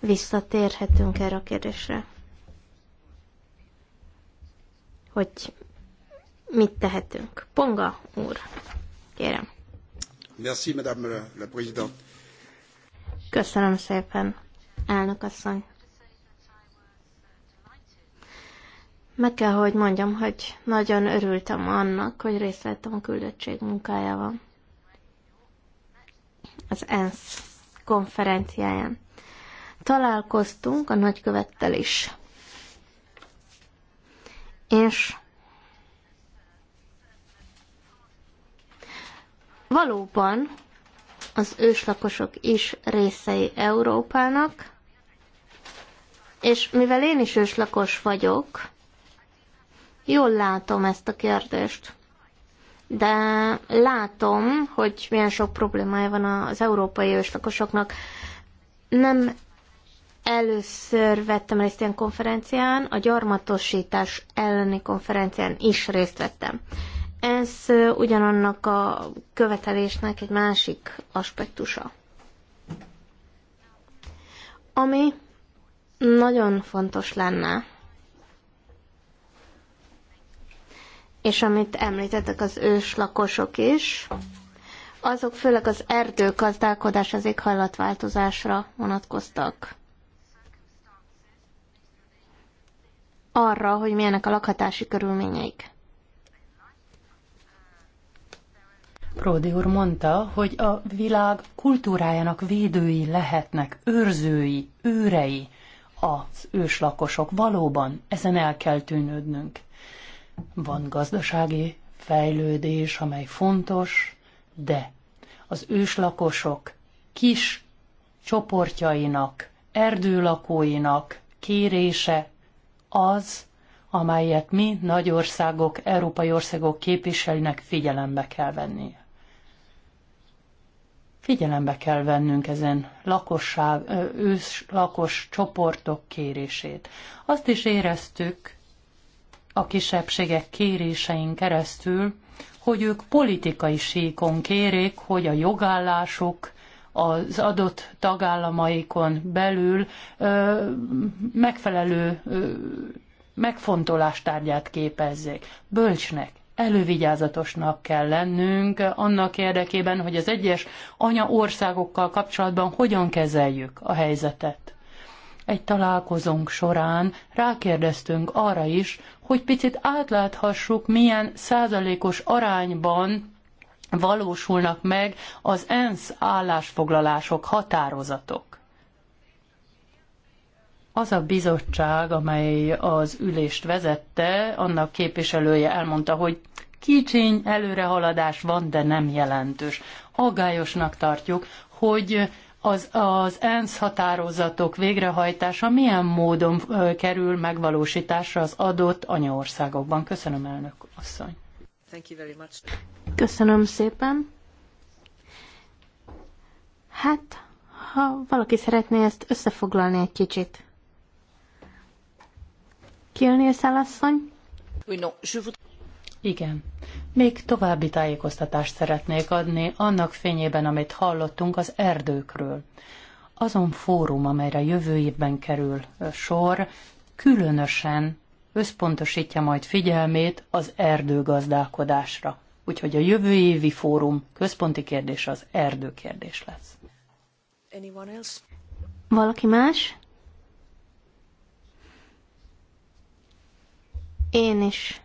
visszatérhetünk erre a kérdésre. Hogy mit tehetünk. Ponga úr, kérem. Merci, madame la présidente. Köszönöm szépen, elnök asszony. Meg kell, hogy mondjam, hogy nagyon örültem annak, hogy részt vettem a küldöttség munkájában. Az ENSZ konferenciáján. Találkoztunk a nagykövettel is. És valóban az őslakosok is részei Európának, és mivel én is őslakos vagyok, jól látom ezt a kérdést. De látom, hogy milyen sok problémája van az európai őslakosoknak. Nem először vettem részt ilyen konferencián, a gyarmatosítás elleni konferencián is részt vettem. Ez ugyanannak a követelésnek egy másik aspektusa. Ami nagyon fontos lenne, és amit említettek az őslakosok is, azok főleg az erdőgazdálkodás az éghajlatváltozásra vonatkoztak. Arra, hogy milyenek a lakhatási körülményeik. Pródi úr mondta, hogy a világ kultúrájának védői lehetnek, őrzői, őrei az őslakosok. Valóban ezen el kell tűnődnünk. Van gazdasági fejlődés, amely fontos, de az őslakosok kis csoportjainak, erdőlakóinak kérése az, amelyet mi nagy országok, európai országok képviselőnek figyelembe kell vennie. Figyelembe kell vennünk ezen lakosság, ős lakos csoportok kérését. Azt is éreztük a kisebbségek kérésein keresztül, hogy ők politikai síkon kérik, hogy a jogállásuk, az adott tagállamaikon belül ö, megfelelő ö, megfontolástárgyát képezzék. Bölcsnek, elővigyázatosnak kell lennünk annak érdekében, hogy az egyes anya országokkal kapcsolatban hogyan kezeljük a helyzetet. Egy találkozónk során rákérdeztünk arra is, hogy picit átláthassuk, milyen százalékos arányban valósulnak meg az ENSZ állásfoglalások, határozatok az a bizottság, amely az ülést vezette, annak képviselője elmondta, hogy kicsiny előrehaladás van, de nem jelentős. Aggályosnak tartjuk, hogy az, az ENSZ határozatok végrehajtása milyen módon ö, kerül megvalósításra az adott anyaországokban. Köszönöm, elnök asszony. Köszönöm szépen. Hát, ha valaki szeretné ezt összefoglalni egy kicsit. Kilnél szellasszony? Igen. Még további tájékoztatást szeretnék adni annak fényében, amit hallottunk az erdőkről. Azon fórum, amelyre jövő évben kerül sor, különösen összpontosítja majd figyelmét az erdőgazdálkodásra. Úgyhogy a jövő évi fórum központi kérdés az erdőkérdés lesz. Valaki más? Én is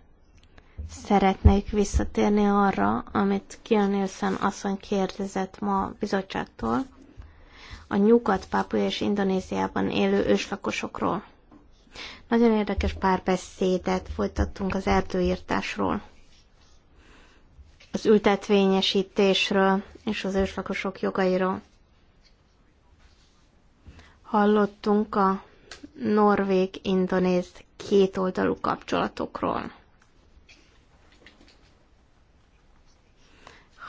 szeretnék visszatérni arra, amit Kian Nielsen asszony kérdezett ma a bizottságtól, a nyugat pápuja és Indonéziában élő őslakosokról. Nagyon érdekes párbeszédet folytattunk az erdőírtásról, az ültetvényesítésről és az őslakosok jogairól. Hallottunk a norvég-indonéz kétoldalú kapcsolatokról.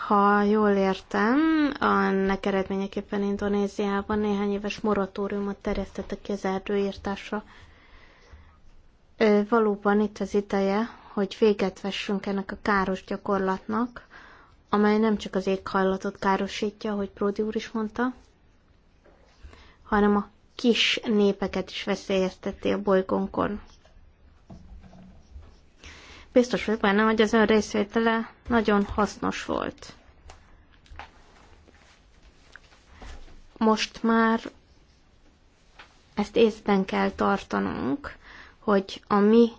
Ha jól értem, annak eredményeképpen Indonéziában néhány éves moratóriumot terjesztettek ki az erdőírtásra. Valóban itt az ideje, hogy véget vessünk ennek a káros gyakorlatnak, amely nem csak az éghajlatot károsítja, ahogy Pródi úr is mondta, hanem a kis népeket is veszélyezteti a bolygónkon biztos vagyok benne, hogy az ön részvétele nagyon hasznos volt. Most már ezt észben kell tartanunk, hogy a mi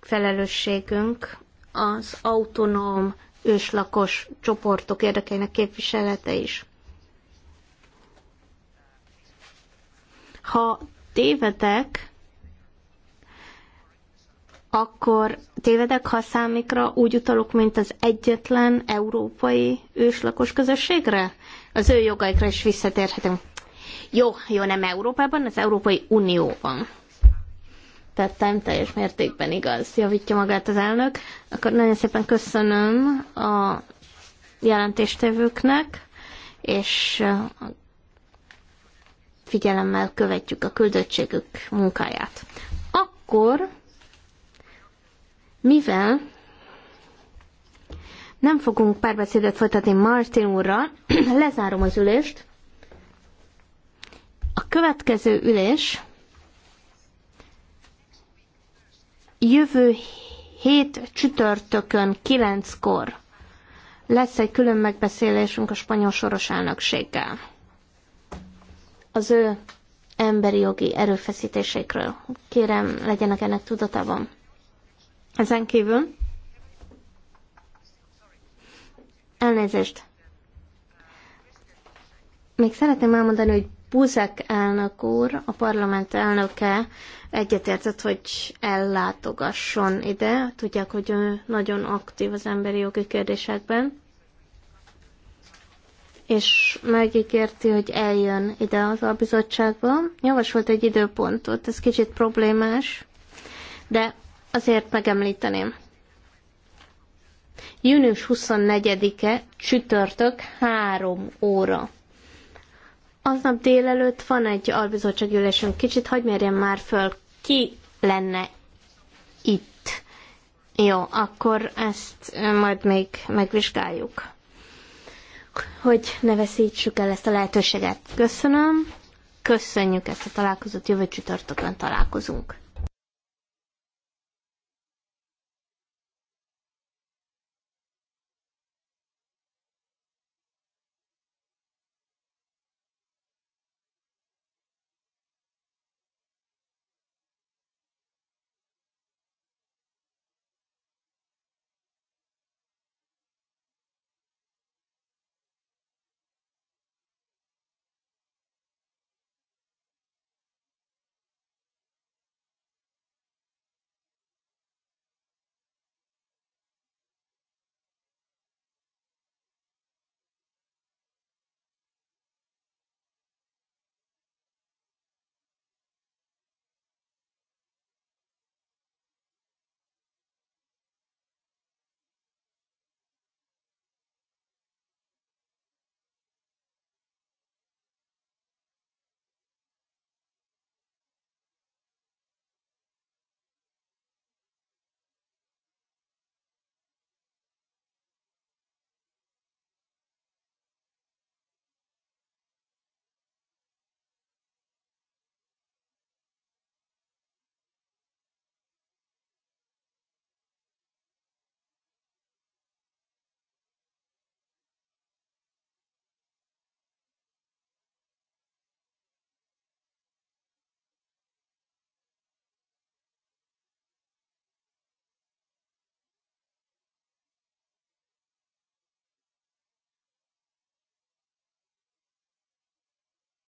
felelősségünk az autonóm őslakos csoportok érdekeinek képviselete is. Ha tévedek, akkor tévedek, ha számikra úgy utalok, mint az egyetlen európai őslakos közösségre? Az ő jogaikra is visszatérhetünk. Jó, jó, nem Európában, az Európai Unióban. Tehát nem teljes mértékben igaz, javítja magát az elnök. Akkor nagyon szépen köszönöm a jelentéstevőknek, és figyelemmel követjük a küldöttségük munkáját. Akkor mivel nem fogunk párbeszédet folytatni Martin úrral, <clears throat> lezárom az ülést. A következő ülés jövő hét csütörtökön kilenckor lesz egy külön megbeszélésünk a spanyol soros elnökséggel. Az ő emberi jogi erőfeszítésekről. Kérem, legyenek ennek tudatában. Ezen kívül elnézést. Még szeretném elmondani, hogy Buzek elnök úr, a parlament elnöke egyetértett, hogy ellátogasson ide. Tudják, hogy ő nagyon aktív az emberi jogi kérdésekben. És megígérti, hogy eljön ide az a bizottságba. Javasolt egy időpontot, ez kicsit problémás, de azért megemlíteném. Június 24-e csütörtök 3 óra. Aznap délelőtt van egy albizottságülésünk. Kicsit hagyj mérjem már föl, ki lenne itt. Jó, akkor ezt majd még megvizsgáljuk, hogy ne veszítsük el ezt a lehetőséget. Köszönöm, köszönjük ezt a találkozót, jövő csütörtökön találkozunk.